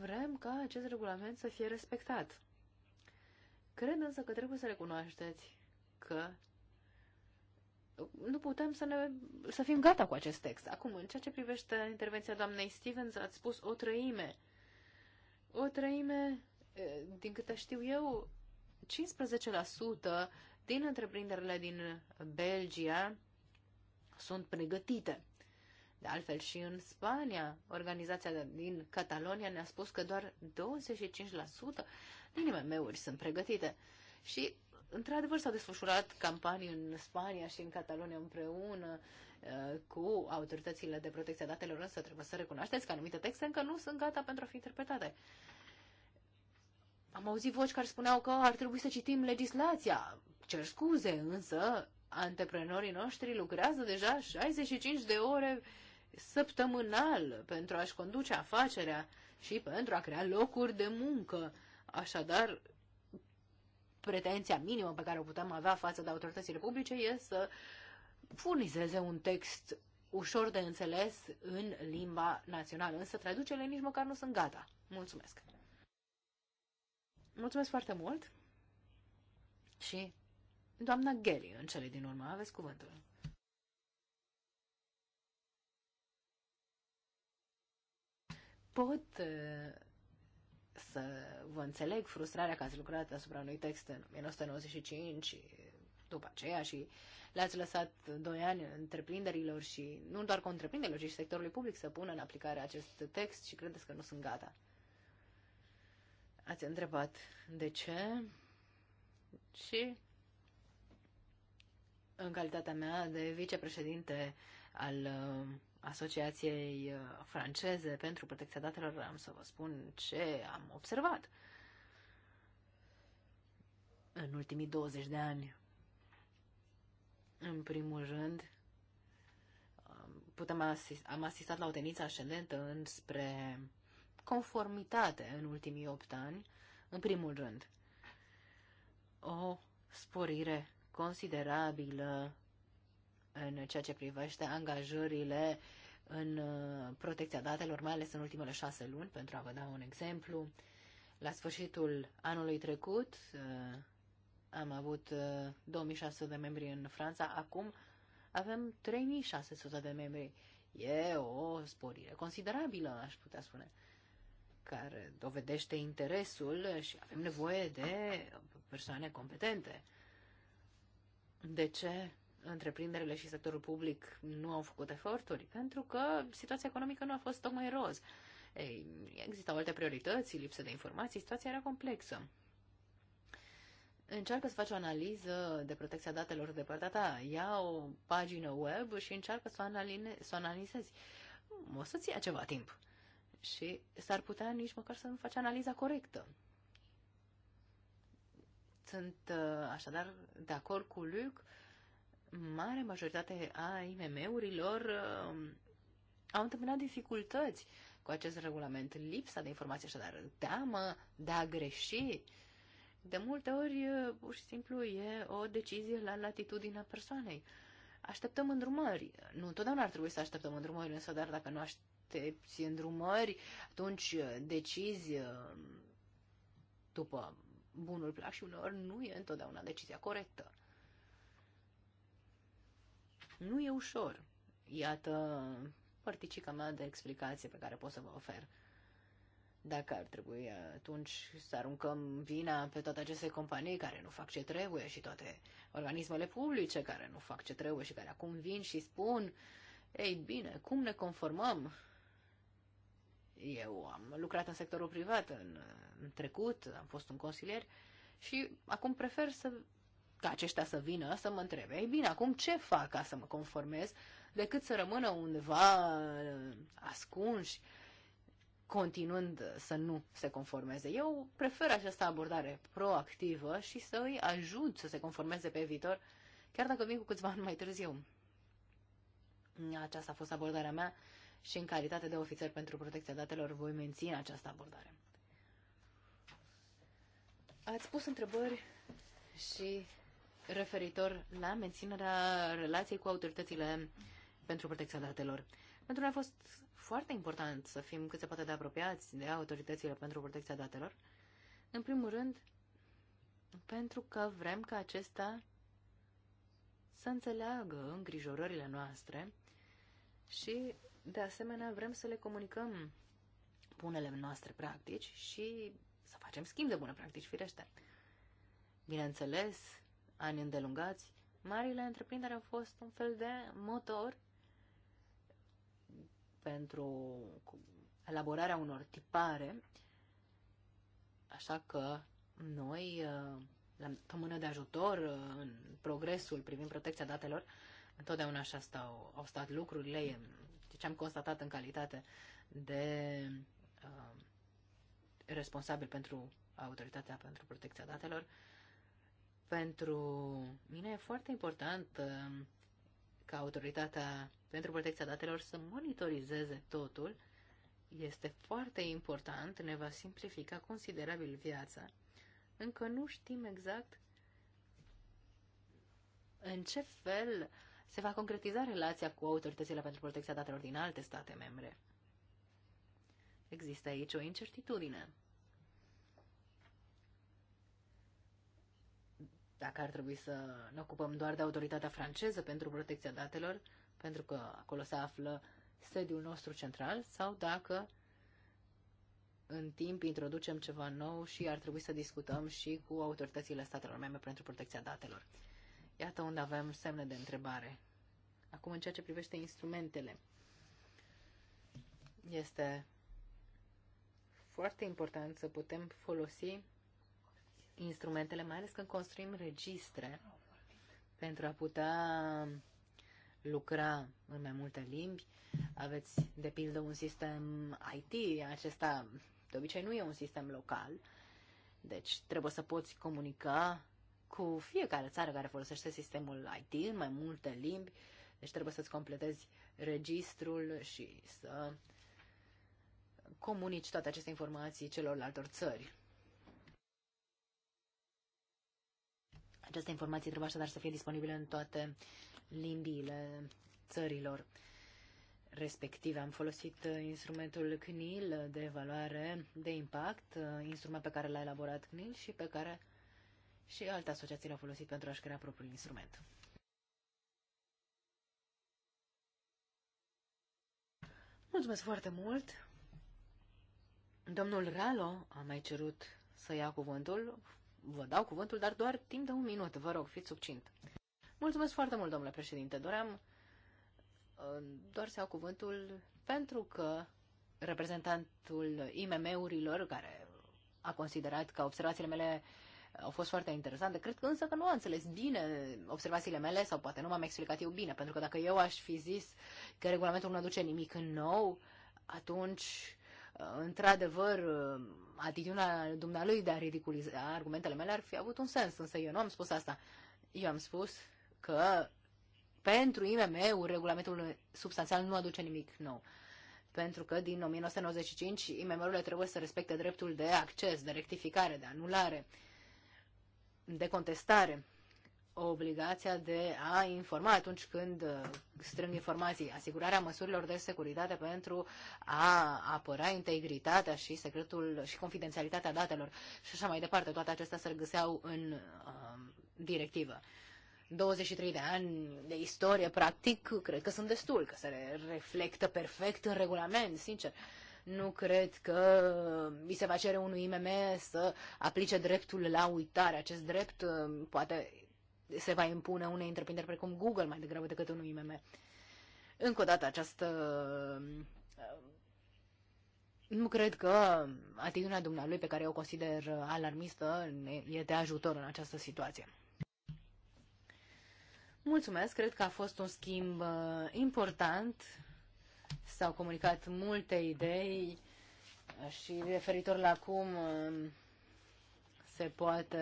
vrem ca acest regulament să fie respectat. Cred însă că trebuie să recunoașteți că nu putem să, ne, să fim gata cu acest text. Acum, în ceea ce privește intervenția doamnei Stevens, ați spus o trăime. O trăime, din câte știu eu, 15% din întreprinderile din Belgia sunt pregătite. De altfel, și în Spania, organizația din Catalonia ne-a spus că doar 25% IMM-uri sunt pregătite. Și, într-adevăr, s-au desfășurat campanii în Spania și în Catalonia împreună uh, cu autoritățile de protecție a datelor, însă trebuie să recunoașteți că anumite texte încă nu sunt gata pentru a fi interpretate. Am auzit voci care spuneau că ar trebui să citim legislația. Cer scuze, însă antreprenorii noștri lucrează deja 65 de ore săptămânal pentru a-și conduce afacerea și pentru a crea locuri de muncă. Așadar, pretenția minimă pe care o putem avea față de autoritățile publice este să furnizeze un text ușor de înțeles în limba națională, însă traducele nici măcar nu sunt gata. Mulțumesc! Mulțumesc foarte mult! Și doamna Geli, în cele din urmă, aveți cuvântul. Pot uh, să vă înțeleg frustrarea că ați lucrat asupra unui text în 1995 după aceea și le-ați lăsat doi ani întreprinderilor și nu doar cu întreprinderilor, ci și sectorului public să pună în aplicare acest text și credeți că nu sunt gata. Ați întrebat de ce și în calitatea mea de vicepreședinte al uh, Asociației uh, franceze pentru protecția datelor, am să vă spun ce am observat. În ultimii 20 de ani, în primul rând, putem asist, am asistat la o tendință ascendentă înspre conformitate în ultimii 8 ani, în primul rând. O sporire considerabilă în ceea ce privește angajările în uh, protecția datelor, mai ales în ultimele șase luni, pentru a vă da un exemplu. La sfârșitul anului trecut uh, am avut 2600 uh, de membri în Franța, acum avem 3600 de membri. E o sporire considerabilă, aș putea spune, care dovedește interesul și avem nevoie de persoane competente. De ce întreprinderile și sectorul public nu au făcut eforturi? Pentru că situația economică nu a fost tocmai roz. Ei, existau alte priorități, lipsă de informații, situația era complexă. Încearcă să faci o analiză de protecția datelor de partea ta. Ia o pagină web și încearcă să o, analine, să o analizezi. O să-ți ia ceva timp. Și s-ar putea nici măcar să nu faci analiza corectă. Sunt uh, așadar de acord cu Luc mare majoritate a IMM-urilor uh, au întâmpinat dificultăți cu acest regulament. Lipsa de informații, așadar, teamă de a greși. De multe ori, uh, pur și simplu, e o decizie la latitudinea persoanei. Așteptăm îndrumări. Nu întotdeauna ar trebui să așteptăm îndrumări, însă, dar dacă nu aștepți îndrumări, atunci uh, decizi uh, după bunul plac și uneori nu e întotdeauna decizia corectă. Nu e ușor. Iată părticica mea de explicație pe care pot să vă ofer. Dacă ar trebui atunci să aruncăm vina pe toate aceste companii care nu fac ce trebuie și toate organismele publice care nu fac ce trebuie și care acum vin și spun ei bine, cum ne conformăm? Eu am lucrat în sectorul privat în, în trecut, am fost un consilier și acum prefer să ca aceștia să vină să mă întrebe, ei bine, acum ce fac ca să mă conformez decât să rămână undeva uh, ascunși, continuând să nu se conformeze. Eu prefer această abordare proactivă și să îi ajut să se conformeze pe viitor, chiar dacă vin cu câțiva ani mai târziu. Aceasta a fost abordarea mea și în calitate de ofițer pentru protecția datelor voi menține această abordare. Ați pus întrebări și referitor la menținerea relației cu autoritățile pentru protecția datelor. Pentru noi a fost foarte important să fim cât se poate de apropiați de autoritățile pentru protecția datelor. În primul rând, pentru că vrem ca acesta să înțeleagă îngrijorările noastre și, de asemenea, vrem să le comunicăm bunele noastre practici și să facem schimb de bune practici, firește. Bineînțeles, ani îndelungați, marile întreprinderi au fost un fel de motor pentru elaborarea unor tipare, așa că noi uh, la o mână de ajutor uh, în progresul privind protecția datelor. Întotdeauna așa stau, au stat lucrurile, ce deci am constatat în calitate de uh, responsabil pentru Autoritatea pentru Protecția Datelor. Uh, pentru mine e foarte important uh, ca autoritatea pentru protecția datelor să monitorizeze totul. Este foarte important, ne va simplifica considerabil viața. Încă nu știm exact în ce fel se va concretiza relația cu autoritățile pentru protecția datelor din alte state membre. Există aici o incertitudine. dacă ar trebui să ne ocupăm doar de autoritatea franceză pentru protecția datelor, pentru că acolo se află sediul nostru central, sau dacă în timp introducem ceva nou și ar trebui să discutăm și cu autoritățile statelor membre pentru protecția datelor. Iată unde avem semne de întrebare. Acum, în ceea ce privește instrumentele, este foarte important să putem folosi instrumentele, mai ales când construim registre pentru a putea lucra în mai multe limbi. Aveți, de pildă, un sistem IT, acesta de obicei nu e un sistem local, deci trebuie să poți comunica cu fiecare țară care folosește sistemul IT în mai multe limbi, deci trebuie să-ți completezi registrul și să comunici toate aceste informații celorlalte țări. Această informație trebuie așadar să fie disponibilă în toate limbile țărilor respective. Am folosit uh, instrumentul CNIL de evaluare de impact, uh, instrument pe care l-a elaborat CNIL și pe care și alte asociații l-au folosit pentru a-și crea propriul instrument. Mulțumesc foarte mult! Domnul Ralo a mai cerut să ia cuvântul vă dau cuvântul, dar doar timp de un minut. Vă rog, fiți succint. Mulțumesc foarte mult, domnule președinte. Doream uh, doar să iau cuvântul pentru că reprezentantul IMM-urilor, care a considerat că observațiile mele au fost foarte interesante. Cred că însă că nu a înțeles bine observațiile mele sau poate nu m-am explicat eu bine, pentru că dacă eu aș fi zis că regulamentul nu aduce nimic nou, atunci într-adevăr, atitudinea dumnealui de a ridiculiza argumentele mele ar fi avut un sens, însă eu nu am spus asta. Eu am spus că pentru imm ul regulamentul substanțial nu aduce nimic nou. Pentru că din 1995 IMM-urile trebuie să respecte dreptul de acces, de rectificare, de anulare, de contestare obligația de a informa atunci când uh, strâng informații, asigurarea măsurilor de securitate pentru a apăra integritatea și secretul și confidențialitatea datelor și așa mai departe. Toate acestea se găseau în uh, directivă. 23 de ani de istorie, practic, cred că sunt destul, că se reflectă perfect în regulament, sincer. Nu cred că mi se va cere unui IMM să aplice dreptul la uitare. Acest drept uh, poate se va impune unei întreprinderi precum Google mai degrabă decât unui IMM. Încă o dată, această uh, nu cred că atitudinea dumnealui pe care o consider alarmistă e de ajutor în această situație. Mulțumesc, cred că a fost un schimb uh, important. S-au comunicat multe idei uh, și referitor la cum se poate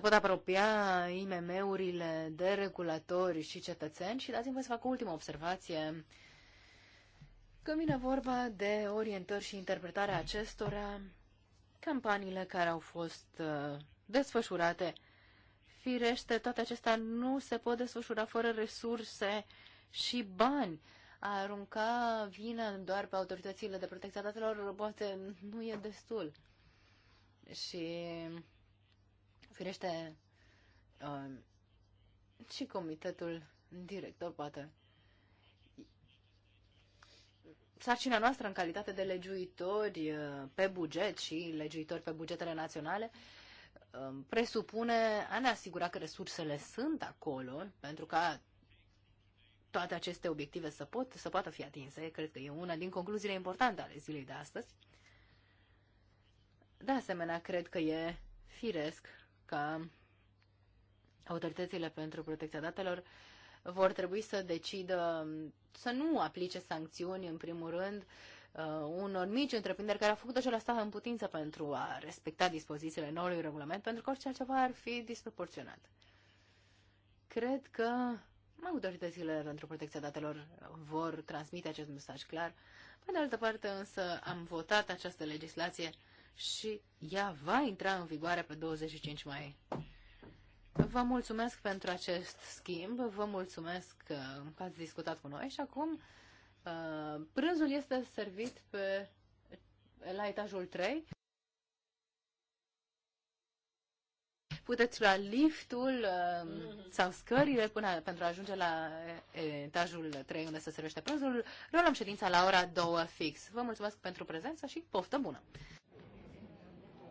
se pot apropia IMM-urile de regulatori și cetățeni și dați-mi voi să fac o ultimă observație. Când vine vorba de orientări și interpretarea acestora, campaniile care au fost uh, desfășurate, firește, toate acestea nu se pot desfășura fără resurse și bani. A arunca vina doar pe autoritățile de protecție a datelor, poate nu e destul. Și Firește, uh, și comitetul director poate. Sarcina noastră în calitate de legiuitori uh, pe buget și legiuitori pe bugetele naționale uh, presupune a ne asigura că resursele sunt acolo pentru ca toate aceste obiective să, pot, să poată fi atinse. Cred că e una din concluziile importante ale zilei de astăzi. De asemenea, cred că e firesc că autoritățile pentru protecția datelor vor trebui să decidă să nu aplice sancțiuni, în primul rând, uh, unor mici întreprinderi care au făcut la stat în putință pentru a respecta dispozițiile noului regulament, pentru că orice altceva ar fi disproporționat. Cred că autoritățile pentru protecția datelor vor transmite acest mesaj clar. Pe de altă parte, însă, am votat această legislație și ea va intra în vigoare pe 25 mai. Vă mulțumesc pentru acest schimb, vă mulțumesc uh, că ați discutat cu noi și acum uh, prânzul este servit pe, la etajul 3. Puteți lua liftul um, mm-hmm. sau scările până, pentru a ajunge la etajul 3 unde se servește prânzul. Rolăm ședința la ora 2 fix. Vă mulțumesc pentru prezență și poftă bună!